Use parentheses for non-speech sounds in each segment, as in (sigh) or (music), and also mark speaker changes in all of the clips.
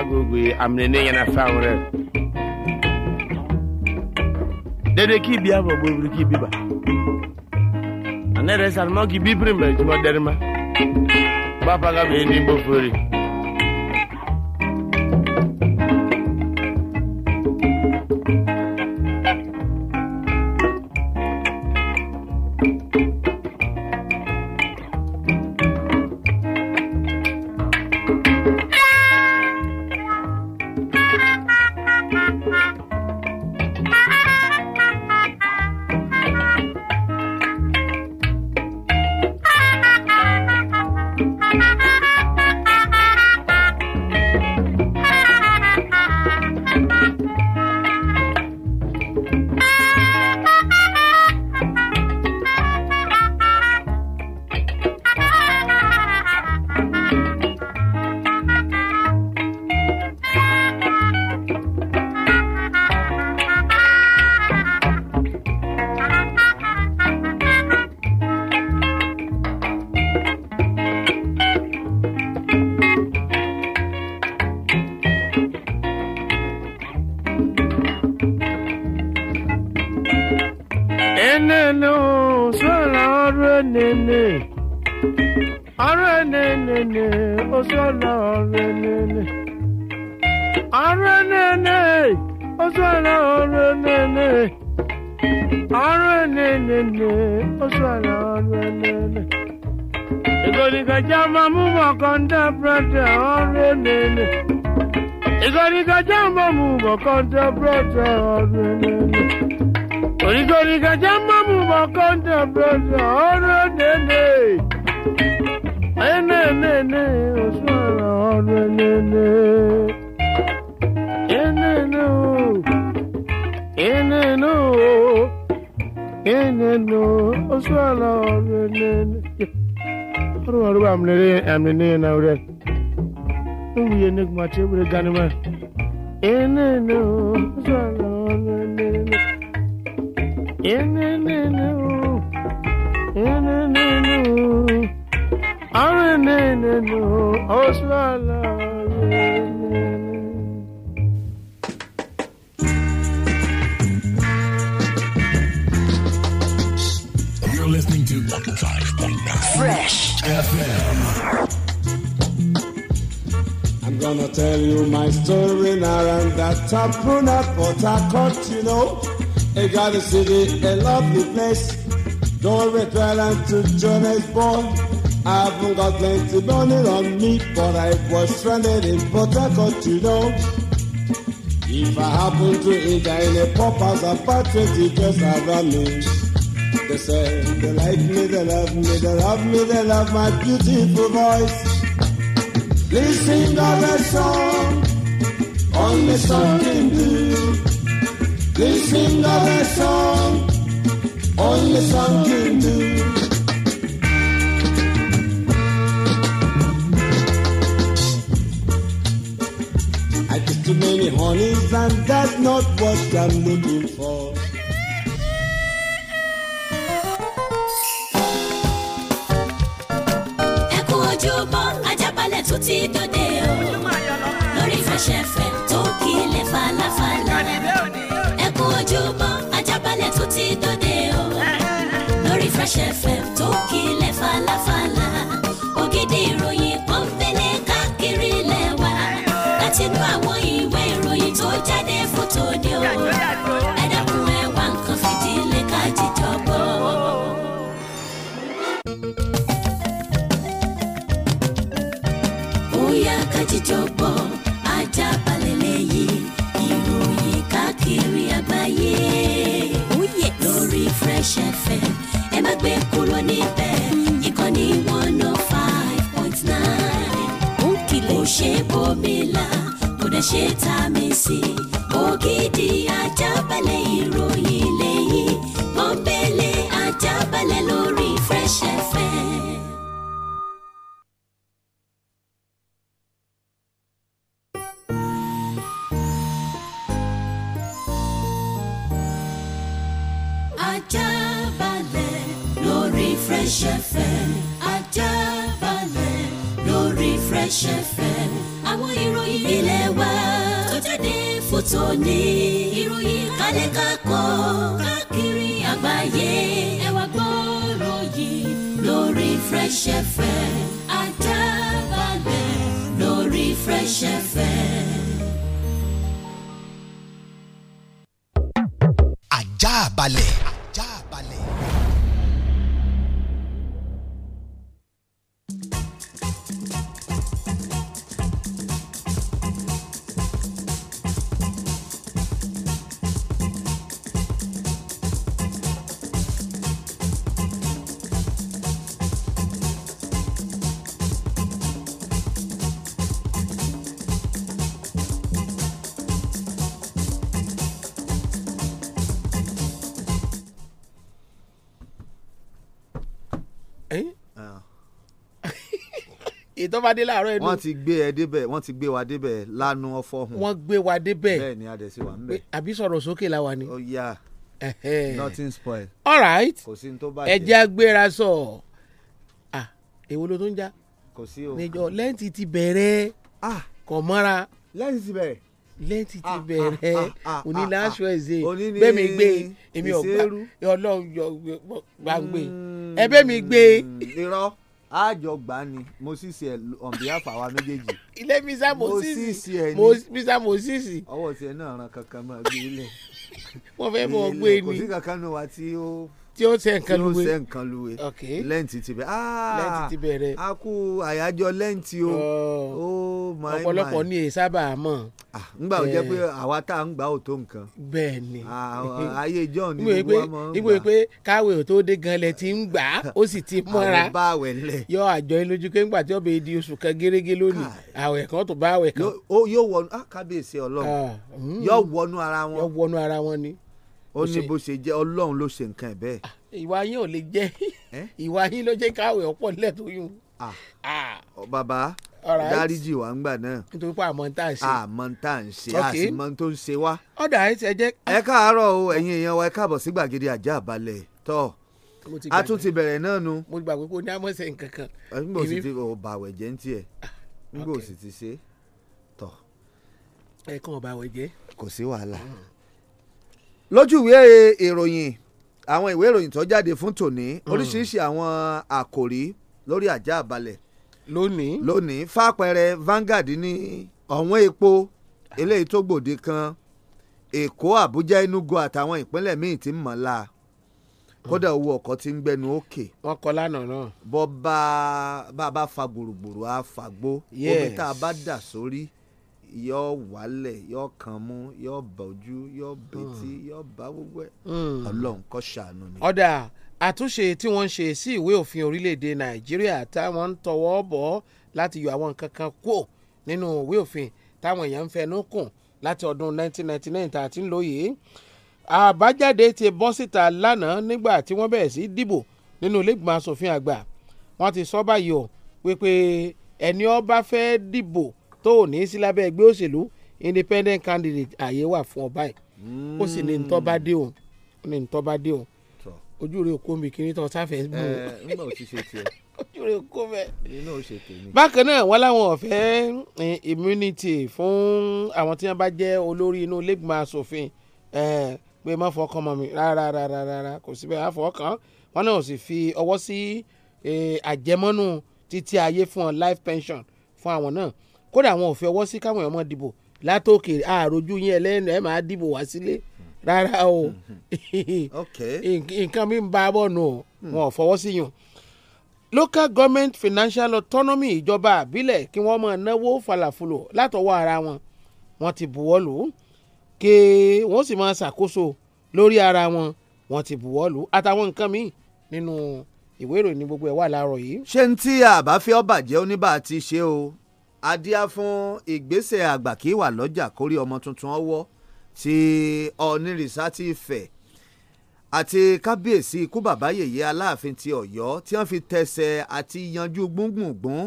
Speaker 1: magogwe amnene yana fawre dede ki biya bo bobri ki biba anere salmo ki bibrim be jmo derma baba ga be ndi bofori chibri ganima. Enenu zalonenenu. Enenenu. Enenenu. Arenenenu oswala.
Speaker 2: You're listening to Fresh FM
Speaker 3: gonna tell you my story now and that taproom at Port Harcourt, you know. I got a city, a lovely place. Don't repel and to Johannesburg. I haven't got plenty money on me, but I was stranded in Port Harcourt, you know. If I happen to enter in a apartment, as just patriot, just around me. They say
Speaker 1: they like me, they love me, they love me, they love my beautiful voice. Please sing our song on the sunken blue. Please sing our song on the sunken blue.
Speaker 4: I kissed too many honeys and that's
Speaker 3: not what I'm looking for.
Speaker 5: Fresh FM tó kílẹ̀ falafala. ẹ kú ojúmọ́ ajábalẹ̀ tó ti dòde o. (laughs) lórí Fresh FM tó kílẹ̀ falafala. ògidì ìròyìn kan fẹ́lẹ̀ káàkiri lẹ́wà. látinú àwọn ìwé ìròyìn tó jáde fótó ni o. ṣe tá a mi sí ògidì ajábalẹ̀ ìròyìn.
Speaker 3: ajá ah, balẹ̀.
Speaker 6: tó bá dé láàárọ̀ ẹnu. wọ́n ti
Speaker 7: gbé ẹ débẹ̀ wọ́n ti gbé wa débẹ̀ lánú ọfọ́ hùn. wọ́n gbé wa débẹ̀ bẹ́ẹ̀ ni adẹ̀sí wa ń bẹ̀.
Speaker 6: àbí sọ̀rọ̀ sókè la wà ni. ó yà nothing spoil. all right kò sí ní tó bá jẹ ẹjẹ agbéra sọ ah èwo ló tó ń já. kò sí o níjọ lẹ́ǹtì ti bẹ̀rẹ̀ kọ̀ mọ́ra. lẹ́ǹtì ti bẹ̀rẹ̀ lẹ́ǹtì ti bẹ̀rẹ̀ òní láṣọ ẹ̀zẹ̀ bẹ́ẹ̀mi gbé èmi ọ̀gbà ọlọ́run gbàgbé
Speaker 7: hmm. ẹ bẹ́ẹ̀mi gbé. irọ́ àjọgbá ni moses on behalf of our méjèèjì.
Speaker 6: ilé misa moses
Speaker 7: misa moses. ọwọ́ tiẹ̀ náà ran kankan máa gbé ilẹ̀. wọ́n fẹ́ mọ̀ ọ́ gbé ni. kò sí kankan nù wá tí ó tí ó ṣe nǹkan luwe tí ó ṣe nǹkan luwe lẹ́ǹtì ti bẹ̀rẹ̀ ah! lẹ́ǹtì ti bẹ̀rẹ̀ a kú àyájọ lẹ́ǹtì o
Speaker 6: ó máa ń ọ̀pọ̀lọpọ̀ ní èyí sábà mọ̀. ngbà ah, ó jẹ́ pé eh. àwa tá à ń gbà ó tó nǹkan. bẹ́ẹ̀ ah, ni ayé john ni gbogbo wa mọ̀ ń gbà. ibo pé káwé ò tó dé gan lẹ ti ń gbà ó sì ti mọ́ra yọ àjọ yín lójú pé ńgbà tí ọbẹ̀ di oṣù kan gérégé lónìí àwẹ̀ kan tó bá àwẹ̀ kan. yóò wọnú kábíyèsí ọlọ́run mm. yóò wọnú ara wọn. yóò wọnú ara wọn ni ó ní bó ṣe jẹ́ ọlọ́run ló ṣe nǹkan ẹ̀ bẹ́ẹ̀. Ah, ìwà yín ò lè jẹ́ ìwà yín ló jẹ́ káwé ọ̀pọ̀ nílẹ̀ tó yún.
Speaker 7: Ah. Ah. bàbá dáríjì wà ń gbà náà.
Speaker 6: nítorí pé àmọ́ tá à ń ṣe.
Speaker 7: àmọ́ tá à ń ṣe a sì mọ tó ń ṣe wá. ọ̀dà ẹ ti jẹ́. ẹ káàárọ̀ o ẹ̀yin èèyàn wa ẹ káàbọ̀ sí gbàgede àjà àbálẹ̀ tọ́
Speaker 6: a tún ti bẹ̀rẹ̀ náà nu. mo gbàgbé kó ní amọ̀sẹ̀ nǹkan kan. nígbà òsì ti
Speaker 7: bàwẹ̀ jẹ́ ń tiẹ̀ nígbà òsì ti ṣe tọ̀.
Speaker 6: ẹ kàn bàwẹ̀ jẹ́.
Speaker 7: kò sí wàhálà. Mm lójúwé ìròyìn àwọn ìwé ìròyìn tó jáde fún tòní hmm. oríṣiríṣi àwọn àkòrí lórí àjà àbálẹ̀. lónìí lónìí fàpẹẹrẹ Vanguard ní ọ̀wọ́n epo eléyìí tó gbòde kan Èkó Àbújá Enugu àtàwọn ìpínlẹ̀ míì ti ń mọ̀ la kódà owó ọkọ̀ ti ń
Speaker 6: gbẹnu òkè. wọ́n kọ́ lánàá náà. bọ́
Speaker 7: bá a bá fa gbùrùgbùrù a omi tá a bá dà sórí. So yọ wálẹ̀ yọ kàn mú yọ bọ̀jú yọ betí hmm. yọ bá gbogbo ẹ̀
Speaker 6: hmm. ọlọ́run kọ́ ṣàánú ni. ọ̀dà àtúnṣe tí wọ́n ń ṣe sí ìwé òfin orílẹ̀-èdè nàìjíríà táwọn ń tọwọ́ bọ̀ láti yọ àwọn nǹkan kan kúò nínú ìwé òfin táwọn èèyàn ń fẹnu kùn láti ọdún 1999 tá a ti ń lò yìí àbájáde ti bọ́ síta lánàá nígbà tí wọ́n bẹ̀rẹ̀ sí dìbò nínú ilégbìmọ̀ asòfin àgbà wọ́n ti sọ báyìí o wípé ẹni ó tó ò ní sí lábẹ́ ẹgbẹ́ òṣèlú independent candidate ààyè wà fún ọba ẹ̀
Speaker 5: ó sì ní ntọ́ bá
Speaker 6: dé òun ó ní ntọ́ bá dé òun ojú rẹ̀ kó mi kiri tán sáfẹ́ bù ú (laughs) ojú rẹ̀ kó mẹ́. bákan náà wọ́n láwọn ọ̀fẹ́ immunity fún àwọn tí wọ́n bá jẹ́ olórí inú lẹ́gbọ̀n asòfin pé má fọkàn mọ́ mi rárá rárá rárá kò síbẹ̀ àfọkàn wọn náà sì fi ọwọ́ sí àjẹmọ́nú títí ayé fún ọ life pension fún àwọn náà kódà àwọn ò fi ọwọ́ sí káwọn èèyàn mọ́ dìbò látòkèrè àròjù yín ẹlẹ́nu ẹ̀ máa dìbò wá sílé rárá o nǹkan mi ń bá bọ̀ nù o wọn ò fọwọ́ sí yàn local government financial autonomy ìjọba àbílẹ̀ kí wọ́n máa náwó falafolo látọwọ́ ara wọn wọ́n ti buwọ́ lù ú kí wọ́n sì máa ṣàkóso lórí ara wọn wọ́n ti buwọ́ lù ú àtàwọn nǹkan míì nínú ìwé ìròyìn gbogbo ẹ̀ wà láàárọ̀ yìí. ṣé ní tí àbáfẹ́ ọ̀bàjẹ́ oníbà ti ṣe o
Speaker 7: adíá fún ìgbésẹ̀ àgbà kí wà lọ́jà kórí ọmọ tuntun ọwọ́ ti onírìsá ti fẹ̀ àti kábíyèsí ikú bàbá yèyé aláàfin ti ọ̀yọ́ tí wọ́n fi tẹsẹ̀ àti yanjú gbùngbùngbùn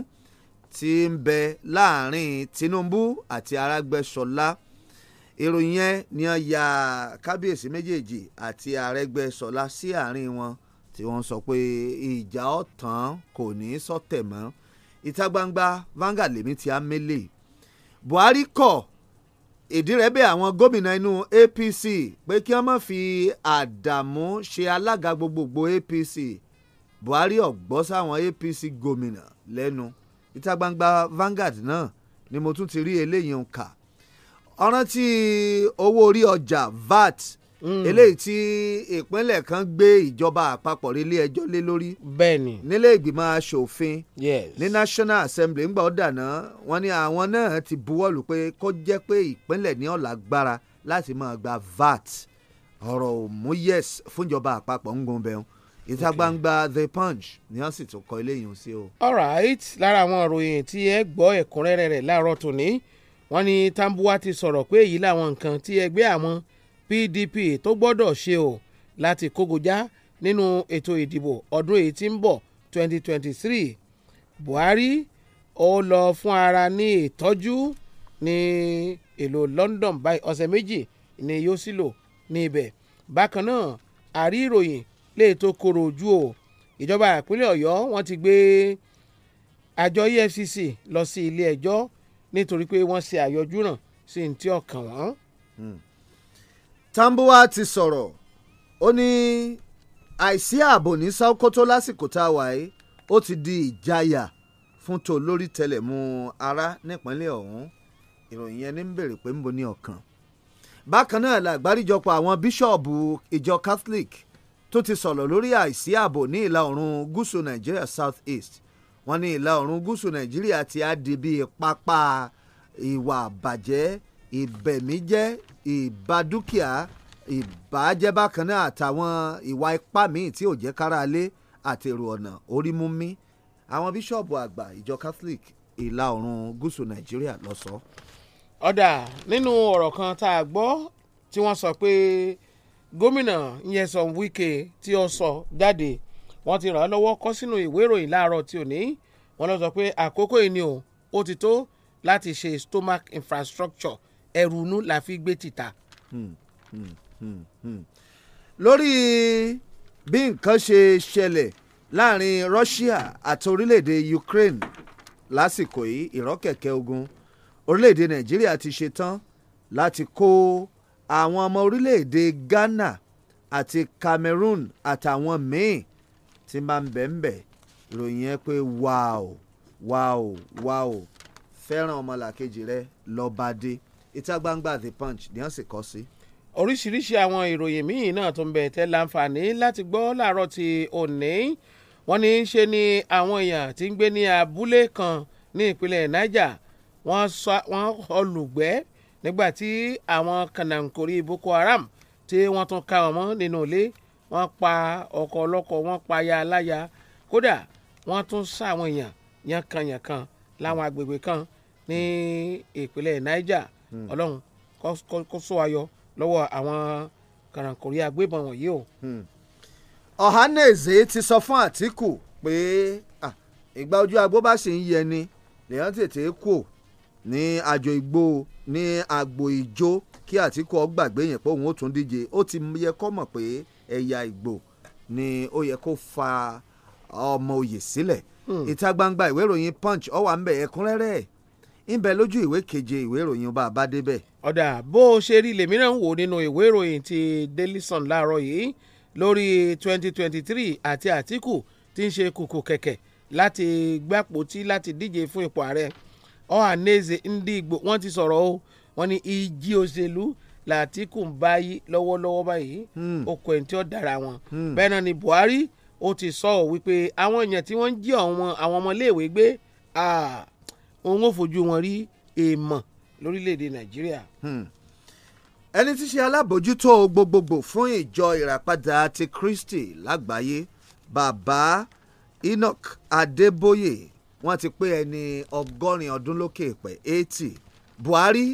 Speaker 7: ti ń bẹ láàrin tinubu àti arẹ́gbẹ́ṣọlá ìròyìn yẹn ni wọ́n ya kábíyèsí méjèèjì àti arẹ́gbẹ́ṣọlá sí àárín wọn tí wọ́n sọ pé ìjà ọ̀tàn kò ní sọ̀tẹ̀ mọ́. So ìta gbangba vanga lèmi ti amẹ́lẹ̀ buhari kọ̀ ìdí rẹ̀ bẹ́ àwọn gómìnà inú APC pé kí wọ́n má fi Àdàmú ṣe alága gbogbogbò APC Buhari ọ̀gbọ́ sáwọn APC gómìnà lẹ́nu ìta gbangba Vanguard náà ni mo tún ti rí eléyìí ń kà ọ̀ràn owó orí ọjà VAT Mm. eléyìí tí ìpínlẹ̀ kan gbé ìjọba àpapọ̀ ilé ẹjọ́ lé lórí bẹ́ẹ̀ni nílé ìgbìmọ̀ asòfin ní National Assembly ńgbà ó dànà wọ́n ní àwọn náà ti buwọ́lù pé kó jẹ́ pé ìpínlẹ̀ ní ọ̀la gbára láti máa gba VAT ọ̀rọ̀ ò mú yes fúnjọba àpapọ̀ ń gun bẹ́ẹ̀ ìta gbangba the punch ni wọ́n sì tún kọ eléyìí
Speaker 6: sí o. all right lára àwọn ìròyìn tí ẹ gbọ́ ẹ̀kúnrẹ́rẹ́ rẹ̀ láàárọ̀ tòní wọ́n ní Tambuwa ti sọ̀rọ̀ pé èyí làwọn nǹkan tí ẹgbẹ́ àwọn PDP tó gbọ́dọ̀ ṣe o láti kógojá nínú ètò ìdìbò ọdún èyí tí ń bọ̀ 2023 Buhari ó lọ fún ara ní ìtọ́jú ní èlò London báyìí ọ̀sẹ̀ méjì ni yóò sì lò ní ibẹ̀ bákan náà àrí ìròyìn lè tó korò ojú o ìjọba ìpínlẹ̀ Ọ̀yọ́ wọ́n ti gbé àjọ EFCC lọ sí ilé ẹjọ́ nítorí pé wọ́n ṣe àyọjúràn sí ní tí ọkàn wọn. Hmm. Tambuwa ti sọ̀rọ̀ ó ní àìsí ààbò ní
Speaker 7: Sókótó lásìkò tá a wà yìí ó ti di ìjayà fún tolórí tẹlẹ̀mú ara nípínlẹ̀ ọ̀hún ìròyìn yẹn ní ń bèrè pé ń bo ní ọ̀kan bákan náà làgbáríjọpọ̀ àwọn bíṣọ̀bù ìjọ Catholic tó ti sọ̀rọ̀ lórí àìsí ààbò ní ìlà oòrùn gúúsù Nàìjíríà South East wọ́n ní ìlà oòrùn gúúsù Nàìjíríà ti á di bíi pápá ìwà àbàjẹ́ ìbẹ̀mí jẹ́ ìbádúkìá ìbàjẹ́ bákan náà àtàwọn ìwà ipá míì tí ò jẹ́ kára lé àti ọ̀nà orí àwọn bíṣọ̀bù àgbà ìjọ Catholic ìlà oòrùn
Speaker 6: gúúsù Nàìjíríà lọ sọ. ọ̀dà nínú ọ̀rọ̀ kan tá a gbọ́ tí wọ́n sọ pé gómìnà Nyesom Wike tí ó sọ jáde wọ́n ti ràn án lọ́wọ́ kọ́ sínú ìwé ìròyìn láàárọ̀ tí ò ní wọ́n lọ sọ pé àkókò yìí o ó ti tó láti ṣe stomach infrastructure ẹrù inú la fi gbé tìta.
Speaker 1: Hmm, hmm, hmm,
Speaker 6: lórí bí nǹkan ṣe ṣẹlẹ̀
Speaker 7: láàrin Russia àti orílẹ̀-èdè Ukraine lásìkò yìí ìrọ́kẹ̀kẹ̀ ogun orílẹ̀-èdè Nàìjíríà ti ṣe tán láti kó àwọn ọmọ orílẹ̀-èdè Ghana àti Cameroon àtàwọn míì tí máa ń bẹ̀ ń bẹ̀ ròyìn ẹ pé wàá o wàá o wàá o fẹ́ràn ọmọlàkejì rẹ lọ́ba dé ìta gbangba the punch ni wọ́n sì kọ́ sí.
Speaker 6: oríṣiríṣi àwọn ìròyìn míì náà tó ń bẹ tẹ́ láǹfààní láti gbọ́ láàárọ̀ ti òní wọ́n ní í ṣe ni àwọn èèyàn tí ń gbé ní abúlé kan ní ìpínlẹ̀ niger wọ́n olùgbẹ́ nígbà tí àwọn kànáńkórí boko haram tí wọ́n tún ka wọn nínú ilé wọ́n pa ọkọ ọlọ́kọ wọ́n pa aya aláya kódà wọ́n tún sá àwọn èèyàn yankanyankan láwọn agbègbè kan ní ìpínlẹ̀ niger Hmm. ọlọ́run kó sọ ayọ̀ lọ́wọ́ àwọn kàràǹkórí agbébọn wọ̀nyí o. Ohanaeze hmm. ti sọ
Speaker 7: fún Àtíkù pé ìgbà ojú agbó bá sì ń yẹ ni lèyàn tètè kù ní àjò ìgbó ní àgbò ìjó kí Àtíkù ó gbàgbé yẹn pé òun ó tún díje ó ti yẹ kó mọ̀ pé ẹ̀yà ìgbò ni ó yẹ kó fa ọmọ òye sílẹ̀ hmm. ìta gbangba ìwé ìròyìn Punch ó wà ń bẹ̀ ẹ̀kúnrẹ́rẹ́
Speaker 6: ń bẹ lójú ìwé keje ìwé ìròyìn bá a bá débẹ̀. ọ̀dà bó o ṣe rí lèmi náà ń wò nínú ìwé ìròyìn ti Daily Sun láàárọ̀ yìí lórí 2023 àti Àtíkù tí ń ṣe kùkù kẹ̀kẹ́ láti gbàpótí láti díje fún ipò ààrẹ Ohanaeze Ndigbo wọ́n ti sọ̀rọ̀ o wọ́n ní ìjì òṣèlú làtìkù ń bá yí lọ́wọ́lọ́wọ́ báyìí hmm. okò ẹ̀ tí ó dára wọn. Hmm. bẹ́ẹ̀ náà ni Buhari ó ti sọ ọ́ wípé àwọn èèyàn tí wọ́n ń jí àwọn ọmọléèwé gbé òun ò fojú wọn rí èèmọ̀ lórílẹ̀‐èdè nàìjíríà. Hmm. ẹni tí í ṣe
Speaker 7: alábòójútó gbogbogbò fún ìjọ ìràpadà ti kristi lágbàáyé bàbá enoch adébóyè wọ́n ti pé ẹni ọgọ́rin ọdún lókè pẹ̀ eighty buhari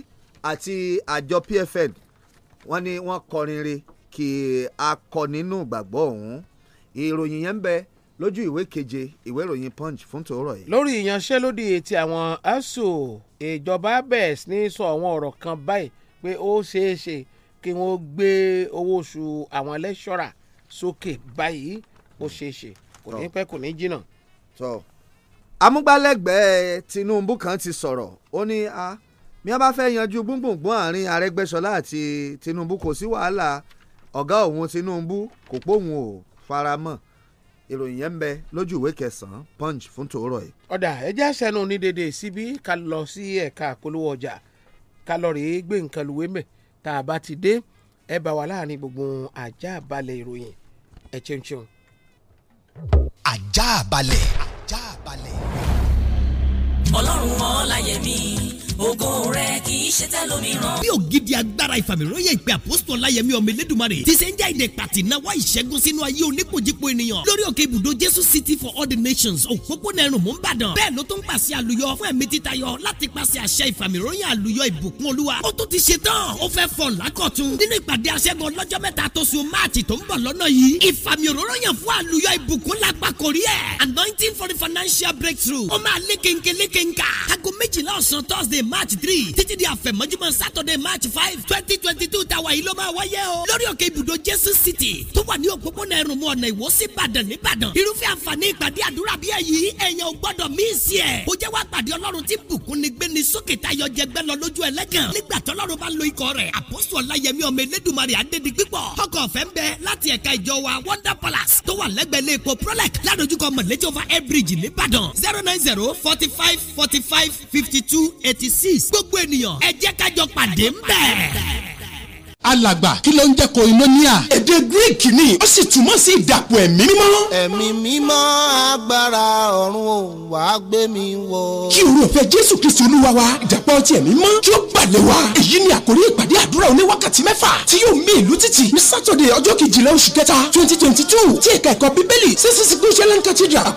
Speaker 7: àti àjọ pfn wọ́n ní wọ́n kọrin re kí akọninú gbàgbọ́ òun ìròyìn yẹn ń bẹ lójú ìwé keje ìwé ìròyìn punch fún tòórọ yìí.
Speaker 6: lórí ìyanṣẹ́lódì ti àwọn asuu ìjọba bẹ̀ẹ̀ ní sọ àwọn ọ̀rọ̀ kan báyìí pé ó ṣeé ṣe kí wọ́n gbé owó oṣù àwọn lẹ́ṣọ́rà sókè báyìí ó ṣeé ṣe kò ní pẹ́ kò ní jìnnà.
Speaker 7: amúgbálẹ́gbẹ̀ẹ́ Tinubu kan ti sọ̀rọ̀ ó ní a mi a bá fẹ́ yanjú gbùngbùngbùn àárín Arẹ́gbẹ́ṣọlá àti Tinubu kò sí wàhálà ọ̀gá òun Tinubu kò pòun ò faramọ́ ìròyìn
Speaker 6: yẹn ń bẹ lójú ìwé kẹsàn punch fún tòórọ̀ yìí. ọ̀dà ẹjẹ́ sẹ́nu ní dédé síbí ká lọ sí ẹ̀ka àpolówó ọjà ká lọ rèé gbé nǹkan lùwé mẹ́ tá a bá ti dé ẹ bá wa láàrin gbogbo ajá balẹ̀ ìròyìn ẹ̀ ṣeun
Speaker 4: ajá balẹ̀. ajá balẹ̀.
Speaker 5: ọlọ́run ọláyẹmí ògo rẹ̀ kì í ṣe tẹlòmíràn. bí
Speaker 4: ògidì agbára ìfàmìlóye ìpè àpòsùn ọláyẹmí ọmọ elédùnmarè ti ṣe ń jẹ́ ìdè pàtì náwó ìṣẹ́gun sínú ayé oníkojúpo ènìyàn lórí òkè ibùdó jésù city for all the nations òpópónà ẹrùn mú ìbàdàn bẹ́ẹ̀ ló tún pàṣẹ àlùyọ fún ẹ̀mí títayọ láti pàṣẹ àṣẹ ìfàmìlóye àlùyọ ìbùkún olúwa ó tún ti ṣe tán ó fẹ́ fọ̀ lákọ̀tún nínú ìpàdé aṣẹ́gun ọlọ́jọ́ mẹ́ta tó sun máàtì tó ń bọ̀ lọ́nà yìí ìfàmì òróró yàn fún àlùyọ ìbùkún lápá kòrí ẹ̀ anointing for the financial breakthrough ó máa lékenkelekenka aago méjìlá ọ̀sán thursday march three títí di àfẹ̀mọ́júmọ́ saturday march five twenty twenty two tàwa yìí ló máa wáyé o lórí òkè ibùdó jésù city tó wà ní òpópónà ẹrùnmú ọ̀nà ìwó sí ìbàdàn nìbàdàn irúfẹ́ àǹfààní ìpàdé àdúrà bí èyí èèyàn ò gbọ́dọ̀ míìsì ẹ̀ ó jẹ́ wá pàdé ọlọ́run tí bùkún ni gbé ni sókè tayọ jẹgbẹ́ lọ lójú ẹlẹ́gàn nígbà tọ́lọ́run bá lo ikọ̀ rẹ̀ àpọ́sù ọláyẹmí ọmọ elédùnmarè adédi pípọ̀ ọkọ̀ ọ̀fẹ́ ń bẹ láti ẹ̀ka ìjọ wa wonder palace tó wà lẹ́gbẹ̀ẹ́ lé epo prolec ládojúkọ mọ̀lẹ́tì over air bridge nìbàdàn zero nine zero forty five forty five fifty two eighty six gbogbo ènìyàn ẹ jẹ́ kájọ pàdé ńbẹ̀ alàgbà
Speaker 3: kí ló ń jẹ́ koinonia. èdè greek ni ó sì túmọ̀ sí ìdàpọ̀ ẹ̀mí mímọ́. ẹ̀mí mímọ́ agbára ọ̀run ò wá gbé mi wọ. kí oore ọ̀fẹ́ jésù kristu olúwa wa ìdàpọ̀ ti ẹ̀mí mọ́ kí ó balẹ̀ wa. èyí ni àkórí ìpàdé àdúrà oní wákàtí mẹ́fà tí yóò mì ìlú títì ní sátọ̀dẹ̀ ọjọ́ kejìlá oṣù kẹta twenty twenty two tí ẹ̀ka bíbélì sẹ́sì sí gúúsẹ́lẹ́n cathedral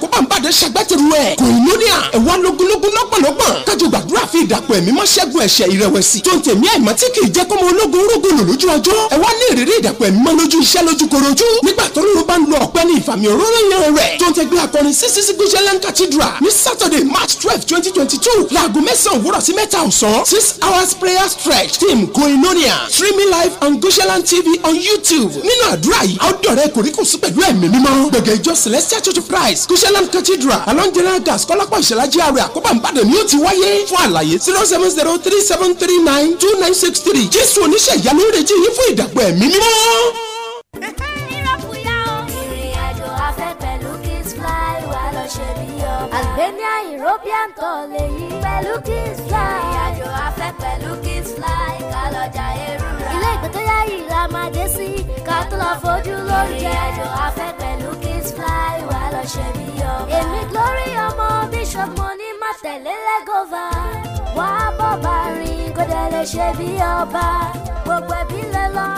Speaker 3: koinonia ẹ̀wá lógúnlógún lọ́gbọ̀nlọ́gbọ̀n kájọ gbàdúrà fi ìdàpọ̀ ẹ̀mí mọ́ ṣẹ́gun ẹ̀ṣẹ̀ ìrẹ̀wẹ̀sì tó ń tẹ̀mí ẹ̀mọ́ tí kì í jẹ́ lójú ọjọ́ ẹ wá ní ìrírí ìdàpọ̀ ẹ̀mí mọ́ lójú iṣẹ́ lójú korojú nígbà tó lóru bá ń lo ọ̀pẹ ní ìfàmì òróró yan rẹ̀ tó ń tẹgbẹ́ akọrin sí sisi gúnṣẹ́lẹ̀ cathedral ní saturday march twelve twenty twenty two laago mẹ́sàn-án òwúrọ̀ sí mẹ́ta ọ̀sán six hours prayer stretch team koinonia streaming live on gúnṣẹ́lẹ̀ tv on youtube nínú àdúrà yìí àwòdọ̀rẹ́ kòríkòsí pẹ̀lú ẹ̀mí mímọ́ gbẹ̀gẹ̀ ìjọ celestial church of christ gúnṣẹ́lẹ̀ cathedral along general gas kọ́lápọ̀ ìṣẹ̀lájí àrẹ àkọ́bà ìbàdàn ni ó ti wáyé fún àlàyé zero seven zero three seven three nine two retí yín fún ìdàpọ̀ ẹ̀mí mímọ́.
Speaker 5: Albania European call èyí pẹ̀lú kiss fly. Ìrìnàjò afẹ́ pẹ̀lú kiss fly ká lọ́jà èrúra. Ilé ìgbé tó yá yìí la máa dé sí ká tó lọ fojú lóúnjẹ. Ìrìnàjò afẹ́ pẹ̀lú kiss fly wà lọ ṣe bí yọ. Èmi glory ọmọ bishop mo ní má tẹ̀lé lẹ́gọ̀ọ́fà wàá bọ̀ bá rìn lè ṣe bí ọba gbogbo ẹbí lè lọ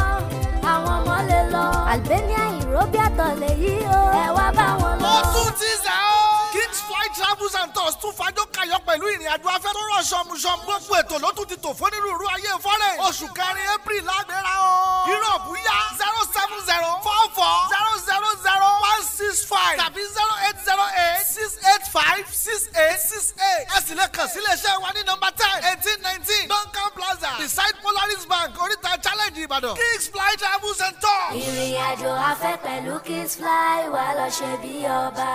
Speaker 8: àwọn ọmọ lè lọ Albania ìróbíàtọ̀ lèyí o ẹ wá bá wọn lọ. ó fún tíza o. Force tún fajọ́ kayọ̀ pẹ̀lú ìrìn àjò afẹ́ tó rọ̀
Speaker 3: ṣọmuṣọmu. gbogbo ètò ló tún ti tò fún onírúurú ayé fọ́lẹ̀. oṣù kẹrin april lágbèrè o. europe yá zero seven zero four four zero zero zero one six five tàbí zero eight zero eight six eight five six eight six eight. ẹ sì lè kàn sí iléeṣẹ́ wa ní nọ́mbà ten eighteen nineteen duncan plaza beside polaris bank oríta challenge ìbàdàn kings
Speaker 5: fly travels and tours. ìrìn àjò afẹ́ pẹ̀lú kings fly wà lọ ṣe bí ọba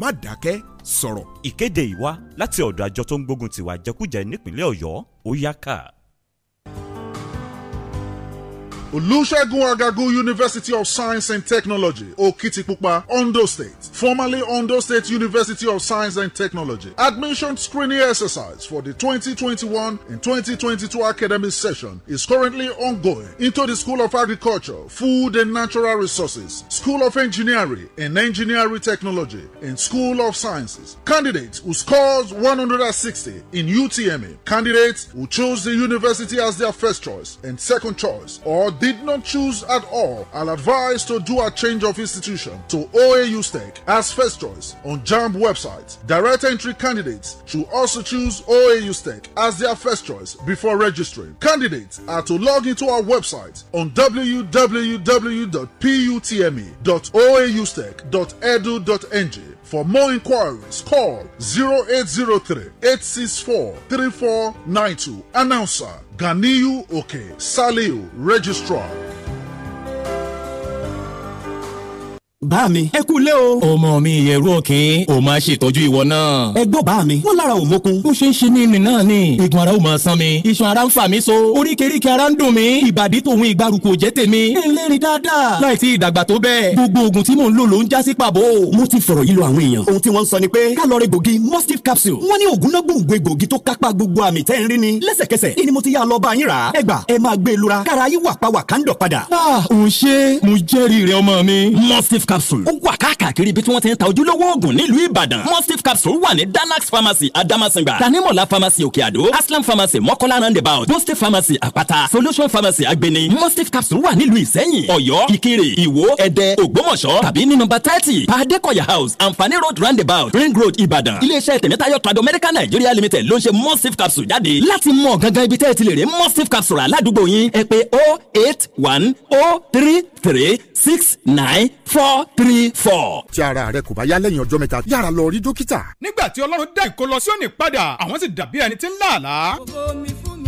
Speaker 3: má dákẹ́ sọ̀rọ̀. ìkéde ìwá láti ọ̀dọ̀ àjọ tó ń gbógun tiwa jẹkújẹ nípínlẹ̀ ọ̀yọ́ ó yá
Speaker 9: ká. olùṣègùn agagu university of science and technology òkìtìpupa ondo state formerly Ondo State University of Science and Technology. Admission screening exercise for the 2021 and 2022 academic session is currently ongoing into the School of Agriculture, Food and Natural Resources, School of Engineering and Engineering Technology, and School of Sciences. Candidates who scores 160 in UTME, candidates who chose the university as their first choice and second choice, or did not choose at all, are advised to do a change of institution to OAU STEC as first choice on JAMB website. Direct entry candidates should also choose OAU STEC as their first choice before registering. Candidates are to log into our website on www.putme.oaustech.edu.ng. For more inquiries, call 0803 864 3492. Announcer Ganiyu Oke Saliu, Registrar.
Speaker 10: bá mi. ẹ kú lé o. ọmọ mi ìyẹ̀rú òkè o máa ṣètọ́jú ìwọ náà. ẹ gbọ́ bá mi. wọ́n lára òmokun. ó ṣe ń ṣe ní ìrìn náà ni. igun ara ó máa san mi. iṣan ara ń fà mí so. oríkèéríkèé ara ń dùn mí. ìbàdí tòun ìgbàrúkọ jẹ́ tèmi. ẹlẹ́rìí dáadáa.
Speaker 4: láì tí ìdàgbà tó bẹ́ẹ̀. gbogbo oògùn tí mò ń lò ló ń já sí pàbó. mo ti fọ̀rọ̀ yí lọ àwọn èèyàn. ohun tí wọ́n sọ ni pé kálọ̀rì capsule. wọ́n ní oògùn náà gbòǹgbò egbòogi tó ni. lẹ́sẹ̀kẹsẹ̀ ni mo ti yá lọ bá yín rà e lura. kára yín wà pa ah òun ṣe mo jẹ́rìí rẹ
Speaker 10: capsule ó wà káàkiri ibi tí wọ́n ti ń ta ojúlówó oògùn nílùú Ìbàdàn mustif capsule wà ní danax pharmacy Adamasingba tanimola pharmacy Òkè aslam pharmacy Mọ́kọ́lá roundabout mustif pharmacy Àpáta solution pharmacy Agbeni mustif capsule wà nílùú Ìsẹ́yìn Ọ̀yọ́ Ìkirè Ìwó Ẹdẹ Ògbómọ̀ṣọ́ tàbí ní nọ́mbà thirty pàdékọ̀yà house Anfani road roundabout ring road Ìbàdàn iléeṣẹ́ tẹ̀mẹ́tayọ̀ trado medical Nigeria limited ló ń ṣe mustif capsule jáde láti mọ̀ gangan ibi tẹ́ ti lè rí mustif capsule aládùúgbò yín ẹ pè oh eight one oh three three
Speaker 3: six nine four three four. tí ara rẹ kò bá yá lẹ́yìn ọjọ́ mẹ́ta yára lọ rí
Speaker 11: dókítà. nígbà tí ọlọ́run dá ìkólọ sí òní padà àwọn sì dàbí ẹni tí ń lá àlá. mi fún mi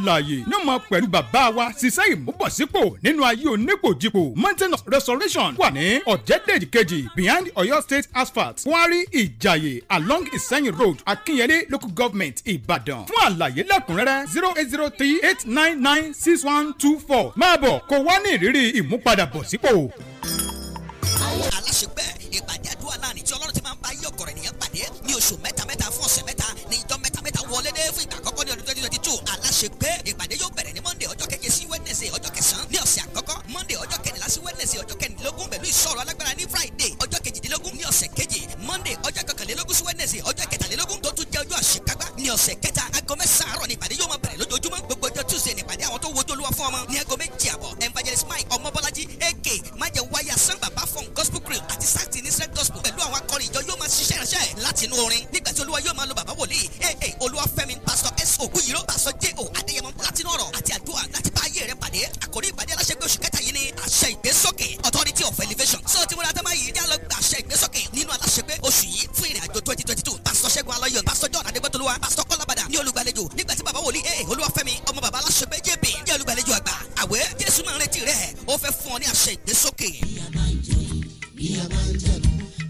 Speaker 11: alààyè ní ọmọ pẹ̀lú bàbá wa ṣiṣẹ́ ìmúbọ̀sípò nínú ayé onípòjìpò mountain of restoration wà ní ọ̀jẹ̀dẹ̀jì kejì behind Ọ̀yọ́ state asphalt kwari ìjàyè along ìsẹ́yìn road akínyẹlé local government ìbàdàn fún àlàyé lẹ́kùnrẹ́rẹ́ zero eight zero three eight nine nine six one two four máa bọ̀ kó wá ní ìrírí ìmúpadàbọ̀sípò.
Speaker 12: aláṣepẹ́ ìpàdé àdúrà láàrin tí ọlọ́run ti máa ń bá yí ọ̀gọ̀rọ̀ ènìyàn pàdé ní oṣù mẹ́ta dé fún ìgbà àkọ́kọ́ ní ọdún twenty twenty two aláṣẹ pé ìpàdé yóò bẹ̀rẹ̀ ní monday ọjọ́ keje sí wednesday ọjọ́ kẹsàn-án ní ọ̀sẹ̀ àkọ́kọ́ monday ọjọ́ kẹrìnlá sí wednesday ọjọ́ kẹrìndínlógún pẹ̀lú ìsọ̀rọ̀ alágbára ní friday ọjọ́ kejìdínlógún ní ọ̀sẹ̀ kejì monday ọjọ́ kọkànlélógún sí wednesday ọjọ́ kẹtàlélógún tó tún jẹ́ ọjọ́ àṣekágbá ní ọ̀sẹ̀ kẹta aago mẹ́sàn-án àárọ̀ ní ìpàdé yóò máa bẹ̀rẹ̀ lójoojúmọ́ gbogbo ọjọ́ tuesday nípàdé àwọn tó wojú olúwa fún ọmọ ní aago méjì àbọ̀ evangelist mike ọmọbọ́lájí aka májẹ̀ wáyà san bàbá fún gospel crew àti sáàtì nisrẹ́ gospel pẹ̀lú àwọn akọrin ìjọ yóò máa ṣiṣẹ́ ìránṣẹ́ láti inú orin nígbà tí olúwa yóò máa lo bàbá wòlíì aa olúwafẹ́mi pastor s ògúyìró pastor j o adéyẹmọ láti méjì pàdé àkórí ìpàdé aláṣẹgbé oṣù kẹta yìí ni àṣẹ ìgbésókè authority of elevation so tí mo ra tẹ́lẹ̀ yìí dialogue àṣẹ ìgbésókè nínú aláṣẹgbé oṣù yìí fún ìrìn àjò twenty twenty two pásítọ̀ ṣẹ́gun alọ́yọ̀ pásítọ̀ john adégbòtolúwa pásítọ̀ kọ́lábàdà ní olùgbàlejò nígbà tí bàbá wòlíì ee eh, olúwafẹ́mi ọmọ bàbá aláṣẹgbé jp jẹ́ olùgbàlejò àgbà àwẹ̀ jésù máa ń retí rẹ̀ ó fẹ́ fún ọ ní àṣẹ ìgbésókè. bí a bá ń jẹun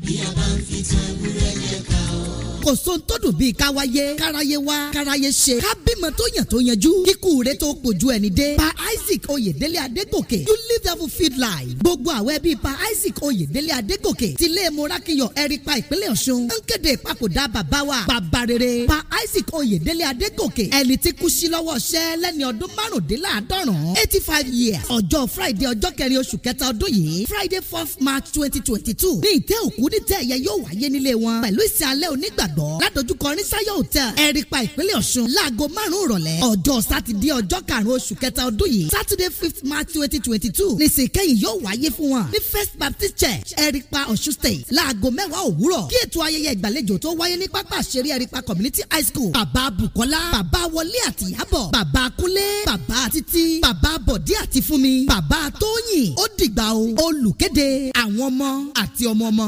Speaker 12: bí a bá ń fi tẹ yẹ ká ọ́
Speaker 8: kò sóhun tó dùn bíi káwáyé káráyé wá káráyé ṣe ká bímọ tó yàn tó yanjú kíkú rẹ tó kojú ẹni dé pa Isaac Oyèdélé Adégòkè you live that feed life gbogbo àwẹ̀ bíi pa Isaac Oyèdélé Adégòkè tilé morakiyan ẹ̀rípa ìpínlẹ̀ Ọ̀ṣun ń kéde ìpapòdà bàbá wa bàbá rere pa Isaac Oyèdélé Adégòkè ẹni tí kú sí lọ́wọ́ ṣẹ́ lẹ́ni ọdún márùndínláàdọ́rùn eighty five years ọjọ́ Friday ọjọ́ kẹrin oṣù kẹta ọdún yìí Friday fourth March twenty twenty two ní ìtẹ́ òkú nítẹ́ ẹ̀yẹ yóò wáyé nílé wọn pẹ̀lú ìsìn alẹ́ onígbà ìgbàgbọ́ ládojúkọ nísàyọ̀ hotel ẹ̀rípa ìpínlẹ̀ ọ̀ṣun láago márùn-ún ìrọ̀lẹ́ ọjọ́ sátidé ọjọ́ karùn-ún oṣù kẹta ọdún yìí sátidé fifth march twenty twenty two nìsín kẹ́yìn yóò wáyé fún wọn ní first baptist church ẹ̀rípa ọ̀ṣun state láago mẹ́wàá òwúrọ̀ kí ètò ayẹyẹ ìgbàlejò tó wáyé ní pápá àṣírí ẹ̀rípa community high school bàbá bukola bàbá wọlé àti yábọ̀ bàbá kúnlé bàbá títí bàbá bọ̀dé àti fúnmi bàbá tóyìn ó dìgbà o olùkéde àwọn ọmọ àti ọmọ ọmọ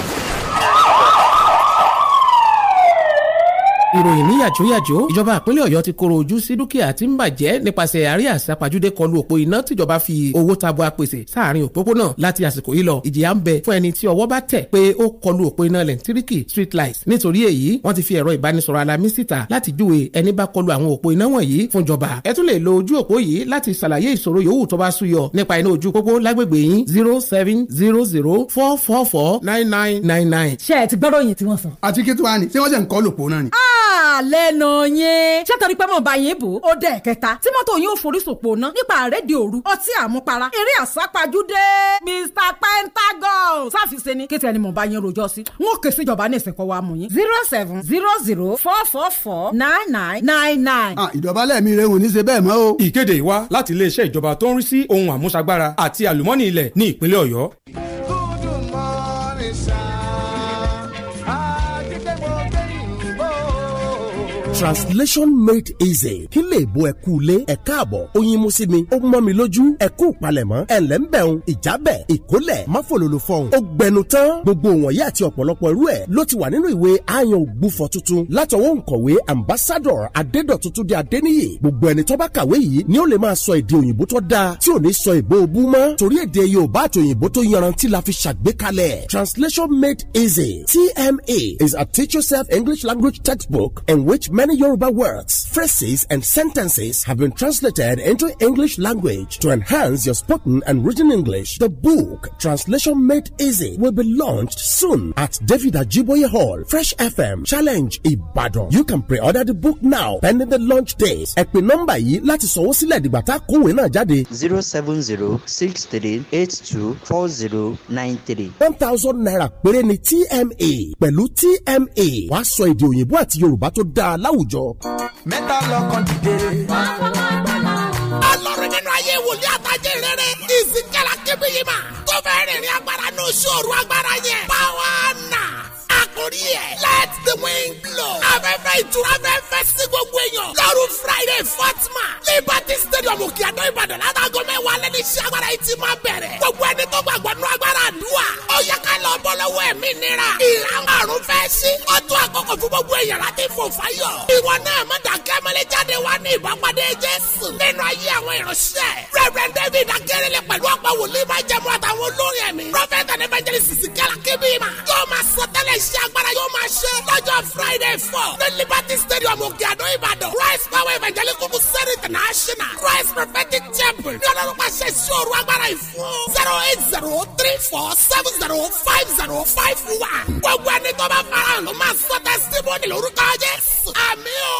Speaker 6: ìròyìn ní yàjóyàjó ìjọba àpínlẹ̀ ọ̀yọ́ ti koro ojú sí dúkìá tí ń bàjẹ́ nípasẹ̀ àríyá àsápajúdé kọlu òpó iná tìjọba fi owó tabua pèsè sáàrin òpópónà láti àsìkò yìí lọ ìjìyà ń bẹ fún ẹni tí ọwọ́ bá tẹ̀ pé ó kọlu òpó iná lẹ́ńtíríkì street light nítorí èyí wọ́n ti fi ẹ̀rọ ìbánisọ̀rọ̀ alamí síta láti júwe ẹni bá kọlu àwọn òpó iná wọ̀nyí fún ìjọba ẹ tún lè lo ojú òpó yìí láti ṣàlàyé ìṣòro yòówù tó bá súyọ nípa iná ojú zero seven zero zero four four four nine nine nine nine. ṣé ẹ ti gbọ́dọ̀ yìí tí wọ́n sọ. àti
Speaker 13: lẹ́nu yẹn ṣé torí pé mo bá yín bò ó dẹ̀ kẹta tí mọ́tò yín forísòpò ná nípa àrédè òru ọtí àmupara eré àsápajúdé Mr Pentagon sáfìsẹ́ ni kéte ẹni mo bá yín rojọ́ sí n ó ké síjọba ní ìsìnkú wa mú yín zero seven zero zero four four four nine nine nine nine. Ah, ìdọ̀bálẹ̀
Speaker 11: mi rẹ̀ wò ní ṣe bẹ́ẹ̀ mọ́ o. ìkéde wa láti iléeṣẹ́ ìjọba tó ń rí sí ohun àmúṣagbára àti àlùmọ́nì ilẹ̀ ní ìpínlẹ̀ Ọ̀yọ́.
Speaker 3: translation made easy kí lè bo ẹ kú lé ẹ káàbọ̀ oyin mú sí mi ó mọ́ mi lójú ẹ kú palẹ̀mọ́ ẹ ǹlẹ́ ń bẹ̀rùn ìjábẹ̀ ìkólẹ̀ máfòlòlò fọhùn ó gbẹnu tán gbogbo wọ̀nyí àti ọ̀pọ̀lọpọ̀ irú ẹ̀ ló ti wà nínú ìwé ayan ògbúfọ̀ tuntun látọwọ́ nkọ̀wé ambassador adédọ̀tutù di adéníyè gbogbo ẹni tó bá kàwé yìí ni ó lè máa sọ èdè òyìnbó tó dáa tí ò ní sọ èbó òbú mọ́ torí èdè yorùbá àti òyìnbó tó yanrantí la fi ṣàgbékalẹ̀ translation made easy tma is a teach yourself english language textbook in which many many Yoruba words, phrases, and sentences have been translated into English language to enhance your spoken and written English. The book, Translation Made Easy, will be launched soon at David Ajiboye Hall, Fresh FM, Challenge Ibadan. You can pre-order the book now, pending the launch date. Ẹ pè nọ́mbà yìí láti sanwó sílẹ̀ dìgbà tá a kówé náà jáde. zero seven zero six three eight two four zero nine three. one thousand naira péré ni TMA pẹ̀lú TMA wàá sọ èdè òyìnbó àti Yorùbá tó dáa láwùjọ láwùjọ. mẹ́ta lọ́kàn dìde. wọ́n fọwọ́
Speaker 14: gbọ́dọ̀. ọlọ́run nínú ayé wòlíì àtàjẹ́ rere ìsìnkẹ́lá kébìyìmá tó fẹ́ rìnrìn agbára ní oṣù òru agbára yẹn. báwa nà lórí ẹ̀. let the wind blow. afẹ́fẹ́ ìtura fẹ́fẹ́ sí gbogbo èèyàn. lọ́rùn friday fatma liberty stadium òkè àdó ìbàdàn látago mẹ́wàá lẹ́ni iṣẹ́ agbára yìí ti máa bẹ̀rẹ̀. gbogbo ẹni tó gbàgbọ́ nú agbára àdúrà. ó yẹ ká lọ bọ́ lọ́wọ́ ẹ̀mí nira. ìlànà àrùn fẹ́ sí. ó tó àkókò fún gbogbo èèyàn láti fò fáyọ̀. ìwọ náà má dàgẹ́ mẹ́lẹ́ jáde wá ní ìbápadé jésù. nínú ayé àwọn ìránṣẹ́. reverend david akérèlé pẹ̀lú ọ̀pọ̀ wòlíì máa jẹ́mu àtàwọn olórin ẹ̀mí. prophet and evangelist kàlàkébìmá. yóò máa sọ tẹ́lẹ̀ iṣẹ́ agbára yóò máa ṣe lọ́jọ́ Friday four ní Liberty Stadium òkè àdó Ìbàdàn Christ Power Evangelical Crusade International Christ Prophetic Chapel ní ọlọ́run pàṣẹ ìṣòro agbára ìfún zero eight zero three four seven zero five zero five one gbogbo ẹni tó bá farahàn ló máa sọ tẹsítímọ́nì lórúkọ Jésù àmín o.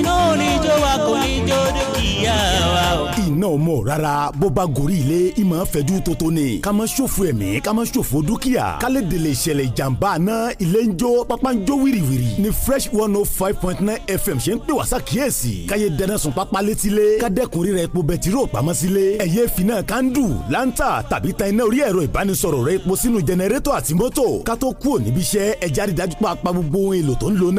Speaker 2: iná ò ní jó wa kò ní jó
Speaker 1: dúkìá
Speaker 2: wa
Speaker 10: o náà mọ̀ rárá bó bá gorí ilé ìmọ̀ fẹ́jú tótó ni ká má ṣòfò ẹ̀mí ká má ṣòfò dúkìá kálẹ̀ délé ìṣẹ̀lẹ̀ ìjàmbá náà ilé ń jó pápá ń jó wìrìwìrì ni fresh one oh five point nine fm ṣe ń pè wá sàkíyèsí káyé dẹrẹ́ sùn pápá létílé ká dẹ́kun rírẹ̀ epo bẹtiró pamọ́ sílé ẹ̀yẹ́ fínà kándù láńtà tàbí tan iná orí ẹ̀rọ ìbánisọ̀rọ̀ rẹ epo sínú jẹnẹrétọ̀ àti mọ́tò ká tó kúrò níbi iṣẹ́ ẹja rí dájú pa pa gbogbo ohun èlò tó ń lò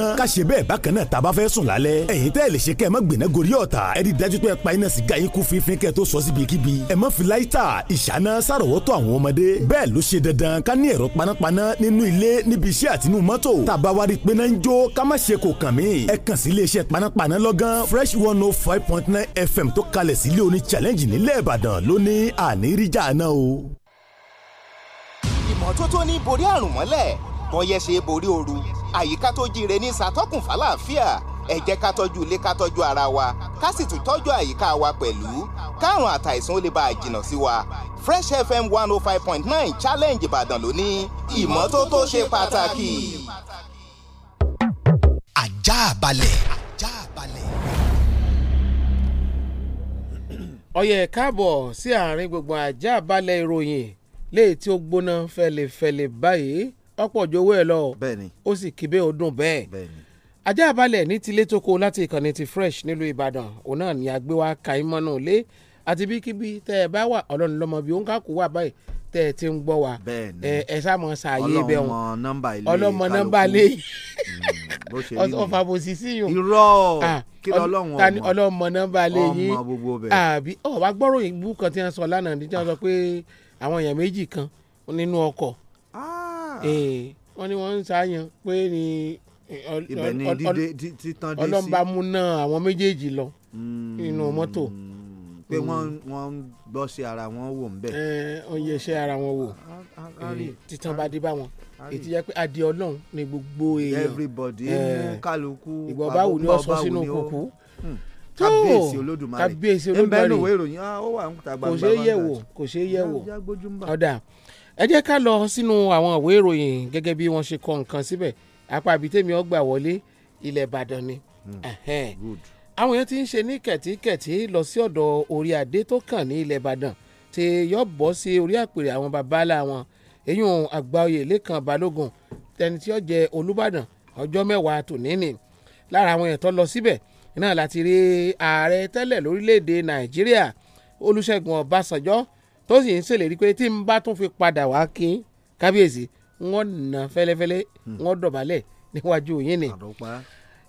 Speaker 10: àfin kẹ́ tó sọ síbi kíbi ẹ má fi láyítà ìṣáná sàrọ̀wọ́tò àwọn ọmọdé bẹ́ẹ̀ ló ṣe dandan ká ní ẹ̀rọ panápaná nínú ilé níbi iṣẹ́ àtinú mọ́tò tàbá wa rí i pé náà ń jó ká má ṣe kò kàn mí ẹ kàn sí iléeṣẹ́ panápaná lọ́gán fresh one oh five point nine fm tó kalẹ̀ sílé oní challenge nílẹ̀ ìbàdàn lóní àníríjà náà o.
Speaker 3: ìmọ́tótó ní borí àrùn mọ́lẹ̀ bọ́yẹ̀ ṣe borí ooru àyíká tó jíire ẹ jẹ́ ká tọ́jú ilé ká tọ́jú ara wa ká sì tún tọ́jú àyíká wa pẹ̀lú káàrùn àtàìsàn ó lè bá a jìnnà sí wa Fresh FM one oh five point nine challenge Ìbàdàn ló ìmọ́tótó ṣe pàtàkì.
Speaker 6: ajá balẹ̀. ajá balẹ̀. sí àárín gbogbo ajá balẹ̀ ìròyìn léyìí tí ó gbóná fẹlẹfẹlẹ báyìí ọ̀pọ̀ jọ̀wọ́ ẹ̀ lọ ó sì kíbe ọdún bẹ́ẹ̀ ajá balẹ̀ ní tilé tó kó láti ìkànnì ti fresh nílùú ìbàdàn òun náà ni àgbé wa ka imọ́ náà lé àti bíkíbi tẹ́ ẹ bá wà ọlọ́run lọ́mọ òun kàkó wà báyìí tẹ́ ẹ ti ń gbọ́ wa ẹ sáàmù ṣàyè ibẹ̀ wọn
Speaker 1: ọlọ́mọ nọ́mbà lé
Speaker 6: ọ̀fà bò sí sí yùn irọ́ ah, kí lọ́lọ́run ọmọ ọlọ́mọ nọ́mbà lé yín àbí ọ̀wá gbọ́rọ̀ ìbú kan tí wọ́n sọ lánàá níjọ́ sọ pé àwọn èèyàn méjì kan nínú ọkọ̀ ah. eh, wọ́n ní wọ́n ń sáyàn pé ni ibẹ̀ ni dídé títàn dé sí. ọlọ́mba múná àwọn méjèèjì lọ hmm. inú mọ́tò. pé hmm. wọ́n ń gbọ́ sí ara wọn wò ń bẹ̀. ó yẹ ṣe ara wọn wò títàn bá dé bá wọn ètí jẹ́ pé adìẹ ọlọ́run ni gbogbo èèyàn. everybody mú kálukú ìgbọ̀nba wù ni ó sínú kùkù hmm. kábíyèsí olódùmarè kábíyèsí olódùmarè ẹnbẹ́nu ìwé ìròyìn ah,
Speaker 7: ó wà ń ta gbangba. kò ṣeé yẹ̀ wò kò ṣeé yẹ̀ wò
Speaker 6: ọ̀dà ẹ jẹ́ ká lọ sínú àwọn ìwé ìròyìn gẹ́gẹ́ bí wọ́n ṣe kọ nǹkan síbẹ̀ apá ibi tèmi ọgbà wọlé ilẹ̀ ìbàdàn ni hmm. àwọn èèyàn ti ń ṣe ní kẹ̀tíkẹ̀tí lọ sí ọ̀dọ̀ orí adé tó kàn ní ilẹ̀ ìbàdàn tí yọ bọ́ sí orí àpèrè àwọn babalá wọn èyí òun àgbáoyè lẹ́kàn balógun tẹni tí ó jẹ olúbàdàn ọjọ́ mẹ́wàá tòní ni lára àwọn èèyàn tó lọ síbẹ̀ náà láti rí ààrẹ tẹ́lẹ̀ lórílẹ̀‐èdè nàìjíríà olúṣẹ́gun ọbásanjọ́ tó sì ń ṣèlérí pé tí n bá tún fi padà wá kí kábíyèsí wọ́n nà fẹ́lẹ́fẹ́lẹ́ hmm. wọ́n dọ̀bálẹ̀ níwájú yín ni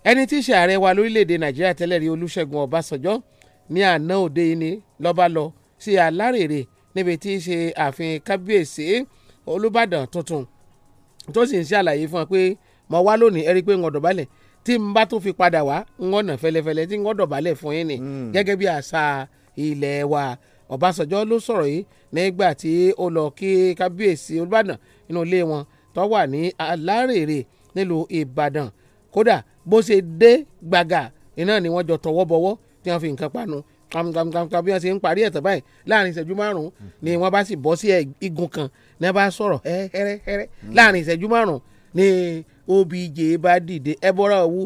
Speaker 6: ẹni tí í ṣe ààrẹ wa lórílẹ̀‐èdè nàìjíríà tẹ́lẹ̀ rí olúṣẹ́gun ọbásanjọ́ ní àná òde yìí ni lọ́ba lọ sí alárèrè níbi tí í ṣe ààfin kábíyèsí olùbàdàn tuntun tó sì ń ṣàlàyé fún ọ pé mo wá lónìí ẹ rí i pé wọ́n dọ̀bálẹ̀ tí n bá tún fi padà wá ń ọ̀nà fẹlẹfẹlẹ tí n ọ̀dọ̀ balẹ̀ fún yín ni hmm. gẹ́gẹ́ bí àṣà ilẹ̀ wa Ọbásanjọ́ ló sọ̀rọ̀ yìí nígbà tí ó lọ kí kábíyèsí Olúbàdàn inú ilé wọn tó wà ní alárèrè nílùú ìbàdàn kódà bó ṣe dé gbàgà iná ni wọ́n jọ tọwọ́ bọwọ́ tí wọ́n fi nǹkan panu kàmkàmkàmkà bí wọ́n ṣe ń parí ẹ̀tàn báyìí láàrin ìṣẹ́jú márùn-ún ni wọ́n bá sì bọ́ sí igun kan ní wọ́n bá sọ̀rọ̀ hẹ́rẹ́hẹ́rẹ́ hmm. láàrin ìṣẹ́jú márùn-ún ni obj bá dìde ẹ bọ́ra owó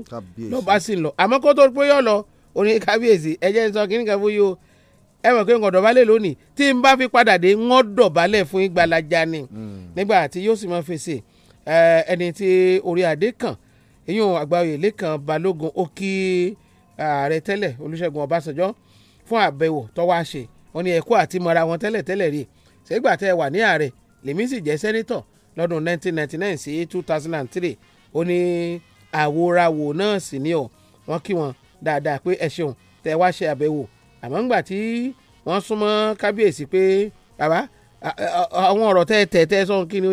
Speaker 6: lọ́ba sì lọ àmọ́ kó tó pé yọ̀ lọ oní kábíyèsí ẹ jẹ́ n sọ kíní kan fún yìí o ẹ mọ̀ pé ń dọ̀bálẹ̀ lónìí tí n bá fi padà dé ń dọ̀bálẹ̀ fún ìgbàlajà ni hmm. nígbà tí yóò sì máa fèsì ẹni tí orí adé kàn ìyún àgbáyé lẹ́kàn balógun ó kí ààrẹ tẹ́lẹ̀ olúṣẹ́gun ọbásanjọ́ fún àbẹ̀wò tó wá wọn ni ẹ̀kọ́ àti mọ́ra wọn tẹ́lẹ̀ tẹ́lẹ̀ rí ṣégbà tẹ́ ẹ wà ní ààrẹ lèmi sì jẹ́ sẹ́nitọ̀ lọ́dún 1999 sí 2003 ó ní àwòràwò náà sì ni ọ̀ wọ́n kí wọn dáadáa pé ẹ ṣeun tẹ́ wá ṣe àbẹ̀wò àmọ́ ńgbà tí wọ́n súnmọ́ kábíyèsí pé bàbá àwọn ọ̀rọ̀ tẹ́ tẹ́ tẹ́ sọ kí ni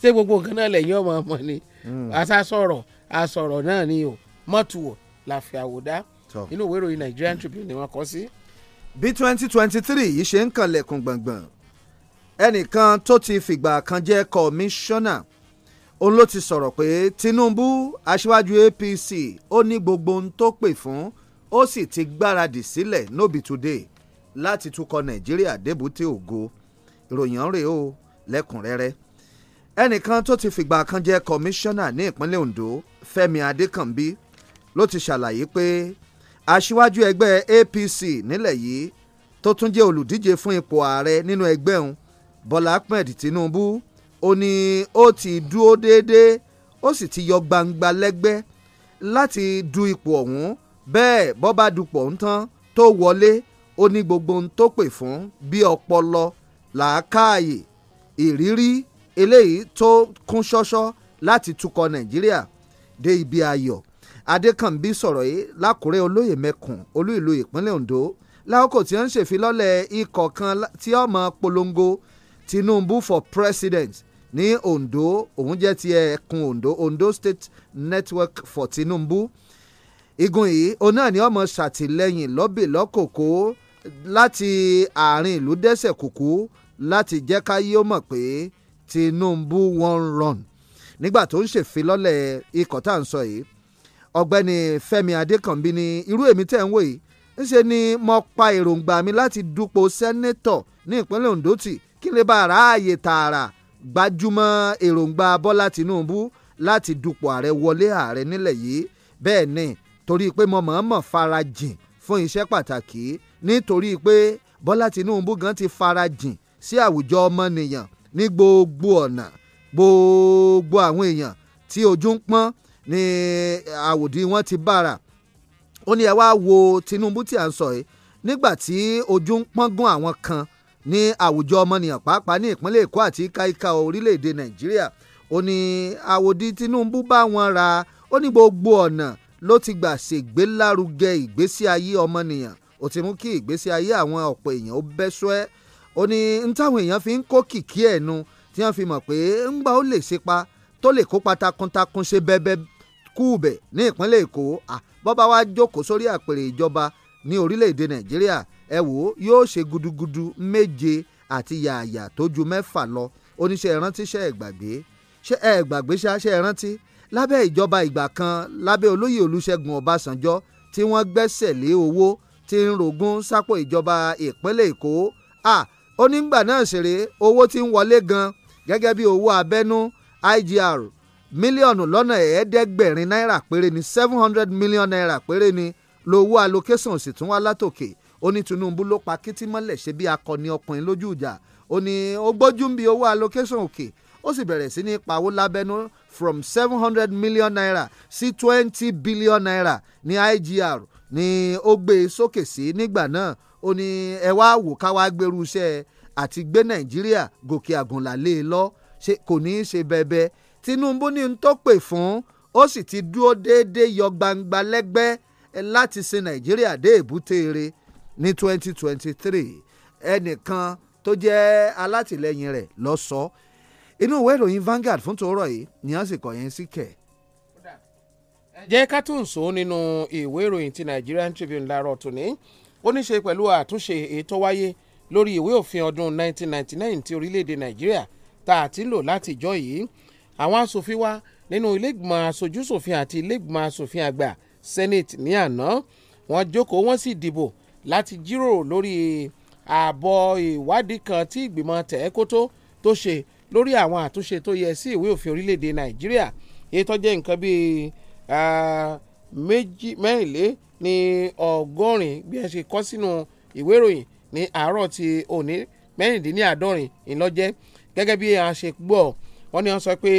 Speaker 6: ṣé gbogbo nǹkan náà lẹ́yìn ọmọ ọmọ ni àṣà hmm. sọ̀rọ̀ àṣọ̀rọ̀ náà ni o mọ́tùwọ̀ làfi àwòdá inú ìwé ìròyìn Nigerian Tribune ni wọ́n kọ sí. bí
Speaker 7: twenty twenty three yìí ṣe ń kànlẹ̀kùn gbọ̀ngbọ̀n ẹnìkan tó ti fìgbà kan jẹ́ kọmíṣánná òun ló ti sọ̀rọ̀ pé Tinubu aṣíwájú APC ó ní gbogbo ohun tó pè fún ó sì ti gbáradì sílẹ̀ nóbi today láti tukọ̀ nàìjíríà débùté ògo ìròyìn ọ̀rẹ́ o lẹ́kùnrẹ́rẹ́ ẹnìkan tó ti fìgbà kan jẹ́ kọmíṣánná ní ìpínlẹ̀ Ondo Fẹ́mi Adékànbí ló ti ṣàlàyé pé aṣíwájú ẹgbẹ́ APC nílẹ̀ yìí tó tún jẹ́ olùdíje fún ipò ààrẹ nínú ẹgbẹ́ òun Bọ́lá Ahmed Tinubu ó ní ó ti dúró déédéé ó sì ti yọ gbangba lẹ́gbẹ́ láti du ipò ọ̀hún bẹ́ẹ̀ bọ́ bá dupò ń tán tó wọlé ó ní gbogbo ohun tó pè fún bí ọpọlọ làákàyè ìrírí eléyìí tó kún ṣọ́ṣọ́ láti tukọ̀ nàìjíríà dé ibi ayọ̀ adékànbí sọ̀rọ̀ yìí lákùrẹ́ olóyè mẹ́kùn olú ìlú ìpínlẹ̀ ondo lákòókò tí ó ń ṣèfilọ́lẹ̀ ikọ̀ kan tí ó polongo tinubu for president ní ondo òun jẹ́ ti ẹkùn ondo ondo state network for tinubu igun yìí òun náà ni ọmọ ṣàtìlẹ́yìn lọ́bẹ̀ lọ́kòkó láti àárín ìlú dẹ́sẹ̀ kùkú láti jẹ́ káyé ó mọ̀ pé Tinubu one run nígbà tó ń ṣèfilọ́lẹ̀ ikọ̀ tá à ń sọ yìí ọ̀gbẹ́ni Fẹ́mi Adékànbí ni irú èmi tẹ̀ ń wò yìí ńṣe ni mo pa èròǹgbà mi láti dúpọ̀ sẹ́nẹ́tọ̀ ní ìpínlẹ̀ Ondo tì kí lè bá ráàyè tààrà gbajúmọ̀ èròǹgbà Bọ́lá Tinubu láti dúpọ̀ ààrẹ wọlé ààrẹ nílẹ̀ yìí bẹ́ẹ̀ ni torí pé mo mọ̀ọ́mọ̀ farajìn fún iṣẹ́ pàtàkì nítorí pé Bọ́lá Tinubu gan ti farajìn sí àwùjọ ọmọnìyàn ní gbogbo ọ̀nà gbogbo àwọn èèyàn tí ojú ń pọ́n ní àwòdì wọn ti bára ó ní ẹ wá wo Tinubu tí à ń sọ yìí nígbà tí ojú ń pọ́ngún àwọn kan ní àwùjọ ọmọnìyàn pàápàá ní ìpínlẹ̀ Èkó àti káíká orílẹ̀-èdè Nàìjíríà ó ní àwòdì Tinubu bá wọn ra ó ní gbogbo ọ̀nà ló ti gbà ṣègbélárugẹ ìgbésí ayé ọmọnìyàn ó ti mú kí ìgbésí ayé àwọn ọ̀pọ̀ èèyàn ó bẹ́ sọ́ẹ́ ó ní n táwọn èèyàn fi ń kó kìkì ẹ̀ nu tí wọ́n fi mọ̀ pé ńgbà ó lè ṣepa tó lè kópa takuntakun ṣe bẹ́ẹ̀bẹ́ kúùbẹ̀ ní ìpínlẹ̀ èkó bọ́ba wa jókòó sórí àpèrè ìjọba ní orílẹ̀-èdè nàìjíríà ẹ wò ó yóò ṣe gudugudu méje àti yààyà tó ju mẹ́fà lọ oníṣẹ́ ìrántí ṣe é gbàgbé ṣe é gbàgbé ṣe é lábẹ́ ìjọba ìgbà kan lábẹ́ olóyè olúṣẹ́gun ọbásanjọ́ tí wọ́n gbẹ́sẹ̀ lé owó tí ń rògún sápò ìjọba ìpínlẹ̀ èkó à ó nígbà náà ṣeré owó tí ń wọlé gan gẹ́gẹ́ bí owó abẹ́nú IGR mílíọ̀nù lọ́nà ẹ̀ẹ́dẹ́gbẹ̀rin náírà péré ni seven hundred million naira péré ni lowó allocation sì tún wá látòkè ó ní Tinubu ló pa kìtìmọ́lẹ̀ ṣe bí akọni ọkùnrin lójú ìjà ó ó gbójú ń owó allocation òkè ó sì bẹ̀rẹ̀ sí ní pawó lábẹ́nú from seven hundred million naira sí twenty billion naira ní IGR ni ó gbé e sókè sí nígbà náà ó ní ẹ wá wò ká wá gbèrú iṣẹ́ àti gbé Nàìjíríà gòkè àgùnlà lé e lọ kò ní í ṣe bẹ́ẹ̀bẹ́ẹ̀ Tinubu ní n tó pè fún ó sì ti dúró déédéé yọ gbangba lẹ́gbẹ́ láti sin Nàìjíríà dé èbúté rẹ̀ ní twenty twenty three ẹnìkan tó jẹ́ alátìlẹyìn rẹ̀ ló inú ìwé ìròyìn Vanguard fún tòórọ̀ yìí ni wọ́n sì kọ yẹn sí kẹ̀.
Speaker 6: ẹ jẹ́ ká tún sọ nínú ìwé ìròyìn ti Nigerian Tribune láàárọ̀ tòní ó ní ṣe pẹ̀lú àtúnṣe ètò wáyé lórí ìwé òfin ọdún 1999 ti orílẹ̀-èdè Nàìjíríà tá a ti ń lò láti ìjọ yìí àwọn asòfin wa nínú ilégbìmọ̀ asojúṣòfin àti ilégbìmọ̀ asòfin àgbà senate ní àná wọ́n jókòó wọ́n sì dìbò láti jíròrò lórí ààbọ̀ ìwádìí kan tí ìgbìmọ̀ tẹ̀ẹ́kótó tó ṣe lórí àwọn àtúnṣe tó yẹ sí ìwé òfin orílẹ̀-èdè nàìjíríà èyí tó jẹ́ nǹkan bíi méjì mẹ́rìnlé ní ọgọ́rin bí ẹ ṣe kọ́ sínú ìwé ìròyìn ní àárọ̀ ti òní mẹ́rìndínláàádọ́rin ìlọ́jẹ́ gẹ́gẹ́ bí a ṣe gbọ́ wọ́n ní wọ́n sọ pé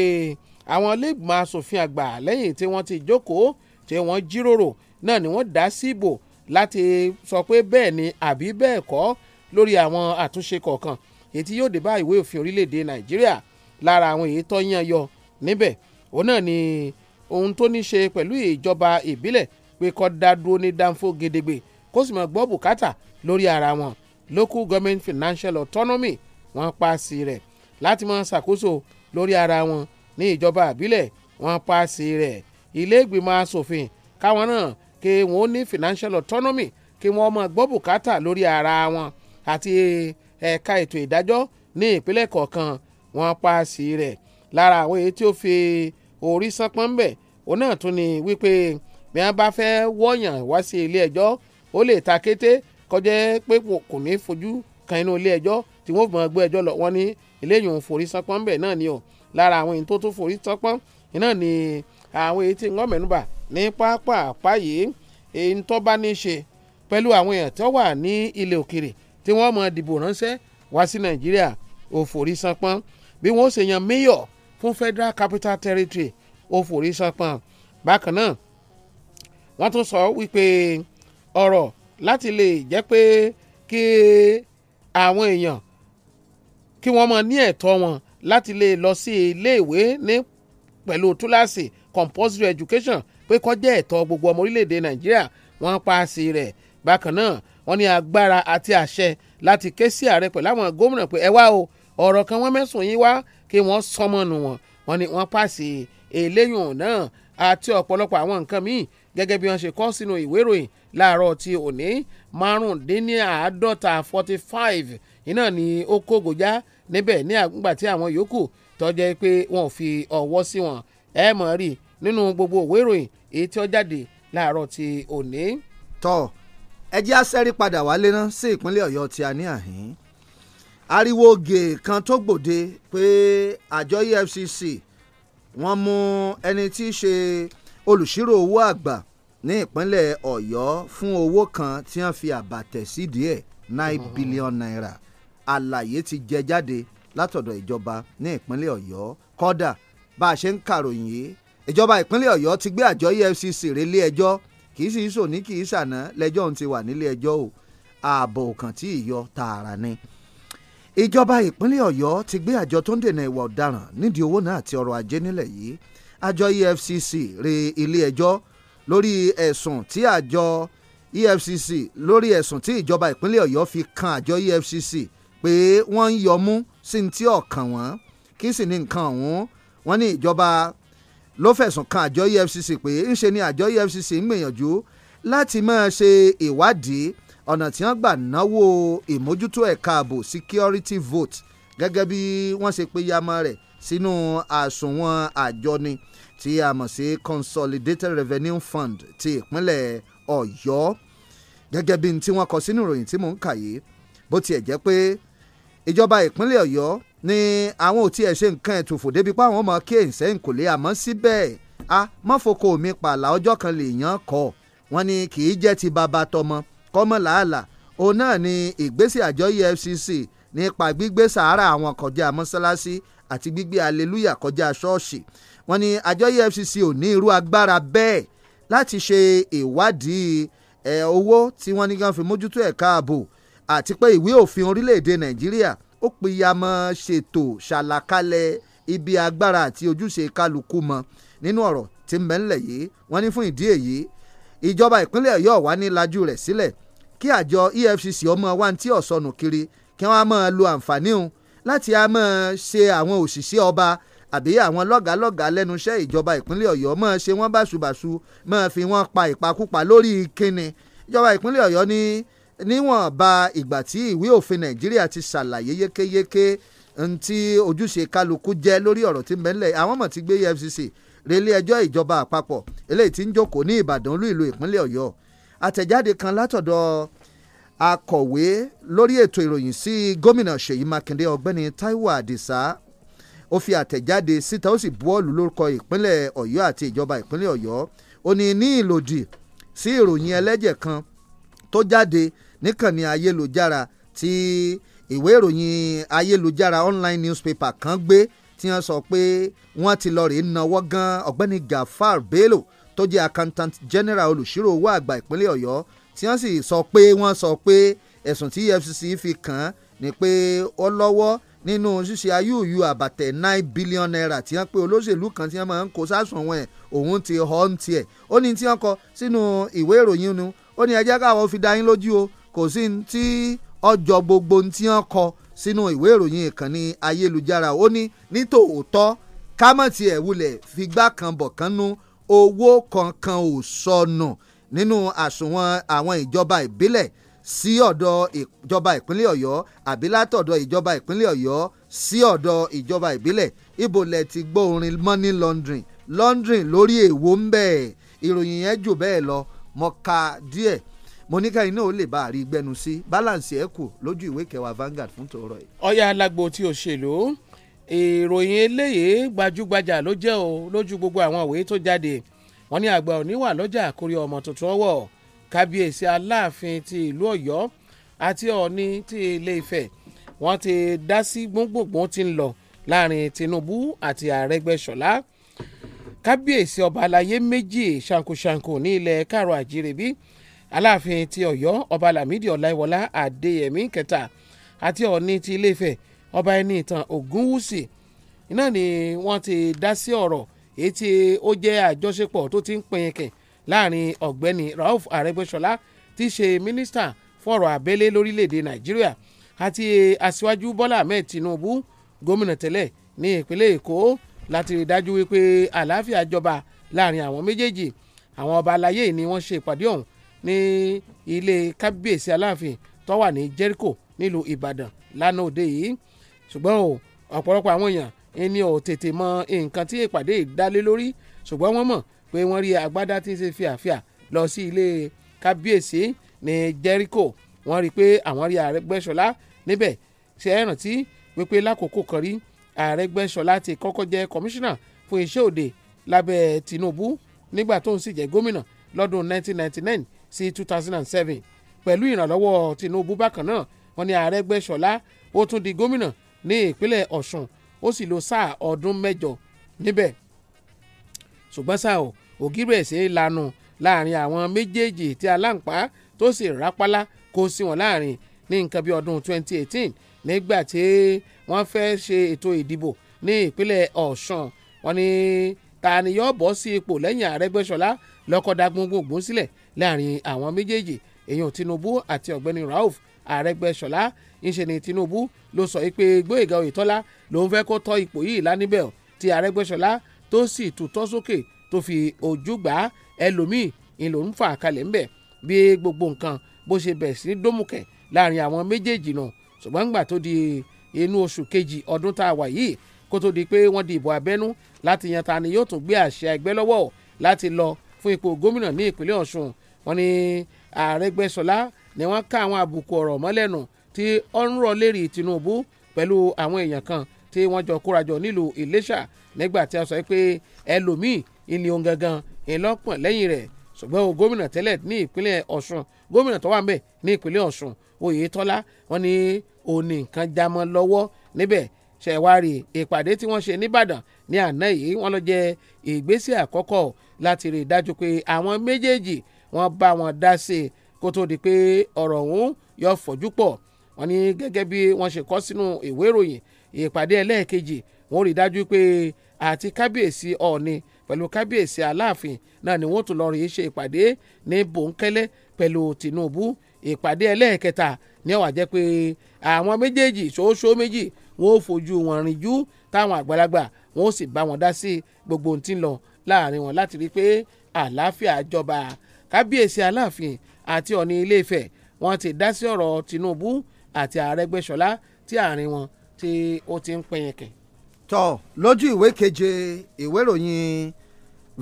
Speaker 6: àwọn iléègbìmọ̀ asòfin àgbà lẹ́yìn tí wọ́n ti jókòó tí wọ́n jíròrò náà ni wọ́n dá sí ìbò láti sọ pé bẹ́ẹ̀ ni àbí bẹ́ẹ̀ kọ́ lórí àwọn àtúnṣe kọ̀ọ̀kan èyí tí yóò dé bá ìwé òfin orílẹ̀-èdè nàìjíríà lára àwọn èyí tó yàn yọ níbẹ̀ òun náà ni ohun tó ní ṣe pẹ̀lú ìjọba ìbílẹ̀ pé kó dá dúró ní dánfó gedegbe kó sì máa gbọ́ bùkátà lórí ara wọn local government financial autonomy wọ́n paasi rẹ̀ láti máa ṣàkóso lórí ara wọn ní ìjọba ìbílẹ̀ wọ́n paasi rẹ̀ ilé ìgbìmọ̀ asòfin káwọn náà kí wọ́n ní financial autonomy kí wọ́n máa gbọ́ bùkátà lórí ara wọn àti ẹ̀ka ètò ìdájọ́ ní ìpínlẹ̀ kọ̀ọ̀kan wọ́n paṣí rẹ̀ lára àwọn èyí tí ó fi orí sán pọ́nbẹ̀ òun náà tún ni wípé bí wọ́n bá fẹ́ wọ́yàn wá sí ilé ẹjọ́ ó lè ta kété kọjá pé kò ní fojú kan inú ilé ẹjọ́ tí wọ́n mọ̀ gbé ẹjọ́ lọ wọ́n ní eléyìí òun forí sán pọ́nbẹ̀ náà ni o lára àwọn èyí tó tún forí sán pọ́n náà ni àwọn èyí tí wọ́n mẹ́nubà ní pápá àpáyé èyí tó bá ní í ṣe pẹ̀lú àwọn èèyàn tó wà ní ilé òkèrè tí wọ́n mọ̀ dìbò ránṣẹ́ wá sí nàìjíríà ó forí sanpọ́n bí wọ́n ṣe yan mayor fún federal capital territory ó forí sanpọ́n bákan náà wọ́n tún sọ wípé ọ̀rọ̀ láti lè jẹ́ pé kí àwọn èèyàn kí wọ́n mọ ní ẹ̀tọ́ wọn láti lè lọ sí iléèwé ní pẹ̀lú túláàsì compulsory education pé kó jẹ́ ẹ̀tọ́ gbogbo ọmọ orílẹ̀-èdè nàìjíríà wọ́n paasi rẹ̀ bákan náà wọ́n ní agbára àti àṣẹ láti ké sí ààrẹ pẹ̀lú àwọn gómìnà pé ẹ wá o ọ̀rọ̀ kan wọ́n mẹ́sùn yín wá kí wọ́n sọmọnù wọn wọ́n ní wọ́n pàṣẹ eléyùn náà àti ọ̀pọ̀lọpọ̀ àwọn nǹkan míì gẹ́gẹ́ bí wọ́n ṣe kọ sínú ìwé ìròyìn láàárọ̀ ti òní márùndínláàádọ́ta forty five iná ni ó kógojá níbẹ̀ ní àgbà tí àwọn yòókù tọ́jẹ́ pé wọn ò fi ọwọ́ sí wọn ẹ mọ̀ rí nínú gbogbo ìwé ìròyìn èyí tí ó jáde láàárọ̀ ti òní. tọ́ ẹ jẹ́ àṣẹ́rí padà
Speaker 7: wálé ná sí ìpínlẹ̀ ọ̀yọ́ tí a ní àhín ariwo oge kan tó gbòde pé àjọ EFCC wọ́n mú ẹni tí í ṣe olùṣírò owó àgbà ní ìpínlẹ̀ ọ̀yọ́ fún owó kan tí wọ́n fi àbàtẹ̀ sídìí ẹ̀ nine mm-hmm. billion naira àlàyé ti jẹ jáde látọ̀dọ̀ ìjọba ní ìpínlẹ̀ ọ̀yọ́ kọ́dà bá a ṣe ń kàròyìn yìí ìjọba ìpínlẹ̀ ọ̀yọ́ ti gbé àjọ EFCC relé ẹjọ́ e kì í sì í sòní kì í sàná lẹ́jọ́ òun ti wà nílé ẹjọ́ o ààbò kan tí ìyọ tààrà ni. ìjọba ìpínlẹ̀ ọ̀yọ́ ti gbé àjọ tó ń dènà ìwà ọ̀daràn nídìí owó náà àti ọrọ̀ ajé nílẹ̀ yìí àjọ EFCC re ilé ẹjọ́ lórí ẹ̀sùn tí àjọ EFCC lórí ẹ̀sùn tí ìjọba ìpínlẹ̀ ọ̀yọ́ fi kan àjọ EFCC pé wọ́n ń yọmú sí ti ọ̀kàn wọn kí sì ní nǹkan ọ̀hún wọ́n ní ìjọba ló fẹ̀sùn kan àjọ EFCC pé ńṣe ni àjọ EFCC ń gbìyànjú láti máa ṣe ìwádìí ọ̀nà tí wọ́n gbà náwó ìmójútó ẹ̀ka ààbò security vote gẹ́gẹ́ bí wọ́n ṣe pe yamọ rẹ̀ sínú àsùnwọ̀n àjọni tí a mọ̀ sí Consolidated Revenue Fund ti ìpínlẹ̀ Ọ̀yọ́ gẹ́gẹ́ bí tí wọ́n kọ sínú ìròyìn tí mò ń kà yìí bó tiẹ̀ jẹ́ pé ìjọba ìpínlẹ̀ Ọ̀yọ́ ni àwọn ò tiẹ̀ ṣe nǹkan ẹ̀tùfò débi pé àwọn ọmọ kí èsẹ́ ń kò lé àmọ́ síbẹ̀ a mọ́fokò mi pààlà ọjọ́ kan lè yàn kọ́ wọn ni kì í jẹ́ ti bàbá tọmọ kọ́mọ làálàá òun náà ni ìgbésẹ̀ àjọ EFCC nípa gbígbé sàárà àwọn kọjá mọ́sálásí àti gbígbé aleluya kọjá ṣọ́ọ̀ṣì wọn ni àjọ EFCC ò ní irú agbára bẹ́ẹ̀ láti ṣe ìwádìí ẹ̀ owó tí wọ́n ní kí wọ́n fi mójútó ẹ̀ka ààbò àti pé ìwé òfin orílẹ̀-èdè Nàìjíríà ó pìyàmọ̀ ṣètò ṣàlàkalẹ̀ ibi agbára àti ojúṣe kálukú mọ́ nínú ọ̀rọ̀ tí ń bẹ ńlẹ̀ yìí wọ́n ní fún ìdí èyí ìjọba ìpínlẹ̀ ọ̀yọ́ wà ní lajú rẹ̀ sílẹ̀ kí àjọ efcc ọmọ wa ti ọ̀sọ̀nù kiri kí wọ́n á máa lo àǹfààní òun láti á máa ṣe àwọn òṣìṣẹ́ ọba àbí àwọn lọ́gàálọ́gàá lẹ́nu ìjọba ìpínlẹ̀ ọ̀yọ́ máa ṣe wọ́n báṣubàṣu máa fi wọ́n pa ìpakúpa lórí kíni ìjọba ìpínlẹ̀ ọ̀yọ́ ní níwọ̀nba ìgbà tí ìwé òfin nàìjíríà ti ṣàlàyé yékéyéké ntí ojúṣe kálukú jẹ́ lórí ọ̀rọ̀ tí mẹ́lẹ̀ àwọn mọ̀ ti gbé EFCC relé ẹjọ́ ìjọba àpapọ̀ eléyìí tí ń jókòó ní ìbàdàn olú ìlú ìpínlẹ̀ ọ̀yọ́ àtẹ̀jáde kan látọ̀dọ̀ akọ̀wé lórí ètò ìròyìn sí gómìnà ṣèyí mákindé ọ̀gbẹ́ni taiwo adisa ó fi àtẹ̀jáde síta ó sì buwọ́lù lórúkọ ìpínlẹ̀ ọ̀yọ́ àti ìjọba ìpínlẹ̀ ọ̀yọ́ ó ní ní ìlòdì sí ìròyìn ẹlẹ́jẹ̀ kan tó jáde níkànnì ayélujára tí ìwé ìròyìn ayélujára online newspaper kan gbé tí wọ́n sọ pé wọ́n ti lọ rèé nawọ́ gan ọ̀gbẹ́ni Gafar Bello tó jẹ́ accountant general olùṣírò owó àgbà ìpínlẹ̀ Ọ̀yọ́ tí wọ́n sì sọ pé wọ́n sọ pé ẹ̀sùn tí EFCC fi kàn án ni pé ó lọ́wọ́ nínú ṣíṣe ayúùyù àbàtẹ̀ nine billion naira tí wọ́n pé olóṣèlú kan tí wọ́n máa ń kó sásùn wọn ẹ̀ òun ti họ́ ń tiẹ̀ ó ní tí wọ́n kọ sínú ìwé ìròyìn nu ó ní ẹ káwọn fi dá yín lójú o kò sí ní tí ọjọ́ gbogbo tí wọ́n kọ sínú ìwé ìròyìn ìkànnì ayélujára ó ní ní tòótọ́ kámọ́tì ẹ̀ wulẹ̀ figbá kan bọ̀ kan nu owó kankan ò sọnù nínú àsùnwọ̀n àwọn ìjọba ìbílẹ̀ sí ọ̀dọ̀ ìjọba ìpínlẹ̀ ọ̀yọ́ àbí látọ̀dọ̀ ìjọba ìpínlẹ̀ ọ̀yọ́ sí ọ̀dọ̀ ìjọba ìbílẹ̀ ibo ti gbọ́ orin money laundering laundering lórí èèwọ̀ ń bẹ ìròyìn yẹn jù bẹ́ẹ̀ lọ mo díẹ̀ mo ní káyìn náà ó lè bá àrí gbẹnu
Speaker 6: sí balance ẹ kù lójú ìwé kẹwàá Vanguard fún tòórọ yìí. ọ̀yà alágbó tí òṣèlú ìròyìn eléyìí gbajúgbajà ló jẹ́ o lójú gbogbo àwọn òwe tó jáde wọ́n ní àgbà òní wà lọ́jà àkórí ọmọ tuntun ọwọ́ kábíyèsí aláàfin ti ìlú Ọ̀yọ́ àti Ọ̀ọ̀ni ti Ilé Ifẹ̀ wọ́n ti dá sí gbóngbòngbò tí ń lọ láàrin Tinubu àti Arẹ́gbẹ́ṣọlá kábíyèsí ọba àlàyé méjì ṣankoṣanko ní ilẹ̀ káàrọ̀ àjírẹ́bí aláàfin ti ọ̀yọ́ ọba lámìdí ọláìwọlá adéyẹmí kẹta àti ọ̀ọ́ni ti iléfẹ̀ ọba ẹni ìtàn ògúnwùsì iná ni wọ́n ti dá sí ọ̀rọ̀ èyí tí ó jẹ́ àjọṣepọ̀ tó ti ń pinyìnkìn láàrin ọ̀gbẹ́ni rauf arẹ́gbẹ́ṣọlá tí í ṣe mínísítà fọ̀rọ̀ abẹ́lé lórílẹ̀‐èdè nàìjíríà àti aṣíwájú bọ́lá ahmed tinubu gómìnà tẹ́lẹ̀ ní ìpínlẹ̀ èkó láti rí dájú wípé àlàáfíà jọba láàrin àwọn méjèèjì àwọn ọba aláyé ni wọ́n ṣe ìpàdé ọ̀hún ní ilé kábíyèsí aláàfin tó wà ní Jericho nílùú Ìbàdàn lánàá òde yìí ṣùgbọ́n o ọ̀pọ̀lọpọ̀ àwọn èèyàn ẹni ò tètè mọ nǹkan tí ìpàdé ìdálé lórí ṣùgbọ́n wọ́n mọ̀ pé wọ́n rí agbádá tí ń ṣe fìàfìà lọ sí ilé kábíyèsí ní Jericho wọ́n rí i pé àwọn rí Arẹ́gbẹ́ṣọlá níbẹ̀ ṣe é rántí wípé lákòókò kan rí Arẹ́gbẹ́ṣọlá ti kọ́kọ́ jẹ́ kọmíṣánná fún iṣẹ́ òde lábẹ́ Tinubu nígbà tó ń sì jẹ́ gómìnà lọ́dún 1999 sí two thousand and seven pẹ̀lú ìrànlọ́wọ́ Tinubu bákan náà wọ́n ní Arẹ́gbẹ́ṣọlá ó tún di gómìnà ní ìpínlẹ̀ Ọ̀ṣun ó sì lo sáà ọdún mẹ́jọ níbẹ̀ ṣùgbọ́n sáà o ògiri ẹ̀sẹ̀ lanu láàrin àwọn méjèèjì tí aláǹpá tó sì rápálá kó sí wọn láàrin ní nǹkan bí ọdún 2018 nígbà tí wọ́n fẹ́ ṣe ètò ìdìbò ní ìpínlẹ̀ Ọ̀ṣun wọ́n ní ta ni yóò bọ́ sí ipò lẹ́yìn Arẹ́gbẹ́ṣọlá lọ́kọ̀dá gbogbogbò sílẹ̀ láàrin àwọn méjèèjì èèyàn Tinubu àti ọ̀gbẹ́ni Rauf Arẹ́gbẹ́ṣọlá ńṣe ni Tinubu ló sọ pé Gbóyèga Oyètọ́lá lòun fẹ́ kó tọ́ ipò yìí lánibẹ̀ tí Arẹ́gbẹ́ṣọlá tó sì tutọ́ sókè tó fi ojú gbà á ẹlòmíì ìlòun fà kalẹ̀ ńbẹ̀ bí gbogbo nǹkan bó ṣe bẹ̀rẹ̀ sí dómùkẹ̀ láàrin àwọn méjèèjì náà ṣùgbọ́n gbà tó di inú oṣù kejì ọdún tá a wà yìí kó tó di pé wọ́n di ìbò abẹ́nú láti yan ta ni yóò tún gbé àṣẹ ẹgbẹ́ lọ́wọ́ láti lọ fún ipò gómìnà ní ìpínlẹ̀ Ọ̀ṣun wọ́n ní àrẹ́gbẹ́sọlá ni wọ́n ká àwọn àbùkù ọ̀rọ̀ mọ́lẹ́nu tí ó ń rọ̀ lérí Tinubu pẹ̀lú àwọn èèyàn kan tí wọ́n jọ kórajọ nílùú Iléṣà nígbà tí a sọ pé ẹlòmíì ìní ohun gangan ìlọ́pọ̀n lẹ́yìn rẹ̀ ṣùgbọ́n o gómìnà tẹ́lẹ̀ ní ìpínlẹ̀ Ọ̀ṣun gómìnà tó wà ń bẹ̀ ní ìpínlẹ̀ Ọ̀ṣun Oyètọ́lá wọ́n ní òní nǹkan jámọ́ lọ́wọ́ níbẹ̀ ṣẹ̀wárì ìpàdé tí wọ́n ṣe nìbàdàn ní àná yìí wọ́n lọ jẹ ìgbésẹ̀ àkọ́kọ́ láti rí i dájú pé àwọn méjèèjì wọ́n bá wọn dá sí i kó tó di pé ọ̀rọ̀ ọ̀hún yọ fọ́jú pọ̀ wọ́n ní gẹ́gẹ́ bí wọ́n ṣe kọ sínú ìwé ìròyìn ìpàdé ẹlẹ́ẹ̀kejì wọ́n rí dájú pé àti kábíyèsí ọ̀ọ̀ni pẹ̀lú kábíyèsí aláàfin náà ni wọ́n tún lọ rí ṣe ìpàdé ní bòńkẹ́lẹ́ pẹ̀lú Tinubu ìpàdé ẹlẹ́ẹ̀kẹta ní ó wá jẹ́ pé àwọn méjèèjì ṣoṣo méjì wọ́n ó fojú wọn rìnjú táwọn àgbàlagbà wọ́n ó sì bá wọn dá sí gbogbo ohun tí ń lọ láàrin wọn láti rí pé àlàáfíà jọba kábíyèsí aláàfin àti ọ̀ní ilé-ifẹ̀ wọ́n ti dá sí ọ̀rọ̀ Tinubu àti Arẹ́gbẹ́ṣọlá tí àárín wọn tí ó ti ń pẹ̀yẹ̀kẹ̀.
Speaker 7: tọ́ lójú ìwé keje ìwé ìròyìn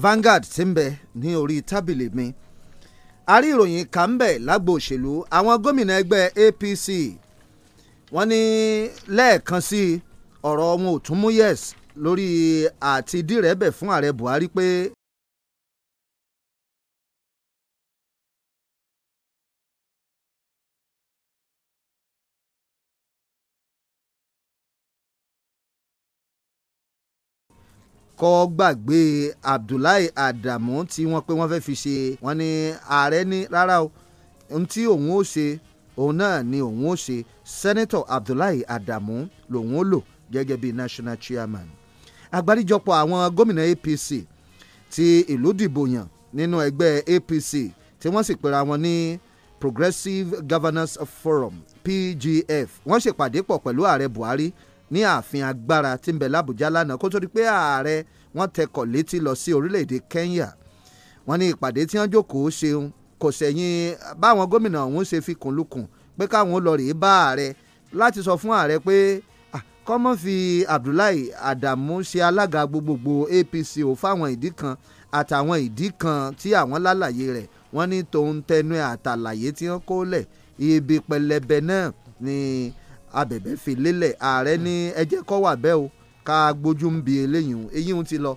Speaker 7: Vanguard ti ń bẹ ní orí tábìlì mi a rí ìròyìn kan bẹ̀ lágbo òṣèlú àwọn gómìnà ẹgbẹ́ APC wọ́n ní lẹ́ẹ̀kan sí ọ̀rọ̀ wọn ò tún mú yes lórí àti fún ààrẹ Buhari pé kọ́ gbàgbé Abdullahi Adamu tí wọ́n pé wọ́n fẹ́ fi ṣe wọ́n ní ààrẹ ní rárá o ohun òun ó ṣe òun náà ni òun ó ṣe Senator Abdullahi Adamu lòun ó lò gẹ́gẹ́ bí national chairman àgbáríjọpọ̀ àwọn gómìnà APC tí ìlú dìbò yàn nínú ẹgbẹ́ APC tí wọ́n sì pera wọn ní Progressive Governance Forum PGF wọ́n ṣèpàdé pọ̀ pẹ̀lú ààrẹ Buhari ní ààfin agbára tí ń bẹ lábújá lánàá kó tó di pé ààrẹ wọ́n tẹkọ̀ létí lọ sí orílẹ̀-èdè Kenya wọ́n ní ìpàdé tí wọ́n jókòó ṣeun kò sẹ̀yìn báwọn gómìnà ọ̀hún ṣe fi kùnlùkùn pé káwọn lọ rèé bá ààrẹ láti sọ fún ààrẹ pé kọ́mọ́ fi Abdullahi Adamu ṣe alága gbogbogbò APC ò fáwọn ìdí kan àtàwọn ìdí kan tí àwọn lálàyé rẹ̀ wọ́n ní tòun tẹnu àtàlàyé tí wọ́n kó lẹ̀ ibi pẹlẹbẹ náà ni. Tòun, tẹnu, abẹ̀bẹ̀ fi lélẹ̀ ààrẹ ní ẹjẹ́ kọ́ wà bẹ́ẹ̀ o ká gbójú ń bi eléyìí o eyín ti lọ.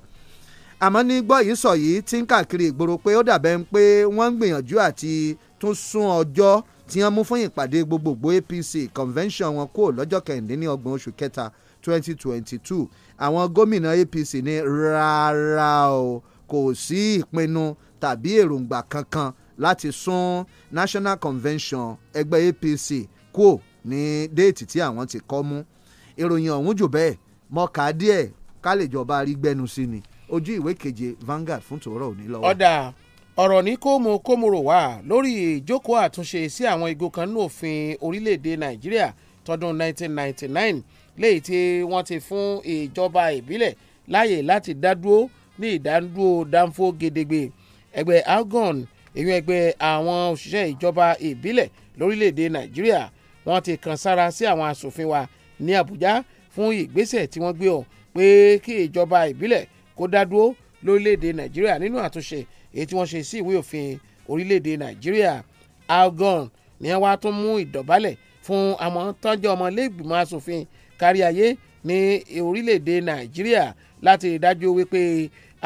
Speaker 7: àmọ́ ní gbọ́ yìí sọ yìí tí ń káàkiri ìgboro pé ó dàbẹ́ ń pé wọ́n ń gbìyànjú àti tún sún ọjọ́ tí wọ́n mú fún ìpàdé gbogbogbò APC convention wọn kúrò lọ́jọ́ kẹrìndínlọ́gbọ̀n oṣù kẹta 2022 àwọn gómìnà APC ní rárá o kò sí ìpinnu tàbí èròǹgbà kankan láti sún national convention ẹgbẹ́ APC kúrò ní déètì tí àwọn ti kọ́ mú ìròyìn ọ̀hún jù bẹ́ẹ̀ mọ̀ọ́ká
Speaker 6: díẹ̀ ká lè jọba rí gbẹnu sí ni ojú ìwé keje Vanguard fún tòórọ́ òní lọ́wọ́. ọ̀dà ọ̀rọ̀ ní kóòmù kóòmùrò wà lórí ìjókòó àtúnṣe sí àwọn igun kan nínú òfin orílẹ̀-èdè Nàìjíríà tọdún 1999 léyìí tí wọ́n ti fún ìjọba ìbílẹ̀ láàyè láti dádúró ní ìdádúró dáńfó gedegbe ẹgbẹ́ algon èyí ẹgbẹ́ àwọn òṣìṣẹ́ ìjọba ìbílẹ̀ lórílẹ̀-èdè Nàìjíríà wọ́n ti kàn sára sí àwọn asòfin wa ní Àbújá fún ìgbésẹ̀ tí wọ́n gbé ọ̀ pé kí ìjọba ìbílẹ̀ kó dádúró lórílẹ̀‐èdè Nàìjíríà nínú àtúnṣe èyí tí wọ́n ṣe sí ìwé òfin orílẹ̀ Nàìjíríà algon ni wọ́n wá tún mú ìdọ̀bálẹ̀ fún àwọn tọ́jú ọmọlẹ́gbìmọ̀ asòfin kárí ayé ní orílẹ̀‐èdè Nàìjíríà láti rí dájú wípé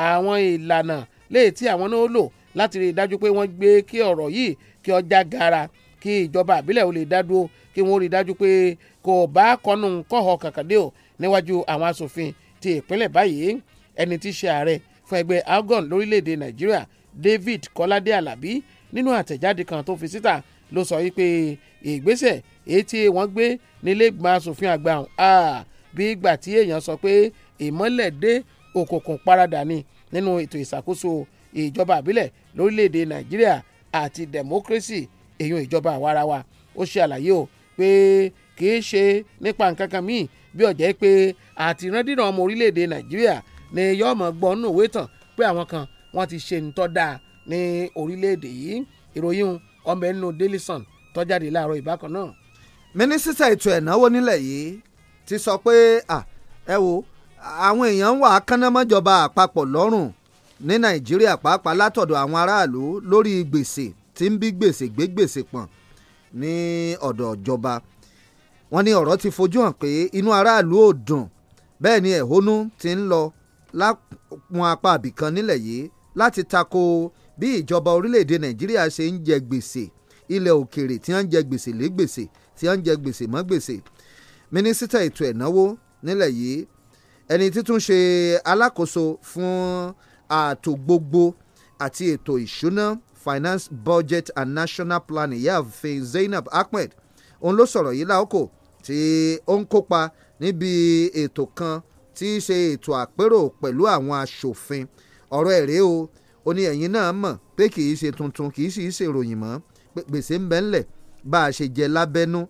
Speaker 6: àwọn ìlànà léè tí àwọn náà lò láti rí dájú pé wọ́n gbé kí ọ̀rọ̀ yìí kí ọjà gara kí ìjọba àbílẹ̀ ó lè dá dúró kí wọ́n rí i dájú pé kò bá kọnu kọ́họ kàkàdé o níwájú àwọn asòfin ti ìpínlẹ̀ báyìí ẹni tí í ṣe ààrẹ fún ẹgbẹ́ algon lórílẹ̀‐èdè nàìjíríà david kọ́ládé alábí nínú àtẹ̀jáde kan tó fi síta ló sọ wípé ìgbésẹ̀ èyí tí wọ́n gbé nílé ìgbìmọ̀ asòfin àgbà bí ìgbà tí èèyàn sọ pé ìmọ́lẹ̀ dé òkùnkùn paradà ni nínú ètò ìṣàkóso ìjọba àbílẹ̀ lórílẹ̀‐èdè nàìjíríà àti democracy èyí ìjọba àwarawa ó ṣe àlàyé o pé kì í ṣe nípa nǹkan kan míì bí ọ̀jẹ́ pé àtìrandíran ọmọ orílẹ̀-èdè nàìjíríà ni yọ́ọ̀mọ̀ gbọ́nú òwe tàn pé àwọn kan wọ́n ti ṣe nítọ́ dáa ní orílẹ̀-èdè yìí ìròyìn ọmọ ẹnu Daily Sun láàárọ̀ ìbákan náà. mínísítà ètò ẹ̀náwó nílẹ̀ yìí ti sọ pé ẹ wo
Speaker 7: àwọn èèyàn ń wà kánámọ́jọba àpapọ̀ lọ́rùn ní nàìjíríà pàápàá látọ̀dọ̀ àwọn aráàlú lórí gbèsè tí ń bí gbèsè gbé gbèsè pọ̀n ní ọ̀dọ̀ ìjọba wọ́n ní ọ̀rọ̀ ti fojú hàn pé inú aráàlú ò dùn bẹ́ẹ̀ ni ẹ̀hónú ti ń lọ lápọn apá àbìkan nílẹ̀ yìí láti tako bí ìjọba orílẹ̀-èdè nàìjíríà ṣe ń jẹ gbèsè ilẹ̀ òkèrè tí wọ́n ń jẹ gbèsè lé gbèsè tí wọ́n ń jẹ gbèsè mọ́ gbèsè mínísítà ètò ẹ̀náwó nílẹ̀ yìí ẹni títún ṣe alákòóso fún ààtò gbogbo àti ètò ìṣúná finance budget and national planning ìyáàfin Zainab Ahmed òun ló sọ̀rọ̀ yìí láòkò tí ó ń kópa níbi ètò kan tí í ṣe ètò àpérò pẹ̀lú àwọn aṣòfin ọ̀rọ̀ ẹ̀ rèé o ó ní ẹ̀yin náà mọ̀ pé kì í ṣe tuntun kì í sì í ṣe ìròyìn mọ́ gbèsè ń bẹ ńlẹ̀ bá a ṣe jẹ lábẹ́nú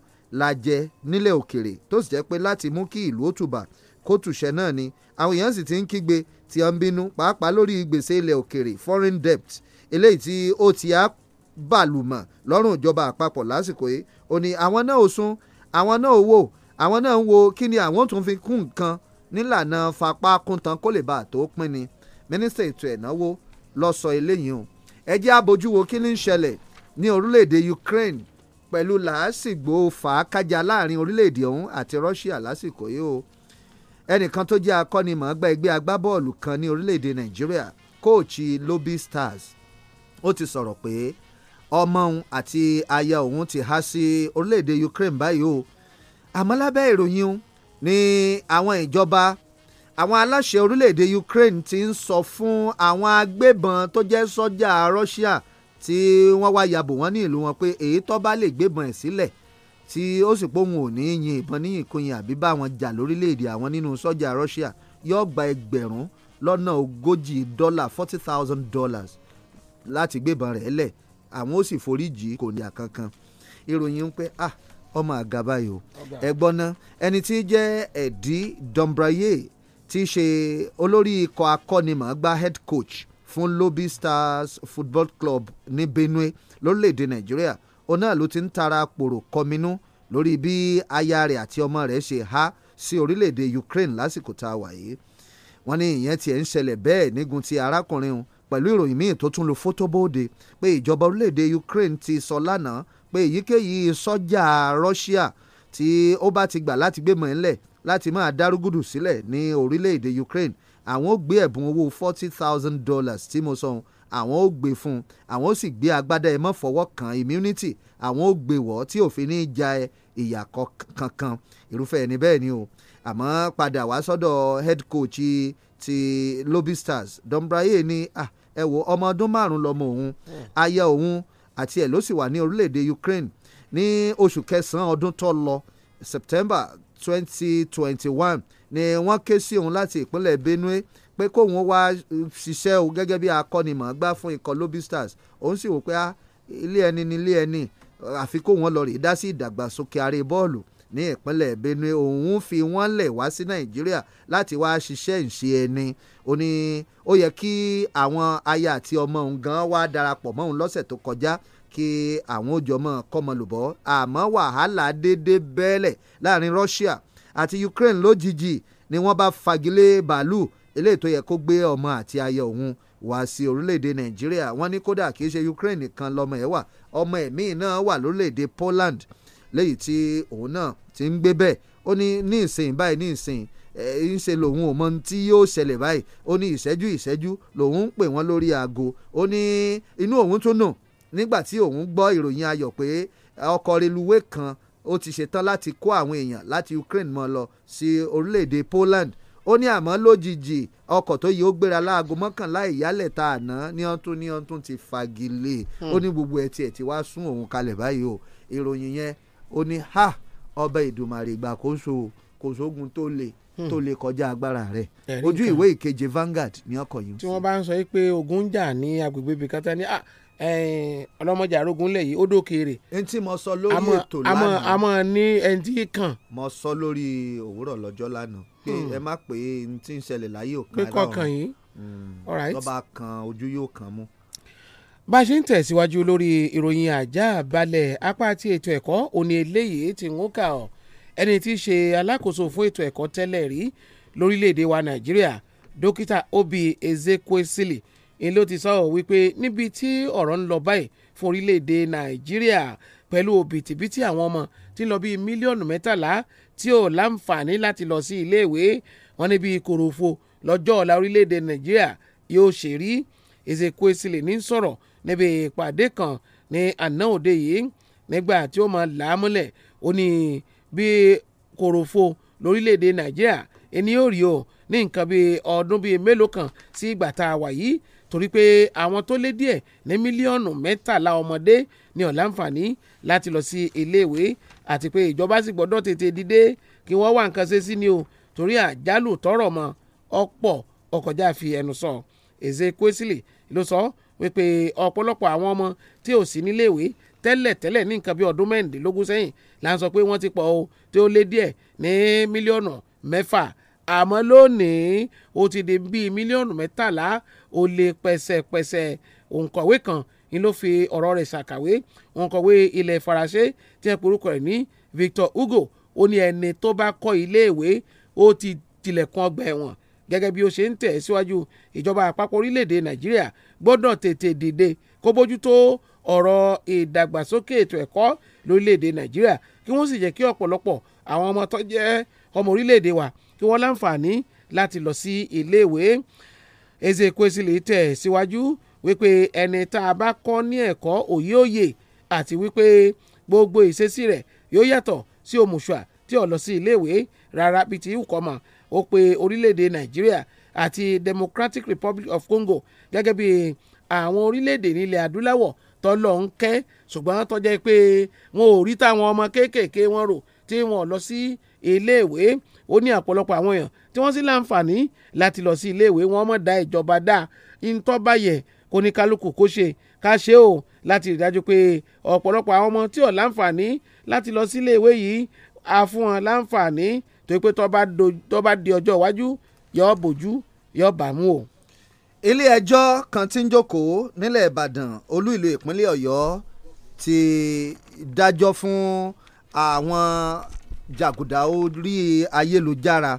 Speaker 7: la jẹ nílẹ̀ òkèrè tó sì jẹ́ pé láti mú kí ìlú ó tùbà kó tùṣẹ́ náà ni àwọn èèyàn sì ti ń kígbe tí ó ń bínú pàápàá lórí gbèsè ilẹ̀ òkèrè foreign debt eléyìí tí ó ti á bàlùmọ̀ lọ́rùn ìjọba àpapọ̀ lásìkò yìí ó ní àwọn náà ò sùn àwọn náà wò àwọn náà ń wo kí ni àwọn tún fi kún nǹkan nílànà fapá kúntan kó lè bá a tó pín ni mínísítà ètò ẹ̀náwó lọ sọ eléyìí o ẹ abojú wo kí ni ń ṣẹlẹ̀ ní orílẹ̀-èdè Ukraine pẹ̀lú làásìgbò fàákájà láàrin orílẹ̀-èdè ọ̀hún àti Russia lásìkò yìí o ẹnìkan tó jẹ́ akọ́nimọ̀ọ́gbá ẹgbẹ́ agbábọ́ọ̀lù kan ní orílẹ̀-èdè Nàìjíríà kóòchì Lobby Stars ó ti sọ̀rọ̀ pé ọmọ òun àti aya òun ti há sí orílẹ̀-èdè Ukraine báyìí o àmọ́ lábẹ́ ìròyìn o ní àwọn ìjọba àwọn aláṣẹ orílẹ̀-èdè Ukraine ti ń sọ fún àwọn agbébọn tó jẹ́ sọ́jà Russia tí wọ́n wá yabò wọ́n ní ìlú wọn pé èyí tó bá lè gbébọn ẹ̀ sílẹ̀ tí ó sì póhùn ò ní yin ìbọn ní ìkọyìn àbí bá wọn jà lórílẹ̀‐èdè àwọn nínú sọ́jà Russia yóò gba ẹgbẹ̀rún lọ́nà ogójì dọ́là forty thousand dollars láti gbébọn rẹ̀ lẹ̀ àwọn ó sì foríjì kò ní àkankan ìròyìn ń pẹ́ ah ọmọ àga báyìí o ẹ̀gbọ́n náà ẹni tí jẹ́ ẹ̀dí dombraye tí ṣe olórí ikọ̀ akọ́nimọ̀ọ́gbá head coach fún Lobi Stars Football Club ní Benue lórílẹ̀‐èdè Nàìjíríà òun náà ló ti ń tara pòrò kọminú lórí bí aya rẹ̀ àti ọmọ rẹ̀ ṣe há sí orílẹ̀ Ukraine lásìkò tá a wà yìí wọ́n ní ìyẹn tiẹ̀ ń ṣẹlẹ̀ bẹ́ẹ̀ nígun ti arákùnrin pẹ̀lú ìròyìn míì tó tún lo fótó bóde pé ìjọba orílẹ̀-èdè Ukraine ti sọ lánàá pé èyíkéyìí sọ́jà Russia tí ó bá ti gbà láti gbé mọ̀ẹ́lẹ̀ láti máa dárúgùdù sílẹ̀ ní orílẹ̀-èdè Ukraine àwọn ó gbé ẹ̀bùn owó forty thousand dollars tí mo sọ ohun àwọn ó gbé fún un àwọn ó sì gbé agbádá ẹ mọ́ fọwọ́ kan immunity àwọn ó gbé wọ́ tí òfin ní í ja ẹ ìyà kankan irúfẹ́ ẹni bẹ́ẹ̀ ni o àmọ́ padà wá sọ́dọ̀ head coach ti Lobby Stars Dombraye ni ah, ẹ wò ọmọ ọdún márùn lọmọ òun aya òun àti ẹ̀ ló sì wà ní orílẹ̀-èdè Ukraine ní oṣù kẹsàn-án ọdún tó lọ September 2021 ni wọ́n ké sí òun láti ìpínlẹ̀ Benue pé kóun wá ṣiṣẹ́ o gẹ́gẹ́ bí akọ́nimọ̀ọ́gbá fún ikọ̀ Lobby Stars òun sì wò pé ah, ilé ẹni ni ilé ẹni àfi kóun lọ rè dá sí ìdàgbàsókè aré bọ́ọ̀lù ní ìpínlẹ̀ Benue òun fi wọ́n lẹ̀ wá sí Nàìjíríà láti wá ṣiṣẹ́ ìṣe ẹni ó ní ó yẹ kí àwọn aya àti ọmọ òun gan wá darapọ̀ mọ́ òun lọ́sẹ̀ tó kọjá kí àwọn òjò ọmọ kọmọlùbọ́ àmọ́ wàhálà déédéé bẹ́ẹ̀lẹ̀ láàrin Russia àti Ukraine lójijì ni wọ́n bá fagilé bàálù eléyìí tó yẹ kó gbé ọmọ àti aya òun wá sí orílẹ̀-èdè Nàìjíríà wọ́n ní kódà kì ṣe Ukraine nìkan lọ́mọ ẹ̀ wà ọmọ ẹ̀mí náà wà lórílẹ̀-èdè Poland lẹ́yìn tí òun náà ti ń gbé bẹ́ẹ̀ ó ní ní ìsìn báyìí ní ìsìn ń ṣe lòun ò mọ ohun tí yóò ṣẹlẹ̀ báyìí ó ní ìṣẹ́jú ìṣẹ́jú lòun ń pè wọ́n lórí aago ó ní inú òun tún nù nígbà tí òun gbọ́ ìròyìn ayọ̀ pé ọkọ̀ reluwé kan ó ti ṣetán láti kó àwọn èèyàn láti Ukraine mọ́ lọ sí orílẹ̀-èdè Poland ó ní àmọ́ lójijì ọkọ̀ tó yìí ó gbéra láago mọ́kànlá ìyálẹ̀ ta àná ní ọ̀tún ní ọ̀tún ti fagilé hmm. ó ní gbogbo ẹ̀ tiẹ̀ ti wá sún òun kalẹ̀ báyìí o ìròyìn yẹn ó ní ha ọba ìdùmarè ìgbà kó so kò sógun tó le hmm. tó lè kọjá agbára rẹ ojú ìwé ìkeje Vanguard ní ọkọ yìí.
Speaker 6: tí wọ́n bá ń sọ pé ogun ń jà ní agbègbè ibi kátà ní ah, ọlọ́mọjà arógun lẹ̀ yìí ó dókèrè. n tí mo sọ lórí ètò lánàá a mọ̀ ní ẹni tí kàn.
Speaker 7: mo sọ lórí òwúrọ̀ lọ́jọ́ lánàá pé hmm. ẹ má pé n tí ń ṣẹlẹ̀ láyé ò kára ọ̀hún bí kọ̀ọ̀kan yìí. Hmm. tọ́ba kan ojú yóò kàn mú
Speaker 6: bá a ṣe ń tẹ̀síwájú lórí ìròyìn àjá balẹ̀ apá àti ètò ẹ̀kọ́ òní eléyìí ti ń kà ọ́ ẹni tí í ṣe alákòóso fún ètò ẹ̀kọ́ tẹ́lẹ̀ rí lórílẹ̀‐èdè wa nàìjíríà dókítà obi ezekwesili ni ló ti sọ wípé níbi tí ọ̀rọ̀ ń lọ báyìí fún orílẹ̀‐èdè nàìjíríà pẹ̀lú bìtìbìtì àwọn ọmọ tí ń lọ bíi mílíọ̀nù mẹ́tàlá tí ò láǹfààní láti lọ sí iléèwé wọn níbi kòròfo lọ́jọ́ ọ̀la orílẹ̀‐èdè nàìjíríà yóò ṣe rí ezekwesili ní sọ̀rọ̀ níbi ìpàdé kan ní àná òde yìí nígbà tí ó máa là á múlẹ̀ ó ní bí kòròfo lórílẹ̀‐èdè nàìjíríà ẹni yóò rí o ní nǹkan bíi ọdún bíi mélòó kan sí ìgbà tá a wà yìí torí pé àwọn tó lé díẹ̀ ní mílíọ̀nù mẹ́tàlá ọmọdé ní ọ̀làǹfààní láti lọ sí iléèwé àti pé ìjọba sì gbọ́dọ̀ tètè dìde kí wọ́n wá nǹkan ṣe sí ni o torí àjálù tọrọ mọ́ ọ̀pọ̀ ọkọjá fi ẹnu sọ Ezekwesili ló sọ wípé ọ̀pọ̀lọpọ̀ àwọn ọmọ tí ò sí níléèwé tẹ́lẹ̀ tẹ́lẹ̀ ní nǹkan bí ọdún mẹ́rìndínlógún sẹ́yìn là ń sọ pé wọ́n ti pọ̀ o tí ó lé díẹ̀ ní mílíọ̀nù mẹ́fà àmọ́ lónìí ó ti di bíi mílíọ̀nù mẹ́tàlá ó lé pẹ́sẹ́pẹ́sẹ́ òǹkọ̀wé kan ni ló fi ọ̀rọ̀ rẹ̀ ṣàkàwé òǹkọ̀wé ilẹ̀ faransé tí wọ́n porúkọ rẹ̀ ní Victor Hugo ó ní ẹni tó bá kọ́ iléèwé ó ti tilẹ̀kùn ọgbà ẹ̀wọ̀n gẹ́gẹ́ bí ó ṣe ń tẹ̀ síwájú ìjọba àpapọ̀ orílẹ̀-èdè nàìjíríà gbọ́dọ̀ tètè dìde kó bójútó ọ̀rọ̀ ìdàgbàsókè ètò ẹ̀kọ́ lórílẹ̀-èdè nàìjíríà kí wọ́n sì jẹ́ kí ọ̀pọ̀lọpọ̀ àwọn ọmọ tó jẹ́ ọmọ orílẹ̀-èdè wa kí wọ́n láǹfààní láti lọ sí iléèwé Ezekwesili tẹ̀ síwájú wípé ẹni tá a bá kọ́ ní ẹ̀kọ́ òye òye àti wípé gbogbo ìṣesí rẹ̀ yóò yàtọ̀ sí òmùṣùà tí ò lọ sí iléèwé rárá bíi ti ìwùkọ́ mọ̀ ó pe orílẹ̀-èdè nàìjíríà àti democratic republic of congo gẹ́gẹ́ bí àwọn orílẹ̀-èdè nílẹ̀ adúláwọ̀ tọ́lọ̀ ń kẹ́ ṣùgbọ́n tó jẹ́ pé wọn ò rí táwọn ọmọ kéékèèké wọn rò tí wọn lọ sí iléèwé ó ní ọ̀pọ̀lọpọ̀ àwọn èèyàn tí wọ́n sì láǹfààní láti lọ sí iléèwé wọn mọ̀ dá ìjọba dá ìtọ́bàyẹ̀ kò ní kálukú kó ṣe ká ṣe o láti rí dájú pé ọ̀pọ̀lọpọ̀ àwọn ọmọ tí ò láǹfààní láti lọ sí iléèwé yìí a láǹfààní tó pé tó bá di ọjọ́ iwájú yóò bójú yóò bàmú o. ilé ẹjọ́ kan tí ń jókòó nílẹ̀
Speaker 7: ìbàdàn olú ìlú ìpínlẹ̀ ọ̀yọ́ ti dájọ́ fún àwọn jàgùdà orí ayélujára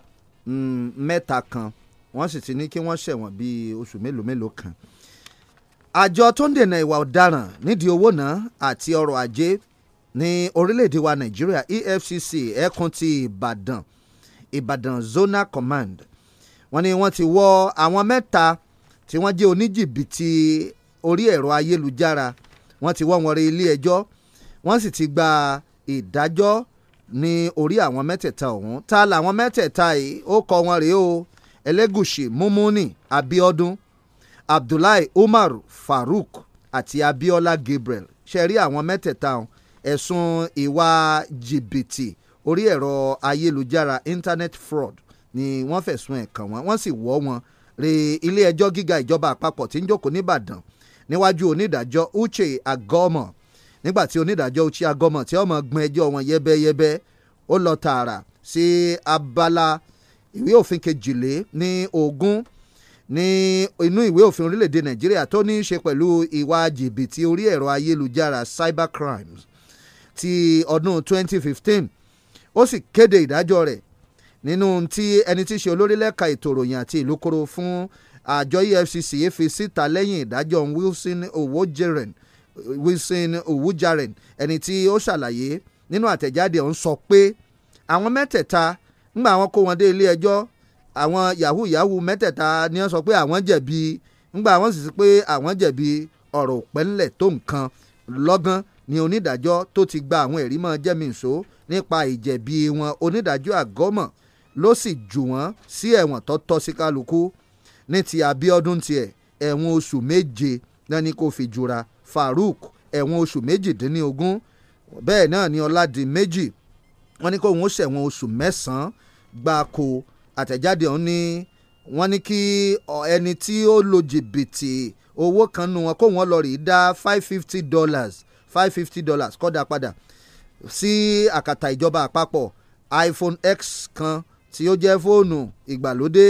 Speaker 7: mm, mẹ́ta kan wọ́n sì ti ní kí wọ́n ṣẹ̀wọ̀n bíi oṣù mélòó mélòó kan àjọ tó ń dènà ìwà ọ̀daràn nídìí owó náà àti ọrọ̀ ajé ní orílẹ̀-èdè wa nàìjíríà EFCC ẹkùn ti ìbàdàn Ìbàdàn Zonal Command wọ́n ní wọ́n ti wọ́ àwọn mẹ́ta tí wọ́n jẹ́ oníjìbìtì orí ẹ̀rọ ayélujára wọ́n ti wọ́ wọn rí ilé ẹjọ́ wọ́n sì ti gba ìdájọ́ ní orí àwọn mẹ́tẹ̀ẹ̀ta ọ̀hún ta làwọn mẹ́tẹ̀ẹ̀ta yìí ó kọ wọn rèé o Ẹlẹ́gùṣì Mumuni Abiodun Abdullahi Umar Farouk àti Abiola Gabriel ṣe rí àwọn mẹ́tẹ̀ẹ̀ta ọ̀hún ẹ̀sùn ìwà jìbìtì orí ẹ̀rọ ayélujára internet fraud ni wọ́n fẹ̀sùn ẹ̀ kàn wọ́n wọ́n sì wọ́ wọn re ilé ẹjọ́ gíga ìjọba àpapọ̀ tí ń jókòó nìbàdàn níwájú onídàájọ́ uche agọ́mọ̀ nígbà tí onídàájọ́ uche agọ́mọ̀ tí ọmọ gbọ́n ẹjọ́ wọn yẹ́bẹ́yẹ́bẹ́ ó lọ tààrà sí abala ìwé òfin kejìlé ní ogun ní inú ìwé òfin orílẹ̀-èdè nàìjíríà tó ní í ṣe pẹ̀lú ìwà jìbìtì orí ẹ̀rọ ayélujára cyber crimes ti ọdún 2015 ó sì kéde ìdájọ́ rẹ̀ nínú tí ẹni tí í ṣe olórí lẹ́ka ètò ìròyìn àti ìlúkoro fún àjọ EFCC fi síta lẹ́yìn ìdájọ́ Wilson Owojaren Wilson Owojaren ẹni tí ó ṣàlàyé nínú àtẹ̀jáde ọ̀hún sọ pé àwọn mẹ́tẹ̀ẹ̀ta ńgbà àwọn kó wọn dé ilé ẹjọ́ àwọn yahoo yahoo mẹ́tẹ̀ẹ̀ta ni wọ́n sọ pé àwọn jẹ̀bi ńgbà àwọn sì sọ pé àwọn jẹ̀bi ọ̀rọ̀ òpẹ́lẹ̀ tó nǹkan lọ́gán ni onídàájọ́ tó ti gba àwọn ẹ̀rí mọ́ jẹ́mi ìṣó nípa ìjẹ̀bi wọn onídàájọ́ àgọ́mọ̀ ló sì jù wọ́n sí ẹ̀wọ̀n tó tọ́ sí kálukú ní ti Abíọ́dún tiẹ̀ ẹ̀wọ̀n oṣù méje náà ni kò fi jura Farouk ẹ̀wọ̀n oṣù méjìdínlógún bẹ́ẹ̀ náà ni Ọládìméjì wọ́n ní kó òun ó ṣẹ̀wọ̀n oṣù mẹ́sàn-án gbáko àtẹ̀jáde ọ̀hún ni wọ́n ní kí ẹni tí ó lo jìbìtì owó kan nu wọn kó wọn lọ rí dá five fifty dollars five fifty dollars kọ́dà padà sí àkàtà ìjọba àpapọ̀ iPhone X kan tí ó jẹ́ fóònù ìgbàlódé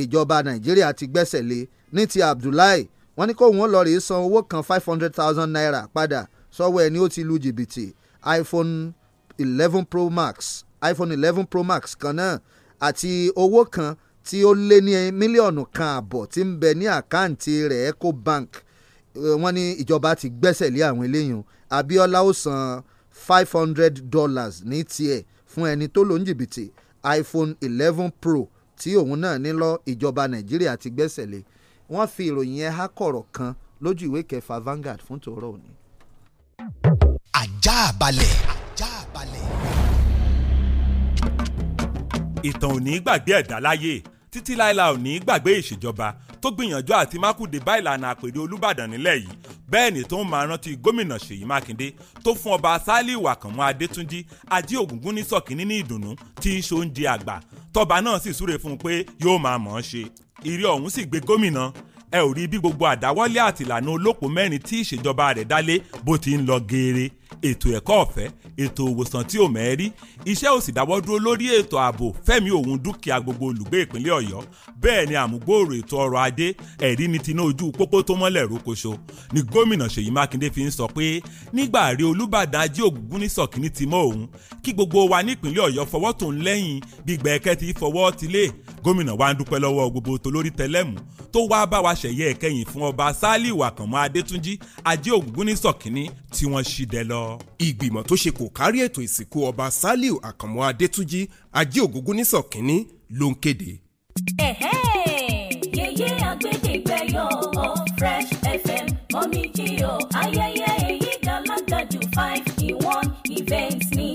Speaker 7: ìjọba Nàìjíríà ti gbẹ́sẹ̀ lé ní ti Abdullahi wọ́n ní kó wọ́n lọ rèé san owó kan five hundred thousand naira padà sọ́wọ́ ẹni ó ti lu jìbìtì iPhone eleven Pro Max iPhone eleven Pro Max kan náà àti owó kan tí ó lé ní mílíọ̀nù kan àbọ̀ tí ń bẹ ní àkáǹtì rẹ̀ Ecobank wọ́n ní ìjọba ti gbẹ́sẹ̀ lé àwọn eléyìí Abíọ́lá ó san five hundred dollars ní tiẹ̀ fún ẹni tó lò jìbìtì iPhone eleven Pro tí òun náà ní lọ ìjọba Nàìjíríà ti gbẹ́sẹ̀ lé wọ́n fi ìròyìn yẹn há kọ̀rọ̀ kan lójú ìwé kẹfà Vanguard fún tòórọ́ òní. ajá balẹ̀. ajá balẹ̀.
Speaker 15: ìtàn ò ní gbàgbé ẹ̀dá láyé títí láìla ò ní gbàgbé ìṣèjọba tó gbìyànjú àti mákùdé bá ìlànà àpèrè olùbàdàn nílẹ̀ yìí bẹ́ẹ̀ ni tó ń máa rántí gómìnà ṣèyí mákindé tó fún ọba sálíù àkànmú adétúnjì ajé ògúngún ní sọ̀kínní ní ìdùnnú tí í ṣe oúnjẹ àgbà tọba náà sì súre fún un pé yóò máa mọ̀ ọ́n ṣe ìrì ọ̀hún sì gbé gómìnà ẹ ò rí bí gbogbo àdáwọ́lé àtìlànà olóko mẹ́rin tí ìṣèjọba rẹ̀ dálé bó ti ń lọ geere ètò ẹ̀kọ́ ọ̀fẹ́ ètò òwòsàn tí ò mẹ́rí iṣẹ́ ò sì dáwọ́ dúró lórí ètò ààbò fẹ́mi òun dúkìá gbogbo olùgbé ìpínlẹ̀ ọ̀yọ́ bẹ́ẹ̀ ni àmúgbòòrò ètò ọrọ̀ ajé ẹ̀rí ni tinú ojú pópó tó mọ́lẹ̀ rókoṣo ni gómìnà ṣèyí mákindé fi ń sọ pé nígbà rí olúbàdàn ajé ògúngún ní sọ̀kíní ti mọ́ òun kí gbogbo wa nípínlẹ̀ ọ̀yọ́ fọwọ́ tó ń lẹ́yìn bí gbẹ̀ẹ́kẹ́ ti fọwọ́ ti lé gómìnà wa ń dúpẹ́ lọ́wọ́ gbogbo tolórí tẹlẹ́mù tó wá bá wa ṣẹ̀yẹ ẹ̀kẹ́yìn fún ọba sálíù adétúnjì
Speaker 3: ajé ògúngún ní sọ̀kíní tí wọ́n ṣì dẹ lọ lọ. ìgbìmọ̀ tó ṣe kò kárí ètò ìsìnkú ọba Sàlíù Àkànmú Adétúnjì ajé Ògúngúnnísọ̀ kínní ló ń kéde.
Speaker 5: yeye agbẹ́dẹ́gbẹ́yọ̀ ọ Fresh FM mọ́mí jí o ayẹyẹ èyí gàlágà ju five in one event ni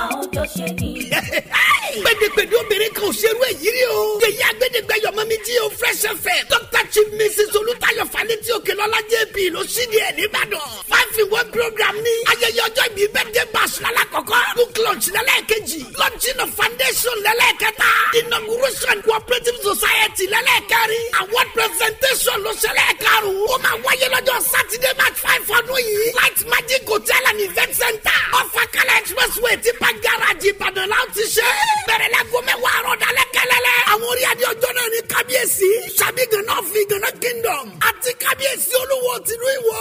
Speaker 5: àwọn jọ ṣe ni.
Speaker 4: gbẹ̀dẹ̀gbẹ̀dẹ̀ obìnrin kan ò ṣerú èyí rí o. yeye
Speaker 14: agbẹ́dẹ́gbẹ́ ọmọ mi jí o fresh fm dr chief mrs olùtayọ fanetí òkè lọ́la jp ló sì di ẹ̀ nìbàdàn five in one program ní ayẹyẹ ọjọ́ ìbí birthday bash lálàkọ́kọ́ book launch lẹ́lẹ́kejì launching of foundation lẹ́lẹ́kẹta inauguration cooperative society lẹ́lẹ́kẹrin award presentation lo ṣẹlẹ̀ karùn-ún ó máa wáyé lọ́jọ́ saturday march five ọdún yìí light magic hotel and event center ọ̀fà kala expressway ti pa garaji ìbàdàn láti ṣe bẹ̀rẹ̀ lẹ́gọ́mẹ̀wá àrọ̀dálẹ́kẹ́lẹ́lẹ́ àwọn orí adé ọjọ́ náà ni ní kábíyèsí sàbí gànà fi gànà kingdom àti kábíyèsí olúwo tìlú ìwọ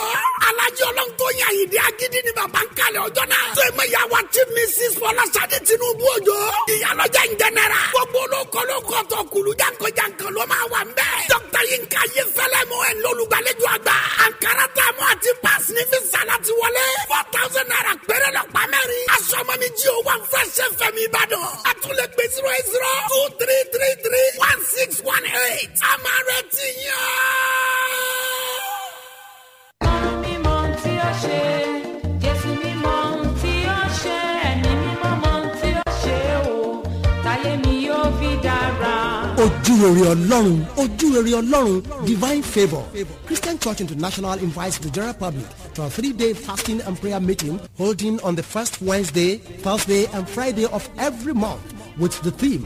Speaker 14: alájọ ọlọ́run tó yẹ àyèdè agídí ni bàbá ń kalẹ̀ ọjọ́ náà tó ìmọ̀ ìyàwó àti mrs fọláṣadé tinubu òjò ìyálọ́jà ń jẹnẹra gbogbo olókòlókò tó kulu jankan-jankan ló máa wà ń bẹ́ẹ̀ dókítà yìí yé fẹ́lẹ́ mọ́ ẹ̀ lọ́lùgbàlejò àgbà ankara tààmú àti pass ní fisa láti wọlé four thousand naira péré lọ pamẹ́rì asọ́mọ́mi jí o a tún
Speaker 13: six one eight. I'm retí yẹn. Mami mímọ́ tí ó ṣe, Jésù mímọ́ tí ó ṣe, ẹ̀mí mímọ́ mọ́ tí ó ṣe o, táyé mi yóò fi dára.
Speaker 3: Ojúrere Ọlọ́run Ojúrere Ọlọ́run Divine favour Christian Church International invites the general public to a three-day fasting and prayer meeting holding on the first Wednesday, Thursday and Friday of every month with the theme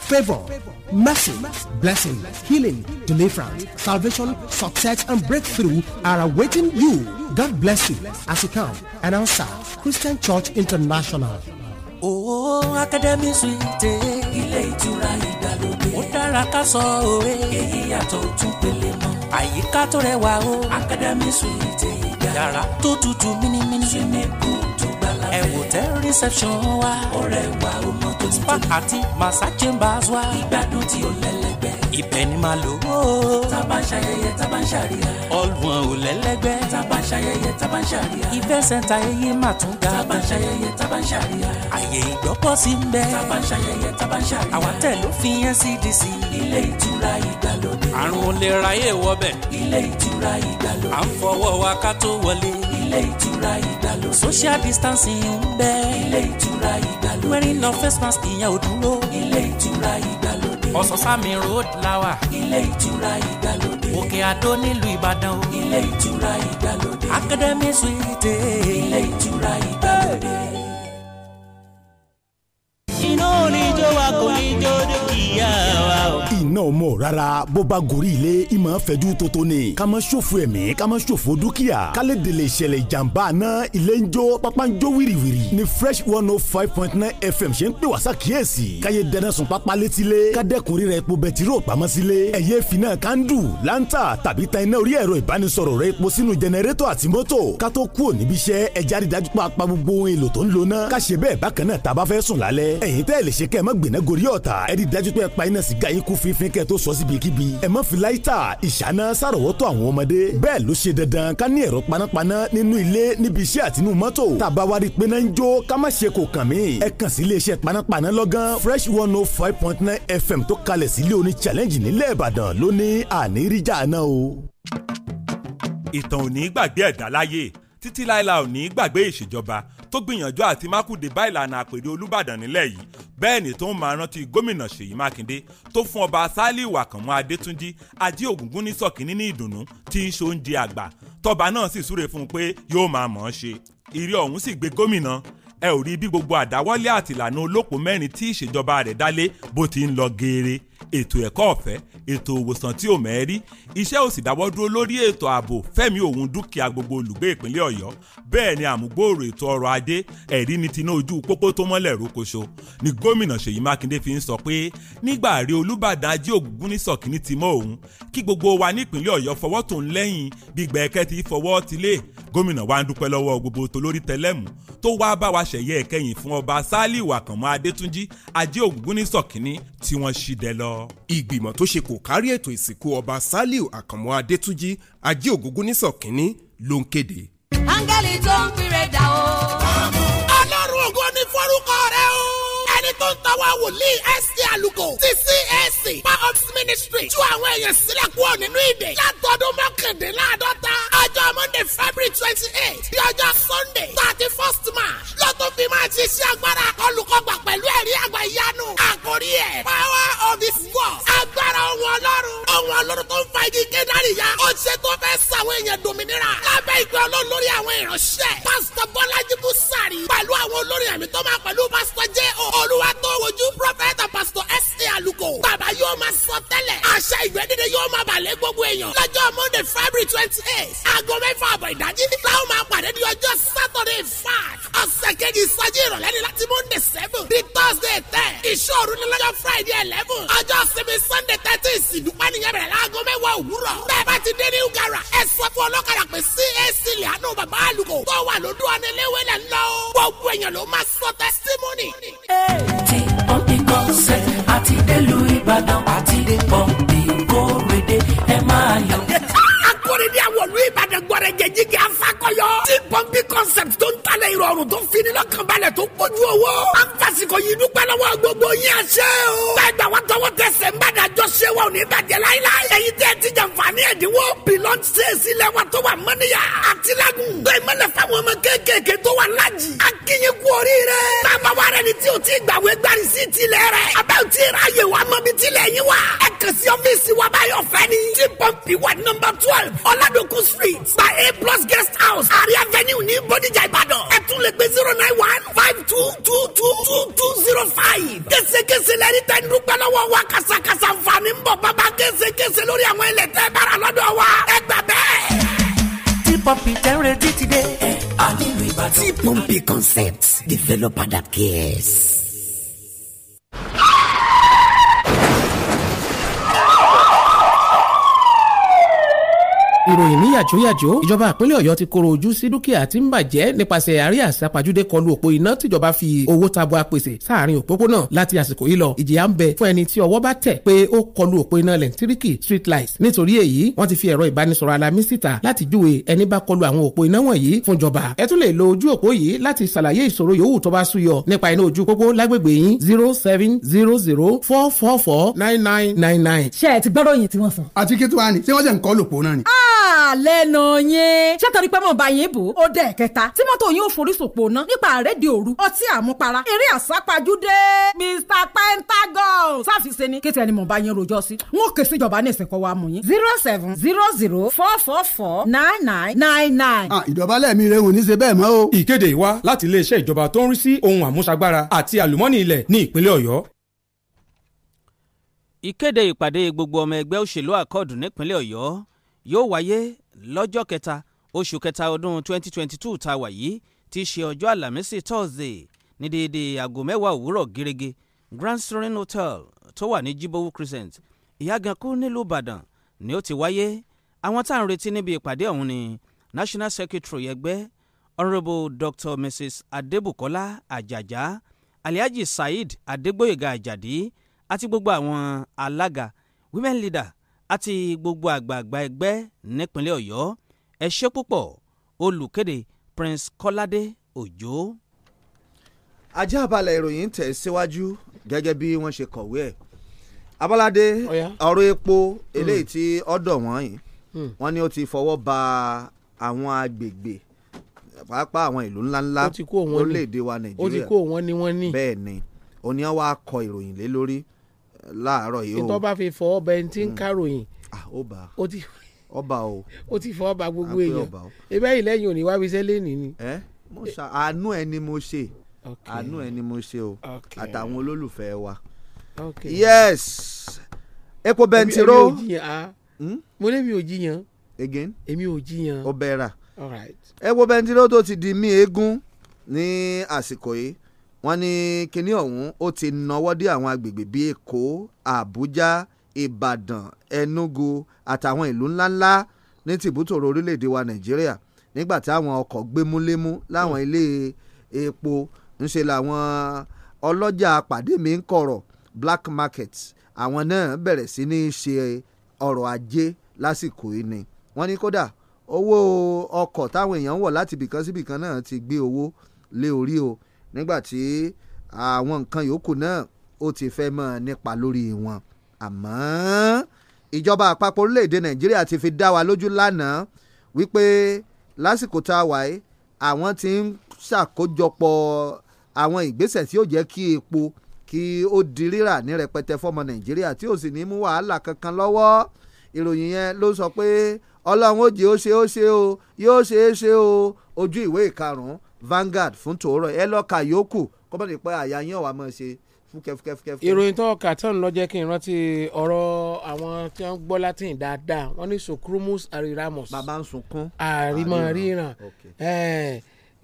Speaker 3: favor, mercy, blessing, healing, deliverance, salvation, success, and breakthrough are awaiting you. God bless you as you come and answer Christian Church International.
Speaker 13: Oh, Academy Suite. Ilé ìtura ìgbàlódé. Ó dára ká sọ òwe. Èyí yàtọ̀ ojú pele mọ́. Àyíká tó rẹwà o. Academy Suite ìgbà. Yàrá tó tutù mímímí. Swimming pool ẹ wò tẹ reception wa. ọ̀rẹ́ wa ó mọ tó ti tó. spa àti massa chambers wa. ìgbádùn tí o lẹ́lẹ́gbẹ́. ibẹ̀ ni màá lò ó. taba ń ṣayẹyẹ taba ń ṣàríyá. ọlùwọ̀n ò lẹ́lẹ́gbẹ́. taba ń ṣayẹyẹ taba ń ṣàríyá. event center eye mà tún ga. taba ń ṣayẹyẹ taba ń ṣàríyá. àyè ìgbọ́pọ̀ sí ń bẹ. taba ń ṣayẹyẹ taba ń ṣàríyá. àwọn tẹ̀ ló fi NCDC. ilé ìtura ìgbàlódé. àrùn olè ráyè wọbẹ̀. ilé ìtura ìgbàlódé. à ń fọwọ́ wa ká tó wọlé ilé ìtura ìgbàlódé. social distancing ń bẹ. ilé ìtura ìgbàlódé. wearing no face mask ìyẹn ò dúró. ilé ìtura ìgbàlódé. ọ̀sán-sámi road lawa. ilé ìtura ìgbàlódé. òkè àdó nílùú ìbàdàn o. ilé ìtura ìgbàlódé. academy suite. ilé ìtura ìgbàlódé.
Speaker 1: iná oníjó wa kò ní
Speaker 13: jó dúkìá
Speaker 10: náà mọ̀ rárá bó bá gorí ilé ìmọ̀ fẹ́jú tótó ni ká má ṣòfò ẹ̀mí ká má ṣòfò dúkìá ká lè dèlè ìṣẹ̀lẹ̀ ìjàmbá náà ilé ń jó pápá ń jó wìrìwìrì ni fresh one oh five point nine fm ṣe ń pè wá sàkíyèsí káyé dẹnà sùn pápá létílé ká dẹ́kun rírẹ̀ epo bẹtiró pamọ́ sílé ẹ̀yẹ́ finá kándù láńtà tàbí ta iná orí ẹ̀rọ ìbánisọ̀rọ̀ rẹ epo sínú jẹnẹrétọ̀ àti mọ́tò ká tó kúrò níbi iṣẹ́ ẹja rí dájú pa apá gbogbo ohun èlò tó ń lò náà ká ṣe bẹ́ẹ̀ ààfin kẹ́ tó sọ síbi kíbi ẹ má fi láìta ìṣáná sàrọ̀wọ́tò àwọn ọmọdé bẹ́ẹ̀ ló ṣe dandan ká ní ẹ̀rọ panápaná nínú ilé níbi iṣẹ́ àtinú mọ́tò tàbá wa ń jó ká má ṣe kò kàn mí ẹ kàn sí iléeṣẹ́ panápaná lọ́gán fresh one oh five point nine fm tó kalẹ̀ sílé oní challenge nílẹ̀ ìbàdàn lónìí àní ríjà náà o.
Speaker 15: ìtàn ò ní gbàgbé ẹ̀dá láyé títí láìla ò ní gbàgbé ìṣèjọba tó gbìyànjú àti mákùdé bá ìlànà àpèrè olùbàdàn nílẹ̀ yìí bẹ́ẹ̀ ni tó ń máa rántí gómìnà Ṣèyí Mákindé tó fún ọba Sálíù Àkànmú Adétúnjì Ajé Ògúngún ní sọ̀kìnní ní ìdùnnú tí í ṣe oúnjẹ àgbà tọba náà sì súre fún un pé yóò máa mọ̀ ọ́n ṣe ìrí ọ̀hún sì gbé gómìnà ẹ ò rí bí gbogbo àdáwọ́lé àtìlànà olóko mẹ́rin tí ìṣèjọba rẹ̀ dálé bó ti ń lọ geere ètò ẹ̀kọ́ ọ̀fẹ́ ètò òwòsàn tí ò mẹ́rí iṣẹ́ ò sì dáwọ́ dúró lórí ètò ààbò fẹ́mi òun dúkìá gbogbo olùgbé ìpínlẹ̀ ọ̀yọ́ bẹ́ẹ̀ ni àmúgbòòrò ètò ọrọ̀ ajé ẹ̀rí ni tinú ojú pópó tó mọ́lẹ̀ rókoṣo ni gómìnà ṣèyí mákindé fi ń sọ pé nígbà rí olúbàdàn ajé ògúngúnnísọ̀ kìíní ti mọ́ òun kí gbogbo wa ní ìpínlẹ̀ ọ̀yọ́ fọwọ́ tó ń lẹ́yìn bí gbẹ̀ẹ́kẹ́ ti fọwọ́ ti lé gómìnà wa ń dúpẹ́ lọ́wọ́ gbogbo tolórí tẹlẹ́mù tó wá bá wa ṣẹ̀yẹ ẹ̀kẹyìn fún ọba sálíù adétúnjì ajé ògúngúnnísọ̀ kìíní tí wọ́n ṣì dẹ lọ lọ. ìgbìmọ̀ tó ṣe
Speaker 3: kò kárí ètò ìsìnkú ọba Sàlíù Àkànmú Adétúnjì ajé ògúngún nísọ̀ kínní ló ń kéde.
Speaker 14: áńgẹ́lì tó ń pírẹ̀ dà o ẹni tó ń tọwọ́ wòlíì ẹ̀sìn àlùkò ti CAC power of ministry ju àwọn èèyàn sílẹ̀ kúrò nínú ìdè látọdún mọ́kàndínláàdọ́ta ọjọ́ monday february twenty eight di ọjọ́ sunday thirty first march lọ́tún fi máa ti ṣe agbára olùkọ́gbà pẹ̀lú ẹ̀rí àgbà ìyanu àkórí ẹ̀ power of this world agbára ohun ọlọ́run ohun ọlọ́run tó ń fa igi kédárì ya ó ṣe tó fẹ́ sàwọn èèyàn dòmìnira lábẹ́ ìgbẹ́ ọlọ́run lórí àwọn ìránṣẹ́ pásítọ̀ bọ́lájí búsàrí pẹ̀lú àwọn olórin ẹ̀mí tó máa pẹ̀lú pásítọ̀ jẹ́ olú what do you prophet, Pastor àlùkò bàbá yóò máa sọ tẹ́lẹ̀ àṣẹ ìwé dídé yóò máa bàlẹ́ gbogbo èèyàn lọ́jọ́ monday february twenty eight aago mẹ́fà àbọ̀ ìdájí láwọn máa pàdé ní ọjọ́ saturday five ọ̀sẹ̀ kejì ìsọjí ìrọ̀lẹ́ ni láti monday seven di thursday ten ìṣòro ní lọ́jọ́ friday eleven ọjọ́ sinmi sunday thirty ìsìndúpẹ́ nìyẹn bẹ̀rẹ̀ láago mẹ́wàá òwúrọ̀ bẹ́ẹ̀ bá ti dé ní ugara ẹ sọ fún ọlọ́kadà pé cac lẹ́hànú bàbá àlùkò tó wà lódú ọ̀nà eléwé lọ gbogbo èèyàn ló máa sọ testimony. take on the concept àti délùú Ìbàdàn àti pọ́ǹpì
Speaker 1: kórèdé
Speaker 14: ẹ máa yọ̀ lórí ní àwọ̀lú ìbàdàn gbọ̀rẹ̀jẹ̀ jíjẹ afakọyọ. tí pọ́ńpì concept tó ń talẹ̀ ìrọ̀rùn tó fini lọ́kànbalẹ̀ tó kojú owó. an fasikọ yìí dúpẹ́ lọ́wọ́ gbogbo yín àṣẹ o. gbàgbà wa tọwọ́ tẹsẹ̀ ń bàdà jọ ṣe wa ò ní bàjẹ́ láíláí. èyí tẹ́ ti jàǹfààní ẹ̀dínwó pilọ́n ṣe é sílẹ̀ wa tó wà mọ́níyà. àtìlágùn tó ìmọ̀lẹ̀ fáwọn ọmọ kéékèèké tó wà lájì. a kì í kú oríire. bàbá wa rẹ ni tí o ti gbàwé gbàrí sí tilẹ̀ rẹ̀. abẹ́wò ti ra yè wa mọ́bi tilẹ̀ yín wa. ẹ kàn sí ọ́fíìsì wa báyọ̀ fẹ́ ni. tí pọ́ǹpì wà nọ́mbà twelve ọ̀làdòkun street by a plus guest house àrí avenue ní bodijà ìbàdàn ẹ tún lè pè zero nine one five two two two two two zero five késekése lẹ́ni tẹ́ ń dúpẹ́ lọ́wọ́ wa kàṣàkàṣà nfààní ń bọ̀ bàbá késekése lórí àwọn ilẹ̀ tẹ́ bára lọ́dọ̀ wa ẹ gbà bẹ́ẹ̀.
Speaker 8: tí pọ́ǹpì tẹ́ ń retí ti dé. ẹ a nílùú ìbàdàn. tí pọ́ǹpì concept developer that cares.
Speaker 6: ìròyìn níyàjóyàjó ìjọba ìpínlẹ̀ ọ̀yọ́ ti koro ojú sí dúkìá tí ń bàjẹ́ nípasẹ̀ àríyá àsápajúdé kọlu òpó iná tìjọba fi owó tabua pèsè sáàrin òpópónà láti àsìkò yìí lọ ìjìyà ń bẹ fún ẹni tí ọwọ́ bá tẹ̀ pé ó kọlu òpó iná lẹ́ńtíríkì street light nítorí èyí wọ́n ti fi ẹ̀rọ ìbánisọ̀rọ̀ alamí síta láti júwe ẹni bá kọlu àwọn òpó iná wọ̀nyí fún ìjọba ẹ
Speaker 3: ẹ
Speaker 8: ti
Speaker 13: gbọ́dọ̀ yìí tí wọ́n sọ. àti kí tí wàá ní tí wọ́n jẹ́ nǹkan lòpó náà ni. Ah! lẹ́nu yẹn ṣé torí pé mọ̀ bá yẹn bò ó dẹ̀ kẹta tí mọ́tò yín forísòpò ná nípa àrédè òru ọtí àmupara eré àsápajúdé Mr Pentagon sáfìsẹ́ ni kí tẹ́ni mọ̀ bá yẹn rojọ́ sí wọn ò ké síjọba ní ìsìnkọ́ wa mú yín zero seven zero zero four four four nine nine nine nine.
Speaker 11: Ah, ìjọba lẹ́ẹ̀mí rẹ̀ ò ní ṣe bẹ́ẹ̀ mọ́ o. ìkéde wa láti iléeṣẹ́ ìjọba tó ń rí sí ohun àmúṣagbára àti àlùmọ́nì ilẹ̀ ní ìpínlẹ̀ ọ̀yọ́.
Speaker 6: ìkéde ìpàdé gbogbo ọmọ ẹgbẹ́ òṣèlú àkọọ̀dù nípínlẹ̀ ọ̀yọ́ yóò wáyé lọ́jọ́ kẹta oṣù kẹta ọdún 2022 tá wà yìí ti ṣe ọjọ́ àlàmísì thursday ní déédéé aago mẹ́wàá òwúrọ̀ gẹ́rẹ́gẹ́ grand serene hotel tó wà ní jibowu crescent ìyágankú nílùú ìbàdàn ni ó ti wáyé àwọn tá à ń retí níbi ìpàdé ọ̀hún ni national secretary ẹgbẹ́ honourable dr mrs adébùkọ́lá Ajaja alhaji saheed adégbòyèga àjàdí àti gbogbo àwọn alága women
Speaker 7: leader àti gbogbo àgbààgbà ẹgbẹ́ nípínlẹ̀ ọ̀yọ́ ẹ ṣé púpọ̀ olùkéde prince kọ́ládé òjó. ajá balẹ̀ ìròyìn tẹ̀ síwájú gẹ́gẹ́ bí wọ́n ṣe kọ̀wé ẹ̀ abọ́ládé ọ̀rọ̀ epo hmm. eléyìí tí ọ̀dọ̀ wọ́n yìí hmm. wọ́n ní ó ti fọwọ́ ba àwọn agbègbè pàápàá àwọn ìlú ńláńlá orílẹ̀-èdè wa nàìjíríà ó ti kó wọn ni wọ́n bẹ́ẹ̀ ni òní wọn kọ ìròyìn lé lórí láàárọ̀ yìí o. ìtọ́ bá
Speaker 6: fi fọ ọba ẹni tí ń hmm. káròyìn. ó bá ó ti ọba o. ó ti fọ ọba gbogbo èèyàn ibẹ̀ yìí lẹ́yìn òní wá fi ṣe léènì ni. ẹ mo ṣà àánú ẹ ni mo ṣe àánú ẹ ni mo ṣe
Speaker 7: o àtàwọn olólùfẹ́ wa. yes epo bẹntiró. Hmm? mo lè mi ò jiyàn. again èmi ò jiyàn. ó bẹ́ẹ̀ rà ẹ wo bẹntiró tó ti di mí eégún ní àsìkò yìí wọ́n ní kinní ọ̀hún ó ti nawọ́ dé àwọn agbègbè bíi Èkó Àbújá Ìbàdàn Enugu àtàwọn ìlú ńláńlá ní tìbútòrò orílẹ̀-èdè wa Nàìjíríà nígbà táwọn ọkọ̀ gbémúlémú láwọn hmm. ilé epo ńṣe làwọn ọlọ́jà pàdé mi ń kọ̀rọ̀ black market àwọn náà bẹ̀rẹ̀ sí ní ṣe ọrọ̀ ajé lásìkò yìí ni wọ́n ní kódà owó ọkọ̀ táwọn èèyàn ń wọ̀ láti bìkan síbìkan náà ti gbé owó lé orí o nígbàtí àwọn nǹkan yòókù náà ó ti fẹ́ mọ́ nípa lórí wọn àmọ́ ìjọba àpapọ̀ orílẹ̀-èdè nàìjíríà ti fi dá wa lójú lánàá wípé lásìkò tá a wà yìí àwọn ti ń ṣàkójọpọ̀ àwọn ìgbésẹ̀ tí ó jẹ́ kí epo kí ó di rírà ní rẹpẹtẹ fọmọ nàìjíríà tí ó sì ní mú wàhálà kankan lọ́wọ́ ìròyìn yẹn ló sọ pé ọlọ́run ó jẹ́ ó ṣe ó ṣe o yóò ṣe é ṣe o ojú ìwé ìkarùn-ún Vanguard fún tòórọ̀ ẹ lọ́ọ́ kà yòókù kọ́mọ̀dé pé àyà yín ọ̀wà mọ̀ ṣe fúkẹ́fúkẹ́fúkẹ́. ìròyìn tó
Speaker 6: kà tán lọ jẹ́ kí n rántí ọ̀rọ̀ àwọn tí wọ́n gbọ́ látìn dáadáa wọ́n ní socrumus ariramus. bàbá ń sunkún. àrímọ ríran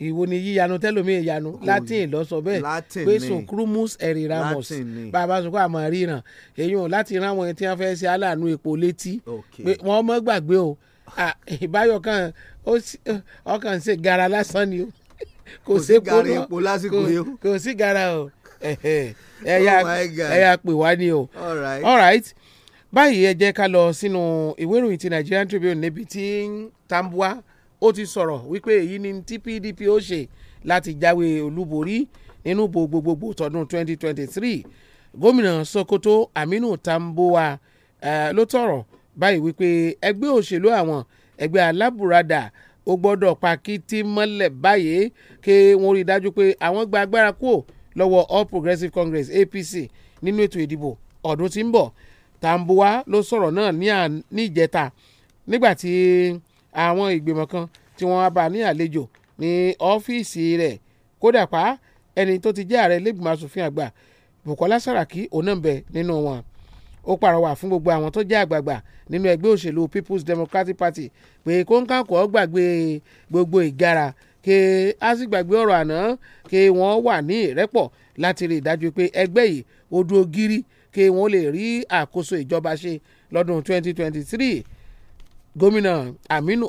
Speaker 6: ìwo ni yíyanu tẹlomi ìyanu látìn lọ sọ bẹ́ẹ̀ pé socrumus ariramus bàbá sunkún àmọ ríran èyí ò láti rán àwọn tí wọ́n fẹ́ẹ́ ṣe aláàánú epo létí pé mọ gbàgbé o ìbáyọ kan ọkàn ń ṣe gara lásán ni o
Speaker 12: kò sí gara epo lásìkò yìí o
Speaker 6: kò sí gara o oh ẹ̀yà pè wá ni o all right báyìí ẹ jẹ́ ká lọ sínú ìwé ìròyìn ti Nigerian Tribune níbi tí Tambuwa ó ti sọ̀rọ̀ wípé èyí ni tí PDP ó ṣe láti jáwé olúborí nínú gbogbogbò tọdún 2023 gómìnà Sokoto Aminu Tambuwa uh, ló tọ̀rọ̀ báyìí wípé ẹgbẹ́ òṣèlú àwọn ẹgbẹ́ alábùradà ó gbọ́dọ̀ pa kìtì mọ́lẹ̀ báyìí kí wọ́n rí i dájú pé àwọn gba agbára kúrò lọ́wọ́ All Progressives Congress APC nínú ètò ìdìbò ọdún tí ń bọ̀ Tambuwa ló sọ̀rọ̀ náà ní ìjẹta nígbà tí àwọn ìgbìmọ̀ kan tí wọ́n bá ní àlejò ní ọ́fíìsì rẹ̀ kódà pa ẹni tó ti jẹ́ ààrẹ lẹ́gbìmọ̀ asòfin àgbà Bukola Saraki òun náà bẹ nínú wọn ó pàrọwà fún gbogbo àwọn tó jẹ́ àgbààgbà nínú ẹgbẹ́ òṣèlú People's Democratic Party pé kóńkàkọ́ gbàgbé gbogbo ìgara kí a sì gbàgbé ọ̀rọ̀ àná kí wọ́n wà ní ìrẹ́pọ̀ láti rí i dájú pé ẹgbẹ́ yìí ó dúró gírí kí wọ́n lè rí àkóso ìjọba ṣe lọ́dún 2023 gómìnà Aminu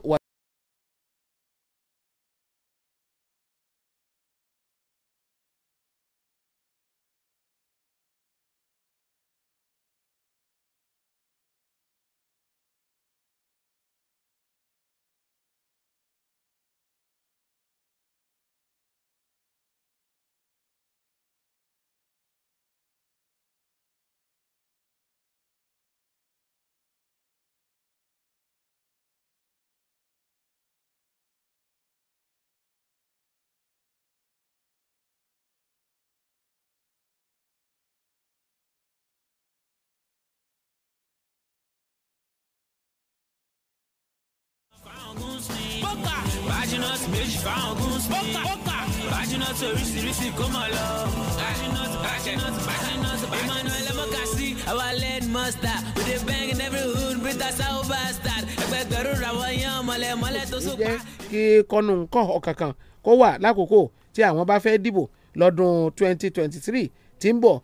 Speaker 1: bọ́kà pájínọ́t méjì fáwọn ogun sí bọ́kà pájínọ́t oríṣiríṣi kó mọ̀ lọ.
Speaker 13: pájínọ́t pájínọ́t pájínọ́t emmanuel mokasi our lead mustard we dey bang in every hood with our soul bastard ẹgbẹgbẹrún ràwọ̀ yan mọ̀lẹ́mọ̀lẹ́ tó sùn pa. kí
Speaker 6: kọ́nù nǹkan ọ̀kankan kó wà lákòókò tí àwọn bá fẹ́ dìbò lọ́dún 2023 tí ń bọ̀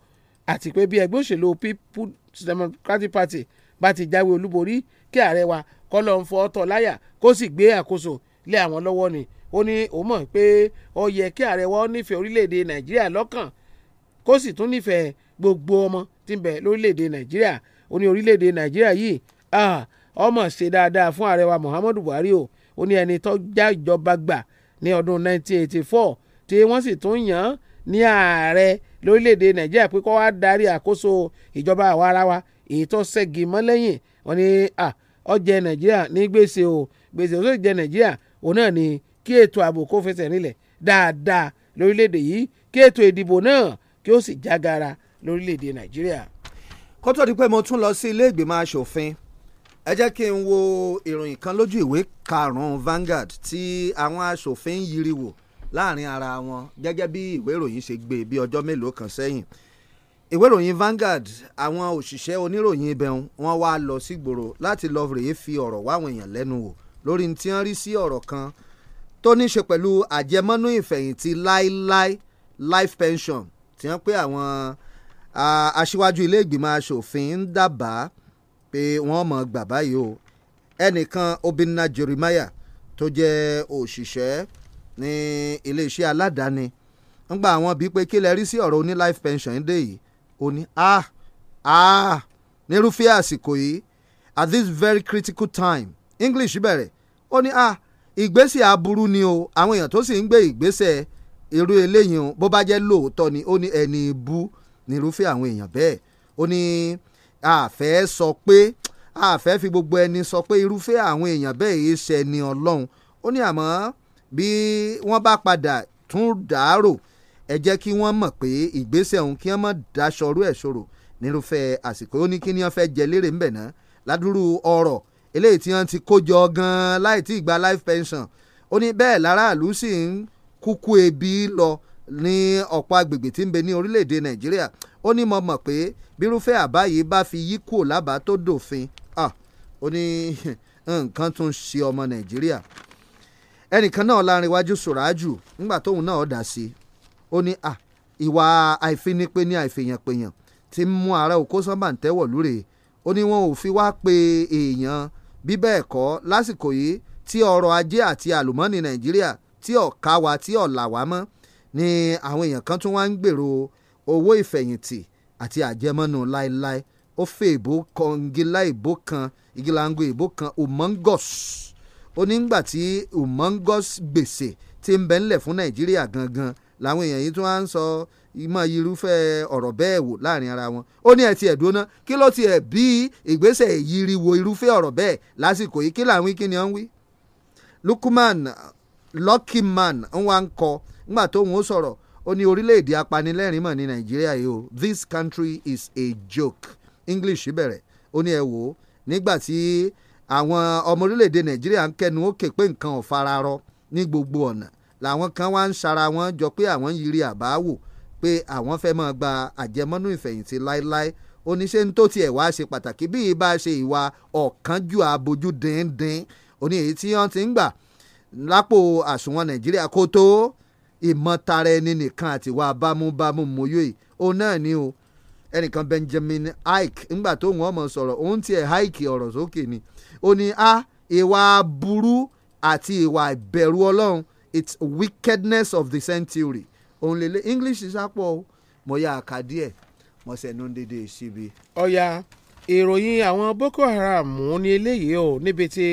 Speaker 6: àti pé bí ẹgbẹ́ òṣèlú People's Democratic Party bá ti jáwé olúborí kí ààrẹ wa kọ́lọ̀ ń fọ ọ́tọ̀ láyà kó sì gbé àkóso lé àwọn lọ́wọ́ ni ó ní òun mọ̀ pé ó yẹ kí ààrẹ wa nífẹ̀ẹ́ orílẹ̀-èdè nàìjíríà lọ́kàn kó sì tún nífẹ̀ẹ́ gbogbo ọmọ tí ń bẹ lórílẹ̀-èdè nàìjíríà ó ní orílẹ̀ nàìjíríà yìí ọmọ ṣe dáadáa fún ààrẹ wa muhammadu buhari o ó ní ẹni tó já ìjọba gbà ní ọdún 1984 tí wọ́n sì tún yàn án ní ààrẹ lórílẹ̀‐èdè nàìjíríà pé kó wá darí àkóso ìjọba àwa ara wa èyí tó ṣẹ́gi mọ́ lẹ́yìn wọn ni ó jẹ nàìjíríà ní gbèsè o gbèsè ó sì jẹ nàìjíríà òun náà ni kí ètò ààbò kó fẹsẹ̀ nílẹ̀ dáadáa lórílẹ̀‐èdè yìí kí ètò ìdìbò náà kí ó sì jágara lórílẹ̀‐èdè nàìjíríà. kó tó di pé mo tún lọ sí ilé ìgbìmọ̀ asòfin
Speaker 7: ẹ jẹ́ kí n wo ìròyìn kan lójú ìwé karùn-ún Vanguard tí àwọn asòfin yiri wò láàrin ara wọn gẹ́gẹ́ bí ìwé ìròyìn ṣe gbé e bí ọjọ́ mélòó kan sẹ́yìn ìwé ìròyìn Vanguard àwọn òṣìṣẹ́ oníròyìn ibẹ̀ wọn wá lọ sígboro láti lọ rèé fi ọ̀rọ̀ wáwọn èèyàn lẹ́nu wò lórí tí wọ́n rí sí ọ̀rọ̀ kan tó ní ṣe pẹ̀lú àjẹmọ́nú ìfẹ̀yìntì láíláí life pension tí wọ́n pé àwọn aṣíwájú ilé ìgbìmọ̀ asòfin ń dábàá pé wọ́n mọ̀ gbà báyìí o ẹnìkan Obinna Jeremiah tó jẹ́ òṣìṣẹ́ ní iléeṣẹ́ aládàáni ń gba àwọn bíi pé kí lẹ rí sí ọ̀rọ̀ oní life pension dé yìí ó ní ah ah nírúfẹ́ àsìkò yìí at this very critical time English bẹ̀rẹ̀ ó ní ah ìgbésẹ̀ aburú ni o àwọn èèyàn tó sì ń gbé ìgbésẹ̀ irú eléyìí o bó bá jẹ́ lóòótọ́ ni ó ní ẹni ibú nírúfẹ́ àwọn èèyàn bẹ́ẹ̀ ó ní àfẹ́ sọ pé àfẹ́ fi gbogbo ẹni sọ pé irúfẹ́ àwọn èèyàn bẹ́ẹ̀ yìí ṣe ni ọlọ́run ó ní àmọ́ bí wọ́n bá padà tún dàárò ẹ jẹ́ kí wọ́n mọ̀ pé ìgbésẹ̀ ọ̀hún kí wọ́n mọ̀ daṣọrú ẹ̀ ṣòro nírúfẹ́ àsìkò ó ní kí ni wọ́n fẹ́ jẹ lérè ńbẹ̀ náà ládùúrú ọ̀rọ̀ eléyìí tí wọ́n ti kó jọ gan-an láì tí ì gba life pension ó ní bẹ́ẹ̀ láràlú sì ń kúkú ebi lọ ní ọ̀pọ̀ agbègbè tí ń bẹ ní orílẹ̀-èdè nàìjíríà ó ní mo mọ̀ pé bírúfẹ́ àbá yìí bá fi yí kúrò lábàá tó dòfin ó ní (laughs) nǹkan tún ṣe ọmọ nàìjíríà ẹnìkan náà lárinwájú sùràjù nígbà tóun náà dá sí ó ní à ìwà àìfinipé ní àìfìyànpèyàn tí ń mú ara òkó sánbà ń tẹ́wọ̀ lóore ó ní wọn ò fi wá pe èèyàn bí bẹ́ẹ̀ kọ́ lásìkò yìí tí ọrọ̀ ajé àti àlùmọ́ọ́nì nàìjíríà tí ọ̀ka wa tí ọ̀là wa mọ́ ni àwọn èèyàn kan tún wá ń gbèrò owó ìfẹ̀yìntì àti àjẹmọ́nú láéláé ó fẹ́ ìbò kan ngila ìbò kan igilango ìbò kan humongous ó nígbà tí humongous gbèsè ti ń bẹ fún nàìjíríà gangan làwọn èèyàn yìí tún wá ń sọ ìmọ̀ irúfẹ́ ọ̀rọ̀ bẹ́ẹ̀ wò láàrin ara wọn ó ní ẹ̀ tiẹ̀ kí ló tiẹ̀ bí ìgbésẹ̀ yiri wo irúfẹ́ ọ̀rọ̀ bẹ́ẹ̀ lásìkò yìí kí làwọn kí ni wọ́n ń wí. Lukman Luckman ń wá ń kọ nígbà tó ń sọ̀rọ̀ ó ní orílẹ̀-èdè apanilẹ́rìn mọ̀ ní Nàìjíríà yìí o this country is a joke English bẹ̀rẹ̀ ó ní ẹ wò ó nígbà tí àwọn ọmọ orílẹ̀-èdè Nàìjíríà ń kẹnu ó ké pé nǹkan ò fararọ ní gbogbo ọ̀nà làwọn kan wá ń sara wọn jọ pé àwọn ń yiri àbá wò pé àwọn fẹ́ máa gba àjẹmọ́nú ìfẹ̀yìntì láéláé oníṣẹ́ ń tó tiẹ̀ wá ṣe pàtàkì bí ibà ṣe ìwà ọ̀kánjú abojú díndín oní èyí tí wọ́n ti ń gbà lápò àsùnwọ̀n nàìjíríà kó tó ìmọ̀tara ẹni nìkan àti wà bámúbámú mọ́yò yìí òun náà ni o ẹnìkan Benjamin hike ńgbà tó wọn mọ̀ sọ̀rọ̀ òun tiẹ̀ Ike ọ̀rọ̀ sókè ni ó ní a ìwà burú àti ìwà ìbẹ̀rù ọlọ́run it's wickedness of the century Only lè lé english sápọ̀ o mo yà àkà díẹ̀ mo sẹ̀nu dédé síbi.
Speaker 6: ọ̀ya ìròyìn àwọn boko haram ní eléyìí o níbi tí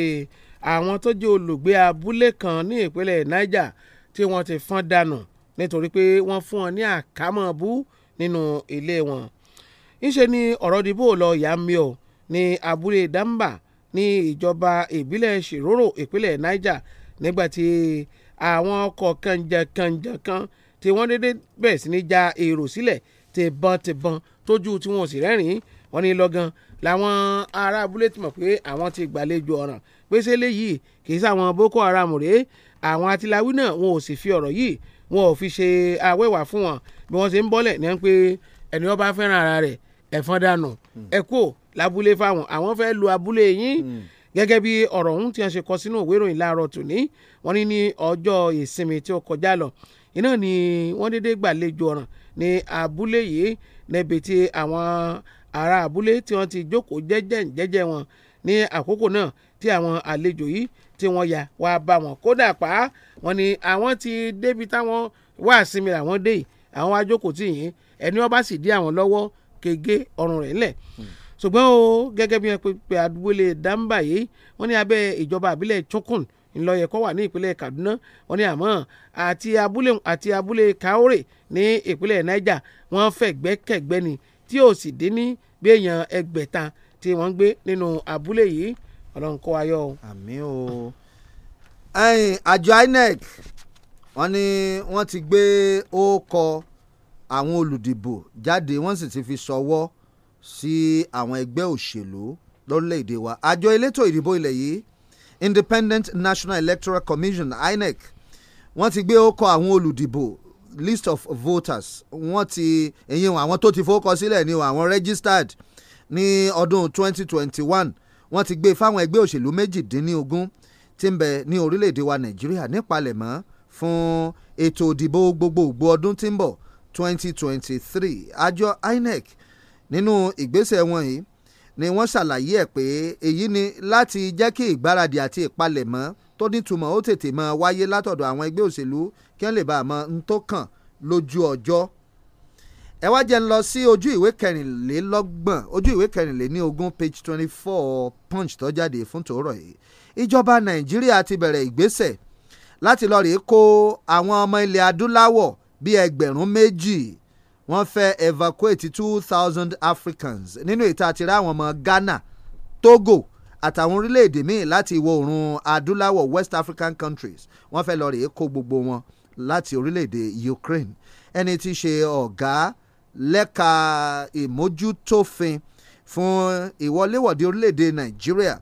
Speaker 6: àwọn tó jẹ́ olùgbé abúlé kan ní ìpínlẹ̀ niger tí wọ́n ti fọ́n dànù nítorí pé wọ́n fún wọn ní àkámọ́bú nínú ilé wọn. ńṣe ni ọ̀rọ̀ dìbò lọ ìyá mi o ní abúlé damba ní ìjọba ìbílẹ̀ ṣìrórò ìpínlẹ̀ niger nígbàtí àwọn ọkọ̀ kànjẹ̀kànjẹ̀kan tí wọ́n dédé bẹ̀rẹ̀ sí ní ja èrò sílẹ̀ tìbọn tìbọn tójú tí wọn ò sì rẹ́rìn-ín wọ́n ní lọ́gán làwọn ará abúlé ti mọ̀ pé àwọn ti gbàlejò ọ̀ràn pèsè léyìí kì í sáwọn Boko Haram rèé àwọn atiláwí náà wọn ò sì fi ọ̀rọ̀ yìí wọn ò fi ṣe awẹ́wà fún wọn bí wọ́n ṣe ń bọ́lẹ̀ ní pé ẹni ọba fẹ́ràn ara rẹ̀ ẹ̀fọn dànù hmm. ẹ̀kọ́ lábúlé fáwọn àwọn fẹ́ lu abúlé yín hmm gẹ́gẹ́ bí ọ̀rọ̀ ọ̀hún tí wọ́n ṣe kọ sínú ìwé ìròyìn láàárọ̀ tòní wọ́n ní ní ọjọ́ ìsinmi tí ó kọjá lọ iná ni wọ́n dédé gbàlejò ọ̀ràn ní abúlé yìí níbi tí àwọn ará abúlé tí wọ́n ti jókòó jẹ́jẹ́ jẹ́jẹ́ wọn ní àkókò náà tí àwọn àlejò yìí tí wọ́n yà wá bá wọn kódà pa wọ́n ní àwọn ti débi táwọn wá sinmi làwọn dé yìí àwọn ajókòó tì yín ẹni wọ́n bá sì dí àwọn lọ́wọ́ kége ọrùn rẹ̀ ńlẹ̀. Hmm ṣùgbọ́n o gẹ́gẹ́ bí wọ́n pe àdúgbòlè dàmbà yìí wọ́n ní abẹ́ ìjọba àbílẹ̀ chokun ńlọyẹ kọ́ wà ní ìpínlẹ̀ Kaduna wọ́n ní àmọ́ àti abúlé àti abúlé Kaore ní ìpínlẹ̀ Niger wọ́n fẹ́ gbẹ́kẹ̀gbẹ́ ni tí ò sì dín ní bí èèyàn ẹgbẹ̀ta tí wọ́n ń gbé nínú abúlé yìí Ọlọ́run kó ayọ̀ o. àjọ INEC
Speaker 7: wọ́n ní wọ́n ti gbé ó kọ àwọn olùdìbò jáde wọ́n sì ti fi sọwọ́ so sí àwọn ẹgbẹ́ òṣèlú lórílẹ̀‐èdè wa àjọ elétò ìdìbò ilẹ̀ yìí Independent National Electoral Commission INEC wọ́n ti gbé ọkọ̀ àwọn olùdìbò list of voters wọ́n ti ẹ̀yìn àwọn tó ti fowókọ sílẹ̀ ni àwọn registered ní ọdún 2021 wọ́n ti gbé e fáwọn ẹgbẹ́ òṣèlú méjìdínlógún tí ń bẹ ní orílẹ̀‐èdè wa Nàìjíríà nípalẹ̀mọ́ fún ètò ìdìbò gbogbogbò ọdún tí ń bọ̀ 2023 àjọ INEC nínú ìgbésẹ̀ wọn yìí ni wọ́n ṣàlàyé ẹ̀ pé èyí ni láti jẹ́ kí ìgbáradì àti ìpalẹ̀mọ́ tó nítumọ̀ ó tètè máa wáyé látọ̀dọ̀ àwọn ẹgbẹ́ òṣèlú kí wọ́n lè bá a mọ ohun tó kàn lójú ọjọ́ ẹ wá jẹ́ ń lọ sí ojú ìwé kẹrìnlélọ́gbọ̀n ojú ìwé kẹrìnléní page twenty four punch tó jáde fún tòórọ̀ yìí ìjọba nàìjíríà ti bẹ̀rẹ̀ ìgbésẹ̀ láti lọ rèé kó àwọn ọmọ ilẹ̀ adúláwọ̀ bíi ẹgbẹ̀rún méjì wọ́n fẹ́ evacuate two thousand Africans nínú ìta àti ráwọn ọmọ Ghana Togo àtàwọn orílẹ̀-èdè míì láti ìwọ̀ oòrùn adúláwọ̀ West African countries wọ́n fẹ́ lọ rèé kó gbogbo wọn láti orílẹ̀-èdè Ukraine ẹni tí í ṣe ọ̀gá lẹ́ka ìmójútófin fún ìwọléwọ̀de orílẹ̀-èdè Nàìjíríà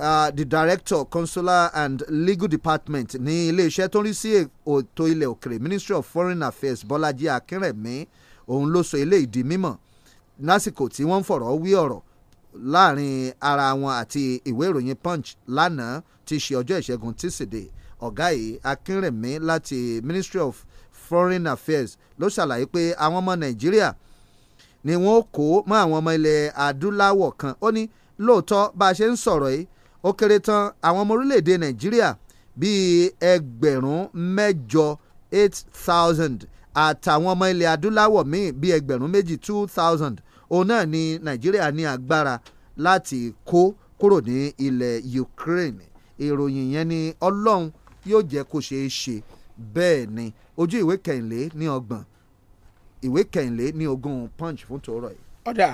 Speaker 7: uh, the director consular and legal department ní iléeṣẹ́ tó ń rí sí ètò ilẹ̀ òkèrè ministry of foreign affairs bọ́lájí akínrẹ̀mí òun ló sọ eléyìí di mímọ̀ lásìkò tí wọ́n ń fọ̀rọ̀ wí ọ̀rọ̀ láàrin ara wọn àti ìwé ìròyìn punch lánàá ti ṣe ọjọ́ ìṣẹ́gun tíṣídẹ̀ẹ́ ọ̀gá yìí akínrẹ̀mí láti ministry of foreign affairs ló ṣàlàyé pé àwọn ọmọ nàìjíríà ni wọ́n kó mọ́ àwọn ọmọ ilẹ̀ adúláwọ̀ kan ó ní lóòótọ́ bá a ṣe ń sọ̀rọ̀ yìí ó kéré tán àwọn ọmọ orílẹ̀-èdè nàìjíríà bíi ẹgbẹ̀rún mẹ́jọ eight thousand àtàwọn ọmọ ilẹ̀ adúláwọ̀ míì bíi ẹgbẹ̀rún méjì two thousand òun náà ni nàìjíríà ní agbára láti kó kúrò ní ilẹ̀ Ukraine ìròyìn yẹn ni ọlọ́run yóò jẹ́ kó ṣeé ṣe bẹ́ẹ̀ ni ojú ìwé kẹ̀hìnlé ní ọgbọ̀n ìwé kẹ̀hìnlé
Speaker 6: ní ogún punch fún tòórọ̀ yìí. ọ̀dà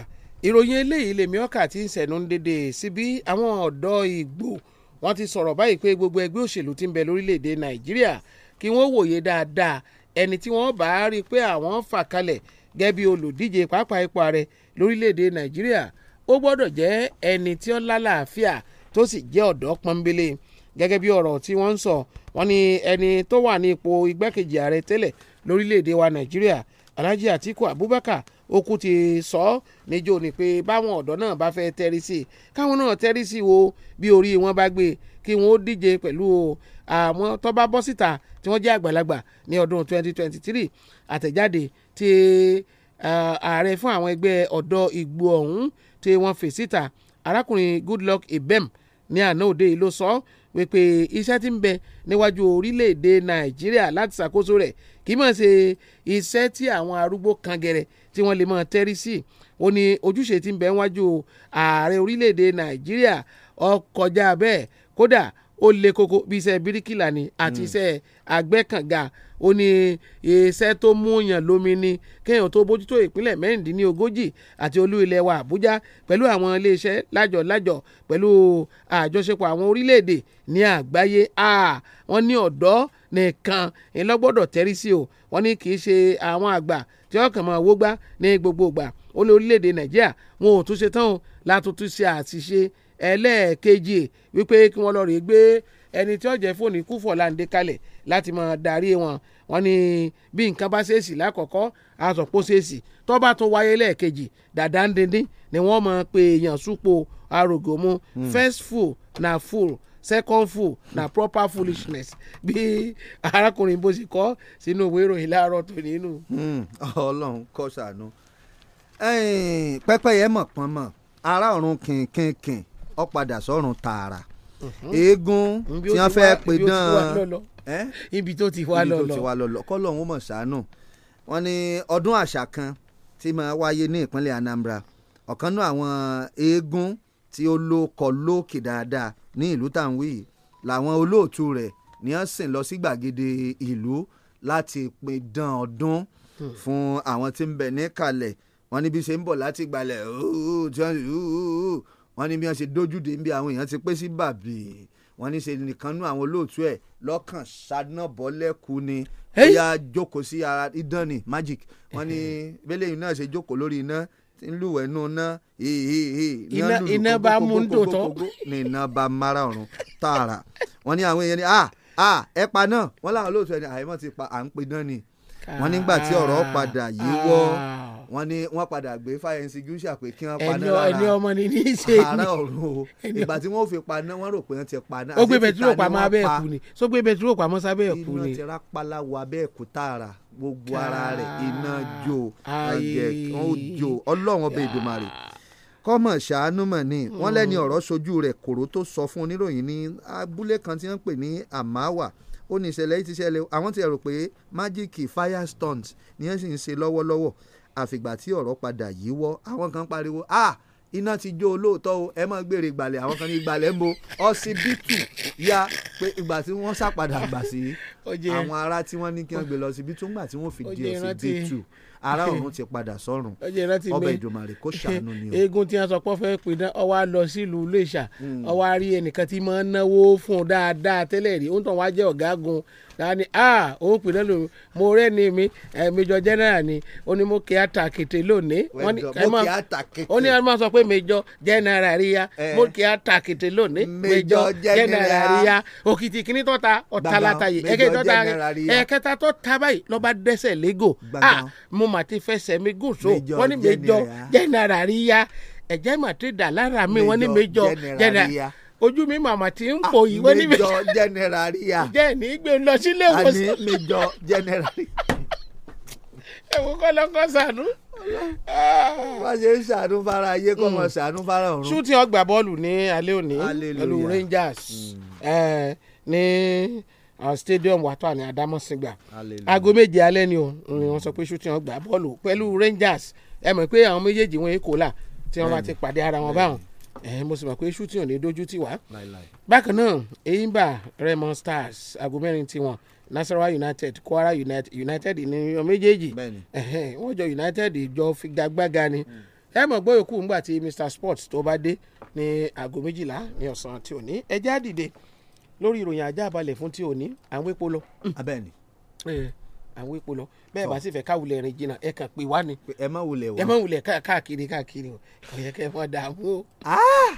Speaker 6: ìròyìn eléyìí lèmi ọkà tí ń sẹ̀nu dédé síbi àwọn ọ̀dọ́ ìgbò wọ́n ti sọ̀rọ̀ báyìí pé gbogbo ẹgbẹ́ òṣèlú ti ń bẹ lórílẹ̀‐èdè nàìjíríà kí wọ́n wòye dáadáa ẹni tí wọ́n bá rí i pé àwọn fà kalẹ̀ gẹ́gẹ́ bí olùdíje pàápàá ipò ààrẹ lórílẹ̀‐èdè nàìjíríà ó gbọ́dọ̀ jẹ́ ẹni tí ó lálàáfíà tó sì jẹ́ ọ̀dọ́ pọ́nbélé gẹ́gẹ́ bí ọ̀rọ̀ tí wọ́n ń sọ wọ́n ní ẹni tó wà ní ipò igbákejì ààrẹ tẹ́lẹ̀ lórílẹ̀‐èdè wa nàìjíríà Alhaji Atiku Abubakar okú ti sọ ọ́ níjó ni pé báwọn ọ̀dọ́ náà bá fẹ́ tẹ́rí sí i káwọn náà tẹ́rí sí i wo bí orí wọn bá gbé e, kí wọn ó díje pẹ̀lú àwọn tó bá tí wọ́n jẹ́ àgbàlagbà ní ọdún 2023 àtẹ̀jáde tí ààrẹ fún àwọn ẹgbẹ́ ọ̀dọ́ ìgbò ọ̀hún tí wọ́n fè síta arákùnrin Goodluck Ibem ní àná òde yìí ló sọ wípé iṣẹ́ tí ń bẹ níwájú orílẹ̀-èdè nàìjíríà láti ṣàkóso rẹ̀ kì í mọ̀ ṣe iṣẹ́ tí àwọn arúgbó kan gẹ̀rẹ̀ tí wọ́n lè mọ̀ tẹ́rí sí ó ní ojúṣe tí ń bẹ níwájú ààrẹ orílẹ̀-èdè nàìjíríà ó bẹ́ẹ̀ kódà ó le koko bí iṣẹ́ bíríkìlà ni àti hmm. iṣẹ́ àgbẹ́kànga ó ní iṣẹ́ tó mú yàn lómi ni kéèyàn tó bójútó ìpínlẹ̀ mẹ́rìndínlógójì àti olú ilẹ̀ wa Àbújá pẹ̀lú àwọn iléeṣẹ́ lájọ lájọ pẹ̀lú àjọṣepọ̀ àwọn orílẹ̀-èdè ní àgbáyé wọ́n ní ọ̀dọ́ nìkan ìlọ́gbọ́dọ̀ tẹ́rí sí o wọ́n ní kì í ṣe àwọn àgbà tí wọ́n kàn máa wó ní gbogbo ìgbà ó lé orílẹ̀-èdè Nàìjíríà wọn ò tún tán o látúntún ṣe àṣìṣe ẹlẹ́ẹ̀kejì wípé kí wọ́n lọ rèé gbé ẹni tí ó jẹ́ fóònù ikú Fọláǹdé kalẹ̀ láti máa darí wọn wọn ni bí nǹkan bá ṣèèsì lákọ̀ọ́kọ́ àtọ̀pọ̀ ṣèèsì tó bá tún wáyé lẹ́ẹ̀kejì dàdá ń dindín ni wọ́n máa pe èèyàn súpò arògò mu hmm. first fool na fool second fool na proper foolishness bí arákùnrin bó ṣe kọ sínú ìwé ìròyìn láàárọ̀ tó nínú. Hmm. Ọlọ́run kọ ṣàánú pẹ́pẹ́yẹ mọ pọn mọ ará ọrùn kìnkìnkìn
Speaker 7: ọ padà sọ́run tààrà
Speaker 6: mhm. eégún tí wọ́n fẹ́ pè dán ibi tó ti wá
Speaker 7: lọ́lọ́ kọ́lọ̀ ń mọ̀ sànù wọ́n ní ọdún àṣà kan tí máa wáyé ní ìpínlẹ̀ Anambra ọ̀kan náà àwọn eégún tí ó ló kọ lókè dáadáa ní ìlú tàǹwì làwọn olóòtú rẹ̀ ni wọ́n sìn lọ sí gbàgede ìlú láti pidán ọdún hmm. fún àwọn tí ń bẹ ní kalẹ̀ wọ́n níbi ṣe ń bọ̀ láti gbalẹ̀ tí wọ́n wọ́n ní bí wọ́n ṣe dójúde ń bí àwọn èèyàn ti pé sí bàbí wọ́n ní ṣe nìkan nú àwọn olóòtú ẹ̀ lọ́kàn ṣàdánbọ́lẹ́kù ni bóyá jókòó sí ara idán magic wọ́n ní (laughs) bẹ́lẹ̀ yìí náà ṣe jókòó lórí iná ńlùwẹ̀ nù ná iná bá mú ń dòtọ́ ní iná bá mara ọ̀run tààrà wọ́n ní àwọn èèyàn ni ah, ah, ẹ pa náà wọ́n láwọn olóòtú ẹ̀ ni àìmọ́ ti pa à ń pe náà ni nígbà tí ọ̀rọ̀ padà yíwọ́ ah wọ́n ní wọ́n padà gbé fire extinguisher pé kí wọ́n paná lára ẹni ọmọ ni ní í ṣe ni ara ọ̀run o ìgbà tí wọ́n fi paná wọ́n rò pé wọ́n ti paná ó gbé bẹtiró pamọ́ abẹ́ ẹ̀kú ni
Speaker 6: so gbé bẹtiró pamọ́ sábẹ́ ẹ̀kú ni. iná ti
Speaker 7: rápálá wọ abẹ́ ẹ̀kú tààrà gbogbo ara rẹ̀
Speaker 6: iná jó
Speaker 7: ọ̀jẹ̀ jó ọlọ́run ọbẹ̀ ìdùmarè kọ́mọ̀ ṣàánú mọ̀ ni wọ́n lẹ́ni mm. ọ̀rọ̀ sojú rẹ̀ kòró tó sọ fún oníròyìn ní abúlé kan tí wọ́n pè ní àmáwà ó ní ìṣẹ̀lẹ̀ yìí ti ṣẹlẹ̀ àwọn ti rò pé májíìkì fire stones ni wọ́n sì ń ṣe lọ́wọ́lọ́wọ́ àfìgbà tí ọ̀rọ̀ padà yíwọ́ àwọn kan pariwo ah iná ti jó olóòótọ́ o ẹ máa gbèrè ìgbàlẹ̀ àwọn kan ní ìgbàlẹ̀ ń ọsibítù ya pé ìgbà tí wọ́n ṣàpadà gbà sí
Speaker 6: àwọn ará tí wọ́n ní kí wọ́n gbé lọ ọsibítù ńgbà tí wọ́n fi di ọsibítù ará ọ̀run ti padà sọ́run ọba ìdùmarè kò ṣàánú ni o. eégún tí wọn sọ pé fẹ́ pè náà ọwọ́ á lọ sílùú iléṣà ọwọ́ hmm. á rí ẹnìkan tí máa ń náwó fún un dáadáa tẹ́lẹ̀ rí òun tàn wá jẹ́ ọ̀gágun ni a ó pinnu lò mo rẹ́ ni mi mẹjọ general ni ó ní mo kí ata kété lónìí wọ́n ní ẹ máa ó ní ẹ máa sọ pé mẹjọ general ríya mo kí ata kété lónìí mẹjọ general ríya òkìtì kìíní tọ́ta ọ̀tàlátà yìí ẹ̀kẹ́ tọ́ta ẹ̀kẹ́ta tó ta báyìí lọ́ba dẹ́sẹ̀ lẹ́gò a ah, mo mà ti fẹsẹ̀ mi gùn so wọ́n ní mẹjọ general ríya ẹ̀jẹ̀ mà ti dà lára mi wọ́n ní mẹjọ general ríya ojú mi màmá ti ń pò ah, yìí. méjọ jẹnẹrari ya. ǹjẹ́ ní gbé lọ sílé ìwòsàn. àní méjọ jẹnẹrari. ẹ̀wọ̀n kọ́ lọ́kọ́ sànú. wọ́n ṣe ń sànú fara ayé kọ́ mọ̀ hmm. sànú fara ọ̀run. ṣútì ọgbà bọ́ọ̀lù ní alẹ́ òní pẹ̀lú Rangers hmm. ní stadium wàtò ní Adámọ̀sìngbà aago méje alẹ́ ni wọ́n sọ pé ṣútì ọgbà bọ́ọ̀lù pẹ̀lú Rangers ẹ mọ̀ pé àwọn méjèèjì wọn èkó là tí wọ́n bá ti pàdé ara wọn báwọn ẹ mo sì mọ̀ pé shooting ò dojú tì wá. bákan náà eimba Remo Stars aago mẹ́rin tiwọn Nasarawa United Kwara United United ní ọmọ méjèèjì wọ́n jọ United jọ figagbága ni ẹ mọ̀ gbọ́ yòókù ńgbà tí Mr Sports tó bá dé ní aago méjìlá ní ọ̀sán tí ò ní ẹ já dìde lórí ìròyìn ajá balẹ̀ fún tí ò ní àwọn epo lọ. àwọn epo lọ bẹ́ẹ̀ bá sì fẹ́ káwulẹ̀ rìn jìnnà ẹ kàn pé wá ni. ẹ má wulẹ̀ wá ẹ má wulẹ̀ káàkiri káàkiri o kò yẹ kẹ́ ẹ dààmú o. Ah!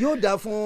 Speaker 7: yóò dáa fún